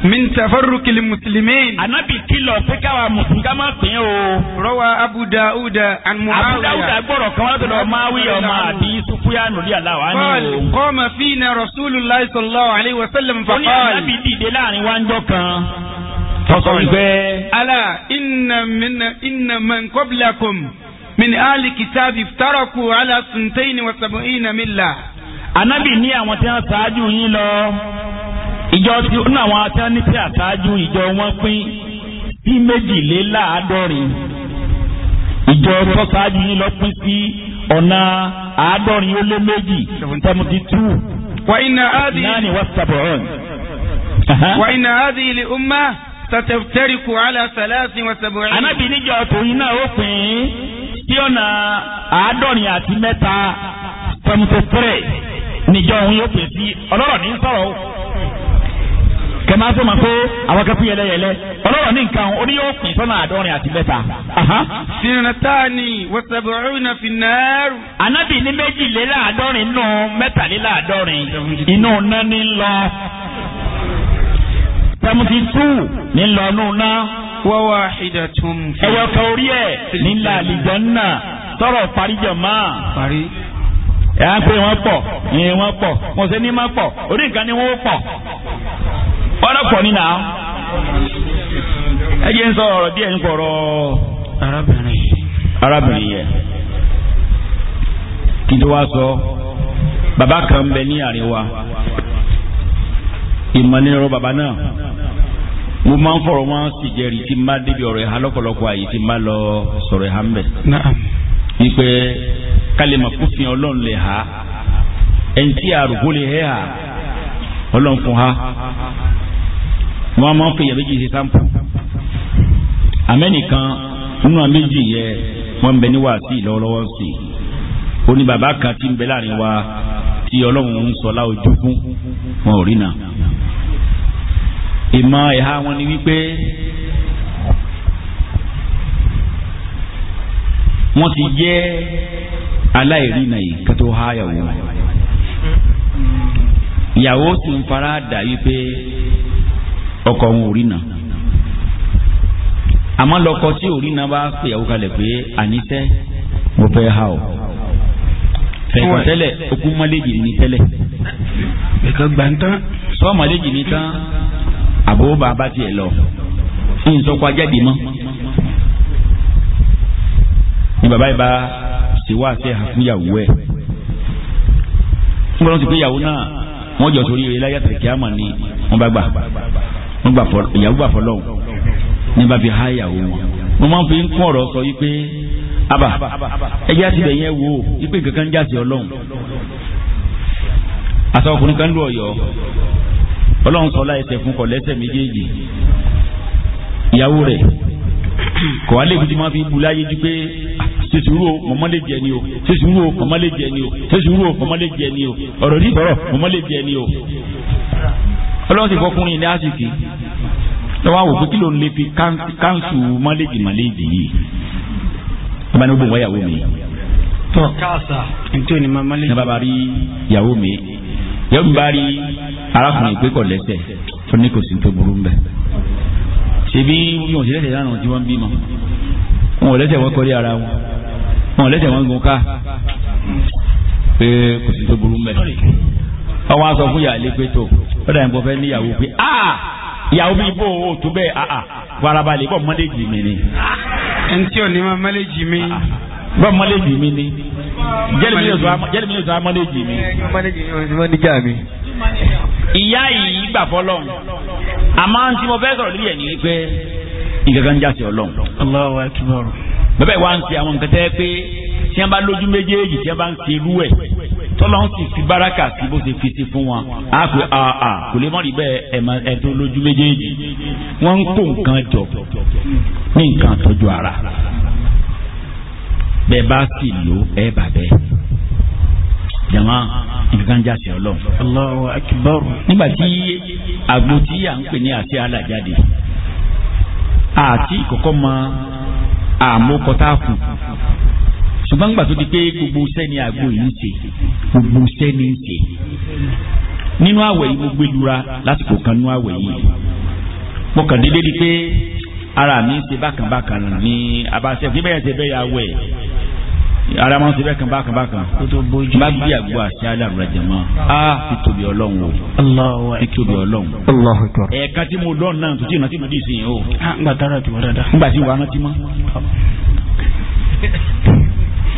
min tafarruki li muslimin. anabi kìlọ̀ pé káwa mùsùlùmí ká má pín o. rọwa abu dauda an muawiya. abu dauda gbọ́dọ̀ kan wọ́n tọ̀dọ̀ muawiya ọmọ àti sufuyanu di aláwa ni o. kọ́ọ̀mà fina rasulillah sallallahu alayhi wa sallam faqal. ó ní anabi dìde láàrin wáńjọ kan tọ́sọ̀ ìgbẹ́. ala inna minna inna man qablakum min ali kitabi taraku ala suntaini wa sabu'ina milla. anabi ní àwọn tí wọ́n ṣáájú yín lọ. ìjọ tí ní àwọn atán ní ìjọ wọn pín sí méjìléláàádọ́rin ìjọ tọ́ṣáájú yín lọ pín sí ọ̀nà àádọ́rin ó lé méjì seventy two. wà iná wà sàbọ̀rọ̀n. wà iná ilé umma wà sàbọ̀rọ̀n. anábì níjọ náà ó pín sí ọ̀nà àádọ́rin àti mẹ́ta seventy three níjọ òun yóò sí ọlọ́rọ̀ ní sọ̀rọ̀ o. kẹmà tó ma pé àwọn kẹkù yẹlẹyẹlẹ ọlọ́wọ́ ní nǹkan ó ní yóò pín sọ́nà àádọ́rin àti mẹ́ta. sinatani wasab'una finnar. anabi ní méjìléláàádọ́rin nù mẹ́tàléláàádọ́rin inú nání lọ seventy two ní lọ́nù náà. wọ́wọ́ àhìdàtún. ẹ̀wọ̀ kan orí ẹ̀ nílà àlìjọ́nà tọrọ parí jẹ̀ máa. parí. ẹ̀ á pé wọ́n pọ̀ ẹ̀ wọ́n pọ̀ wọ́n sẹ́ni máa pọ̀ orí ni wọ́n pọ̀. ọ̀nà pọ̀ ń sọ ọ̀rọ̀ díẹ̀ arábìnrin kí wá sọ bàbá kan bẹ ní àríwá ìmọ̀nìyànrọ̀ bàbá náà mo máa ń fọ̀rọ̀ wọn sì jẹ́rìí tí má débi ọ̀rọ̀ lọ́pọ̀lọpọ̀ àyè tí má lọ sọ̀rọ̀ ẹ̀há ń bẹ̀. wípé kálí mà kúfin ọlọ́run lè ha tí àrùkú lè ha ọlọ́run ha wọn máa ń fi ìyá méjì ṣe sáǹpù amẹ́nìkan nínú àméjì yẹ wọ́n ń bẹ ní wàásì lọ́wọ́lọ́wọ́ sí i ó ní bàbá kan tí ń bẹ láàrin wa tí ọlọ́run ń sọ láòjókún wọn ò rí nà ìmọ̀ ẹ̀há wọn ni wípé wọ́n ti jẹ́ aláìrìnà yìí ká tó háyàwó ìyàwó sì ń fara dà wípé ọkọ wọn ò rí nà àmọ́ lọ́kọ tí ò rí nà bá fìyàwó kalẹ̀ pé àníṣẹ́ mo fẹ́ ha o fẹ̀kọ̀ tẹ́lẹ̀ okú mọ́lẹ́jì ní tẹ́lẹ̀ fẹ̀kọ̀ gbàntán sọ mọ́lẹ́jì ní tán àbúrò bàbá tiẹ̀ lọ nsọ́kọ ajáde mọ́ ni bàbá yìí bá ṣe wá àṣẹ hàn fún yàwó ẹ̀ ń gbọ́dọ̀ pé yàwó náà wọ́n jọ sórí eré láyàtọ̀ kíámà ni wọ́n bá gbà ìyàwó gbà fọlọ́ ní bá fi há ìyàwó wọn. mo máa ń fi ń kún ọ̀rọ̀ sọ yìí pé àbà ẹjẹ́ àti ibẹ̀ yẹn wò ó ipe kankan jáde ọlọ́run. àtàwọn ọkùnrin kan lù ọ̀yọ́ ọlọ́run sọ láìsẹ̀ fún kọ̀ lẹ́sẹ̀ méjèèjì ìyàwó rẹ̀ kọ̀ wá lẹ́kùn tí máa fi bu láyé ju pé ah, sesuru o mọ̀mọ́ ni o sesuru o mọ̀mọ́ ni o sesuru o mọ̀mọ́ ni o ọ̀rọ̀ ní ìbọ̀rọ̀ mọ̀mọ́ ni o ọlọ́run sì fọkùnrin ilé àsìkí lọ́wọ́ àwọn òfin kí ló ń lé fi káńsù mọ́lẹ́dì mọ́lẹ́dì yìí ọba ní ó bò wọ́n yàwó mi. tọ́ káàsà nítorí ni màmá lè. ní bàbá rí yàwó mi yàwó mi bá rí arákùnrin pé kò lẹ́sẹ̀ fún ní kò sí tó burú mbẹ́. ṣèbí wọn ò sí lẹ́sẹ̀ lánàá tí wọ́n bímọ wọn ò lẹ́sẹ̀ wọn kọrí ara wọn wọn ò lẹ́sẹ̀ wọn gun ká pé kò sí tó burú mbẹ́ ọmọ asọ fún yàrá lépè tó ó dà nípa fẹ́ níyàwó pé aa ah, ìyàwó mi bò ó tó bẹ́ẹ̀ aa ah, ah, farabalẹ̀ bọ́ mọ́lẹ́jì mi ni. ẹni tí ò ní ma mọ́lẹ́jì mi. bọ́ mọ́lẹ́jì mi ni jẹ́lẹ̀mí yóò sọ amọ́lẹ́jì mi. ìyá yìí gbà fọlọ́n àmọ́ tí mo fẹ́ sọ̀rọ̀ lórí ẹ̀ ní pé ìgangan jáde ọlọ́run. Allahu akbar. bàbá ìwà ń ṣe àwọn nǹkan tẹ́ pé tí wọ́n bá lójú méjèèjì tí wọ́n bá ń ṣe irú ẹ̀ tọ́lọ́hún sì fi báràkà sí bó ṣe fi ti fún wọn a kò a a kò lè mọ̀ rí bẹ́ẹ̀ ẹ̀mọ ẹ̀dùn lójú méjèèjì wọ́n ń kó nǹkan jọ ní nǹkan tọ́jú ara bẹ́ẹ̀ bá sì lò ẹ̀ bà bẹ́ẹ̀ jama nǹkan já sí ọlọ́run. Allahu akbar. nígbà tí àgbo tí à ń pè ní àti alájáde àti ìkọ̀kọ́ mọ àmókọ́tà kù ṣùgbọ́n nígbà tó di pé gbogbo sẹ́ni àgbo yìí ń ṣe gbogbo sẹ́ni ń ṣe nínú àwẹ̀ yìí mo gbé lura lásìkò kan nínú àwẹ̀ yìí mo kàn déédéé di pé ara mi ṣe bákan bákan ní abáṣẹ bí bẹ́ẹ̀ ṣe bẹ́ẹ̀ yà wẹ̀ ara máa ń ṣe bẹ́ẹ̀ kan bákan bákan má bí àgbo àṣẹ aláàrú rẹ̀ jẹ̀mọ́ a fi tóbi ọlọ́run o fi tóbi ọlọ́run. ẹ̀ka tí mo lọ́ọ̀ náà tó ti ìrántí mi dì sí yìí o. Ah, ngbà tí wàá rántí mọ́.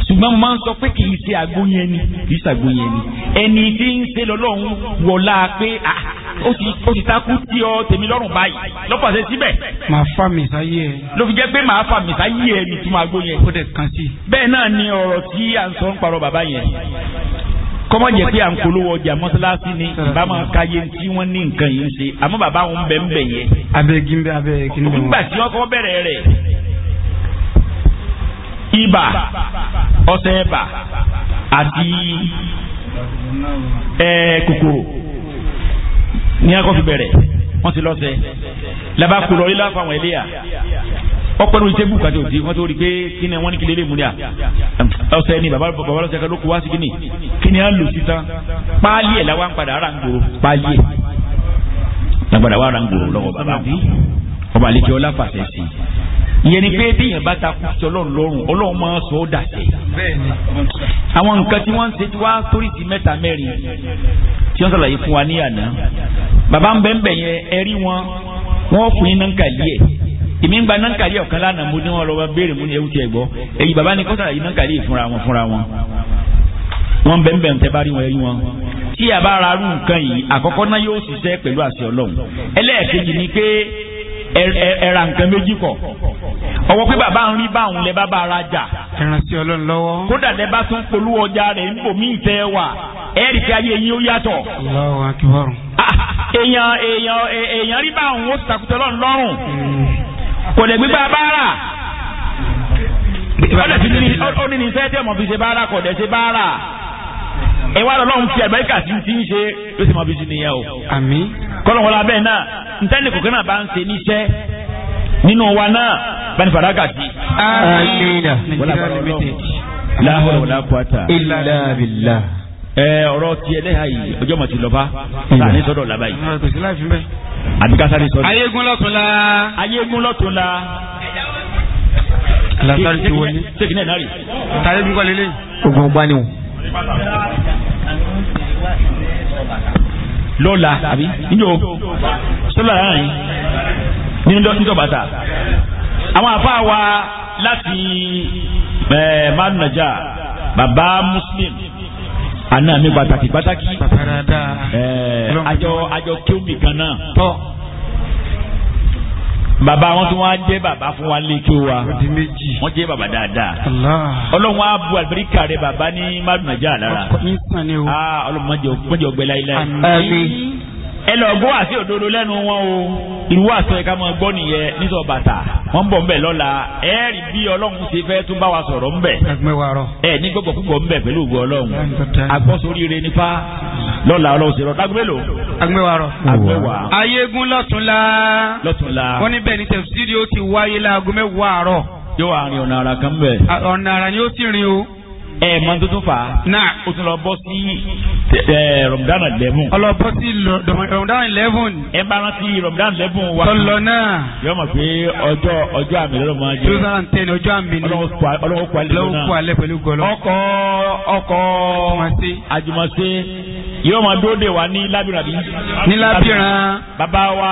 ṣùgbọ́n mo máa ń sọ pé kì í ṣe àgbo yẹn ni kì í ṣe àgbo yẹn ni ẹni tí ń ṣe lọ́lọ́run wọ̀lá pé ó ti ó ti takú tí ọ tèmi lọ́rùn báyìí lọ́pọ̀ ṣe síbẹ̀. màá fa mìsáyé ẹ. ló fi jẹ́ pé màá fa mìsáyé ẹ ní túmọ̀ àgbo yẹn. ó dẹ̀ kàn sí. bẹ́ẹ̀ náà ni ọ̀rọ̀ tí à ń sọ ń parọ́ bàbá yẹn kọ́mọ jẹ́ pé à ń polówó ọjà mọ́sálásí ni ìbámu káyé tí wọ́n ní nǹkan yìí ń ṣe àmọ́ bàbá ibà ọ̀sẹ̀ ẹ̀bà àti kòkòrò ní akọ́ fi bẹ̀rẹ̀ wọ́n ti lọ́sẹ̀ làbá kò lọ ilá fáwọn ẹlẹ́yà ọpẹlú iṣẹ́ bùkà tó di wọ́n tó rí pé kí ni wọ́n ní kí lélẹ̀ múlẹ̀ ọ̀sẹ̀ ni bàbá bàbá lọ́sẹ̀ kan ló kó wá sí kíni kí ni a lò sí tán páálí ẹ̀ làwọn padà ara ń gbòòrò páálí ẹ̀ làgbàdà wà ara ń gbòòrò lọ́wọ́ bàbá ọba àlejò ọlá fàṣẹ sí i ìyẹn ni pé bí ìyẹn bá ta kú sí ọlọ́run lọ́rùn ọlọ́run máa sọ ọ́ dàtẹ̀. àwọn nǹkan tí wọ́n ń ṣe tí wọ́n á torí sí mẹ́ta mẹ́rin tí wọ́n sàlàyé fún wa ní àná bàbá ń bẹ́ẹ̀ yẹn ẹ̀rí wọn wọ́n fún yín náà kàlí ẹ̀ èmi ń gba náà kàlí ọ̀kan lánàá mo ní wọn lọ́wọ́ béèrè mú ní ewu tiẹ̀ gbọ́ èyí bàbá ni kọ́sà yìí náà kàlí fúnra wọn fúnra wọn wọ́n bẹ́ẹ̀ bẹ́ẹ̀ tẹ́ bá rí wọn ẹ̀rí wọn tí a bá ra arú nǹkan yìí àkọ́kọ́ náà yóò ṣiṣẹ́ pẹ̀lú àṣẹ ọlọ́run ẹlẹ́ẹ̀kejì ni pé ẹ̀ra nǹkan méjì kọ̀ ọwọ́ pé bàbá ń rí báwọn lẹ́ bá bá ara jà. ẹran sí ọlọ́run lọ́wọ́. kódà lẹ́ bá tún polówó ọjà rẹ̀ níbo míì tẹ́ wà ẹ̀rì pé ayé yín ó yàtọ̀. Allahu akbar. Ah, èèyàn èèyàn èèyàn rí báwọn ó sàkútọ̀ lọ́run lọ́rùn kò lè gbé bàbá rà tí ó ní ní sẹ́tẹ̀ fi ṣe bá kò dẹ̀ ṣe bá ẹ lọ́lọ́run fi àgbáríkà tí ti ń ṣe ló sì máa fi sí nìyẹn o. àmín. kọ́lọ́wọ́n la náà ntẹ́ni kòkè náà bá ń ṣe níṣẹ́ nínú wa náà bani fàdákà sí. amiina láhùrọ̀ làkúwàtà. ilà bìlà. ẹ ọ̀rọ̀ tiẹ̀ lẹ́yà yìí ọjọ́ mọ̀ ti lọ́ba ta ní sọ́dọ̀ làbá yìí. àbíkásá ní sọ́dọ̀. ayégun lọ́tùnla. ayégun lọ́tùnla. alasari ti wọlé. sèkínẹ̀ náà rí. tàyé bí lé. ogun gbaniw lọ́la àbí níjó sọ́lá láàrin nínú dọ́sí tọ́bàtà àwọn àfáà wa láti madunaja bàbá muslim àná mi pàtàkì pàtàkì àjọ àjọ kí omi kan náà. Baba, wọn tún wá jẹ́ bàbá fún wa lé kí wa wọ́n jẹ́ bàbá dáadáa ọlọ́run wa bu àbíríkà rẹ̀ bàbá ní márùn-ún àjà lára ọlọ́run mọ̀jẹ̀ ọgbẹ́ láyé láyé ẹ lọ gbọ́ wá sí òdodo lẹ́nu wọn o irú wá sọ ẹ̀ka máa gbọ́ nìyẹn nítorí bàtà wọ́n ń bọ̀ ńbẹ̀ lọ́la ẹ rí bí ọlọ́run ṣe fẹ́ tún bá wa sọ̀rọ̀ ńbẹ̀ ẹ ní gbogbo púpọ̀ ńbẹ̀ pẹ̀lú ògùn ọlọ́run agbọ́sóríire nípa lọ́la ọlọ́run ṣe rọ dágbélò. agbẹ́wàrọ̀ ayégún lọ́túnla wọ́n níbẹ̀ ní tẹ̀sídìí ó ti wáyé láago mẹ́wàá àárọ̀. yóò wá ọ̀nà ara kan bẹ̀. ọ̀nà ara ni ó ti rin o ẹ mọ tuntun fa. na o tún lọ bọ sí ẹ rọmdana eleven. ọlọ bọ sí rọmdana eleven. ẹ bá rántí rọmdana eleven wa. tọlọ náà. yọọ ma pé ọjọ́ ọjọ́ àmì lọ́rọ̀ máa jẹ. two thousand ten ọjọ́ àmì ni. ọlọ́wọ́ kọ alẹ́ náà ọlọ́wọ́ kọ alẹ́ pẹ̀lú gọlọ. ọkọ ọkọ àjùmọ̀ṣe yóò máa dóde wa ní lábìrán bí. ní lábìrán. bàbá wa.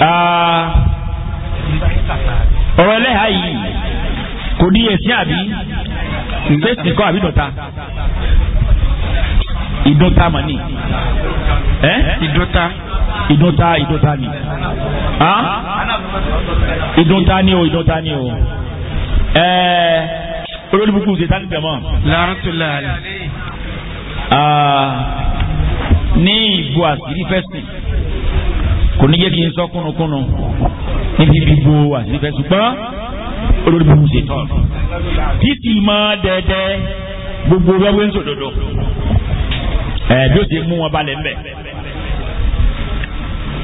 Ah, ọ̀rọ̀ ẹlẹ́hà yìí kò ní ẹ̀sìn àbí ìgbésìn kọ́ àbí dọ̀ta ìdọ́ta mà ní ẹ́ ìdọ́ta ìdọ́ta ìdọ́ta ni ìdọ́ta ni o ìdọ́ta ni o ẹ́ olórí bukú ṣe tán tẹ̀mọ́. láàrín tó láàrín. ní ìbò àṣírí fẹ́sìn kò ní jẹ́ kí n sọ kúnnukúnnu níbi gbogbo àṣìfẹ́ ṣùgbọ́n olórí bùbù ṣe tọ́ títí máa dẹ́dẹ́ gbogbo wẹ́wẹ́ ń sòdodo ẹ̀ bí ó ti mú wọn balẹ̀ ńbẹ̀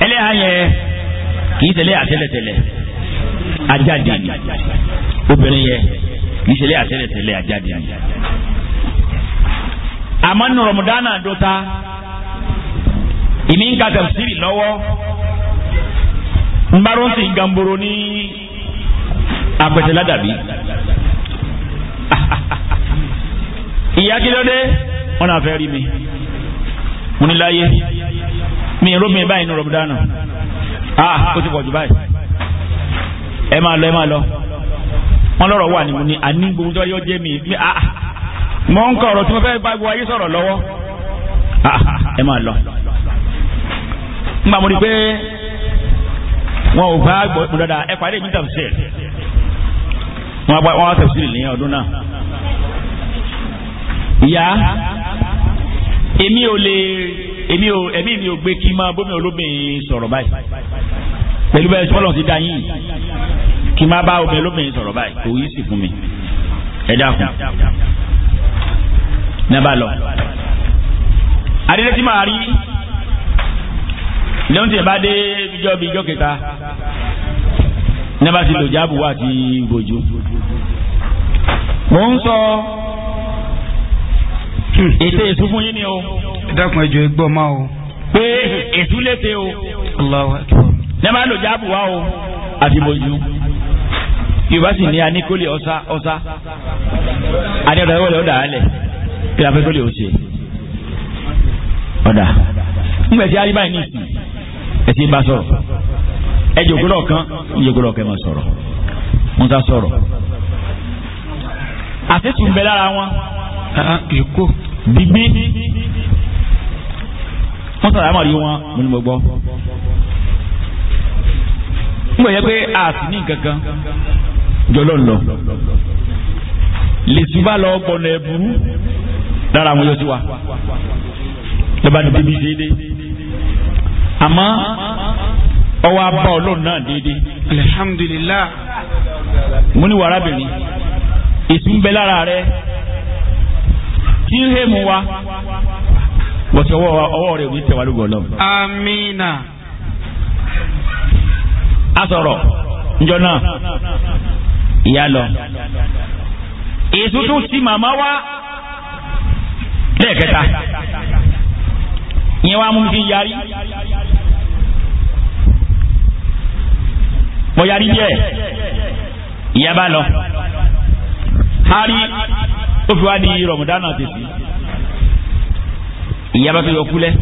ẹlẹ́yà yẹn kì í tẹ̀lé àtẹ́lẹ̀tẹ̀lẹ̀ ajáde ni obìnrin yẹn kì í tẹ̀lé àtẹ́lẹ̀tẹ̀lẹ̀ ajáde àmọ́ nù rọ̀mùdánà dọ́ta ìní ń ka tẹ̀síìrì lọ́wọ́. nbarun si gamboro ni apẹtẹládàbí ìyá kí ló dé wọn náà mi mo mi báyìí ní ah ó ti pọ̀ jù báyìí ẹ wọn lọrọ wà ní mo ní àní gbogbo tó yọ ah mọ ń kọ tí mo gbogbo ah ẹ máa lọ. wọn ò bá gbọ́dọ̀ dáadáa ẹ parí èmi tafsir wọn bá wọn tafsir ní ọdún náà. ìyá èmi ò lè èmi ò èmi mi ò gbé kí n máa bómi olóbìnrin sọ̀rọ̀ báyìí pẹ̀lú bẹ́ẹ̀ sọ́lọ́ ti dá yín kí n máa bá obìnrin olóbìnrin sọ̀rọ̀ báyìí kò yí sì fún mi ẹ dákun ní a bá lọ. adé tí rí lẹ́yìn tí ẹ bá dé bíjọ́ bíjọ́ kẹta ní bá ti lò jáàbù wà ti ìbòjú. mò ń sọ ètè èsú fún yín ni o. dákun ẹjọ ẹgbọ́n máa o. pé èsú létè o. Allahu Akbar. ní bá lò jáàbù wà o àti ìbòjú. yorùbá sì ní aníkólé ọ̀sá ọ̀sá adéọ̀dà ìwọlé ọ̀dà alẹ̀ kí la fẹ́ kólé o ṣe. ọ̀dà ńgbẹ̀sí báyìí ní ìsìn ẹ ti bá sọ̀rọ̀ ẹ jòkúrọ̀ kan ìjòkúrọ̀ kẹ́ máa sọ̀rọ̀ wọ́n sá sọ̀rọ̀ àtẹ̀tù ń bẹ lára wọn ah, èkó gbígbé wọ́n sọ̀rọ̀ àmọ̀ rí wọn mo ní mo gbọ́ n gbọ̀ yẹ pé a sì ní nǹkan kan jọlọ́ lọ lè tún bá lọ gbọ́nà ẹ̀bùrú lára àwọn yóò ti wà lọ́ba ní bíbí ṣe é àmọ́ ọwọ́ abá ọlọ́run náà déédéé. alhamdulilah. mo ní wàrábìnrin èsì ń bẹ lára rẹ tí ń hé wa wọ́n ọwọ́ rẹ̀ ò tẹ̀wá lóògùn ọlọ́run. amina. a sọ̀rọ̀ njọ náà ìyá lọ èso tún màmá wa lẹ́ẹ̀kẹta ìyẹn wá mú mi fi ń yarí mo yarí díẹ̀ ìyá bá lọ hari ó fi wá di rọ̀mùdánà tètè ìyá bá tó yọ kúlẹ̀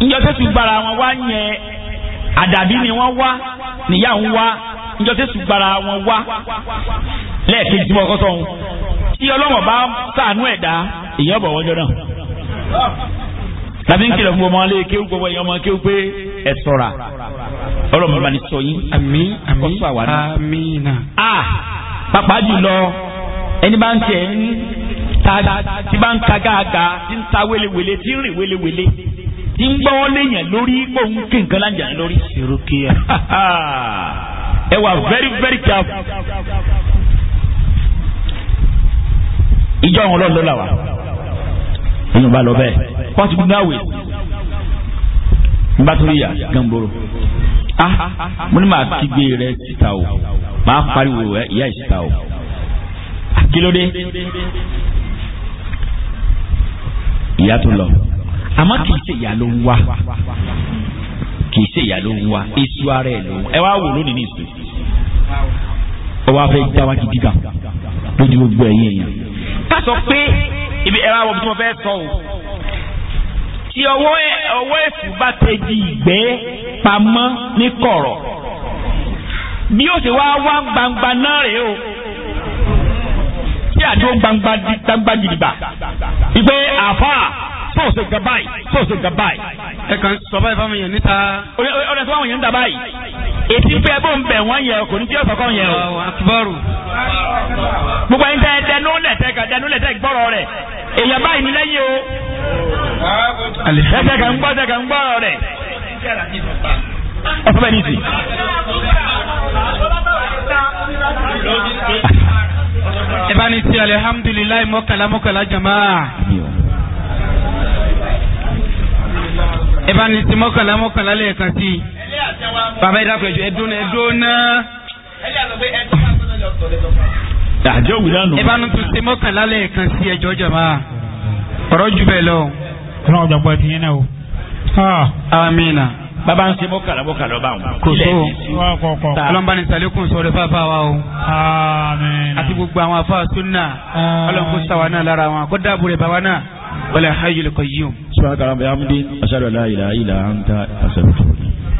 njọ tẹsù gbara wọn wá yẹn àdàbí ni wọn wá níyà ń wá njọ tẹsù gbara wọn wá lẹ́ẹ̀kejì mọ ọkọ sọhún tí ọlọ́wọ́n bá sànú ẹ̀dá ìyá ọ̀bọ̀ wọ́jọ́ náà. tàbí ń kìlọ̀ fún ọmọ alẹ́ kéwù gbogbo ọmọ pé ọ̀rọ̀ sọ a pàpà jùlọ ẹni bá ń tiẹ̀ ń ta bá ń ka ń ta wélewèle ń rìn wélewèle ń lórí kí very very careful. ìjọ wa. èyí bá lọ bẹ́ẹ̀ pọ́tù gbáwé nígbà tó yà gàngbòrò a mo ní màá kígbe rẹ síta o màá pariwo ìyá ìsíta o ah, kí ló dé ìyá tó lọ àmọ́ kì í ṣe ìyá ló ń wá kì í ṣe ìyá ló ń wá iṣu ara ẹ̀ ló ń ẹ wá wò lónìí nìṣó ọ wá fẹ́ já lójú gbogbo ẹ̀yìn èèyàn sọ pé ibi ẹ̀rọ àwọn ọ̀bùtún fẹ́ sọ o tí ọwọ́ ọwọ́ ẹ̀fù bá tẹ̀jì ìgbẹ́ pamọ́ ní kọ̀rọ̀ bí ó ṣe wá wá gbangba náà rèé o tí àdó gbangba gidigba wípé àfáà tó o ṣe nǹkan báyìí tó o ṣe nǹkan báyìí. ẹ kàn sọ báyìí fáwọn èèyàn níta. ọ̀rẹ́ sọ fáwọn èèyàn níta báyìí. ètí ń fẹ́ bó ń bẹ̀ wọ́n yẹ kò ní tí yóò sọ kọ́ yẹ o. gbogbo ẹni tẹ dẹnu lẹtẹ dẹnu lẹtẹ gbọ́rọ̀ rẹ̀ èèyàn báyìí ní lẹ́yìn o. ẹsẹ̀ kan gbọ́ ẹsẹ̀ kan gbọ́rọ̀ rẹ̀. ọ̀sán bẹ́ẹ̀ ní ìsìn ẹ bá ní ti alihamdulilayi mọ́kànlá mọ́kànlá jamaa. ẹ bá ní ti mọ́kànlá mọ́kànlá lẹ́ẹ̀kan sí i. bàbá ẹ dákun ẹjọ ẹdún náà ẹdún náà. àjọ wùdà nù. ẹ bá ní ti mọ́kànlá lẹ́ẹ̀kan sí ẹjọ jàmá ọ̀rọ̀ jù bẹ́ẹ̀ lọ. ọlọ́run ọ̀dọ̀ gbọ́ ti yẹn náà o. Ah. amina. bàbá ń ṣe mọ́kànlá mọ́kànlá ọba àwọn. kò so ọlọ́mọba ní sàlékún sọ̀rọ̀ fáfá wa o. àti gbogbo àwọn afáàsúnà ah. ọlọ́run kò sàwọn náà lára wọn kó dáàbò rẹ̀ bá wa náà. ولا حي لقيوم سبحانك رب العالمين أشهد أن لا إله إلا أنت أستغفرك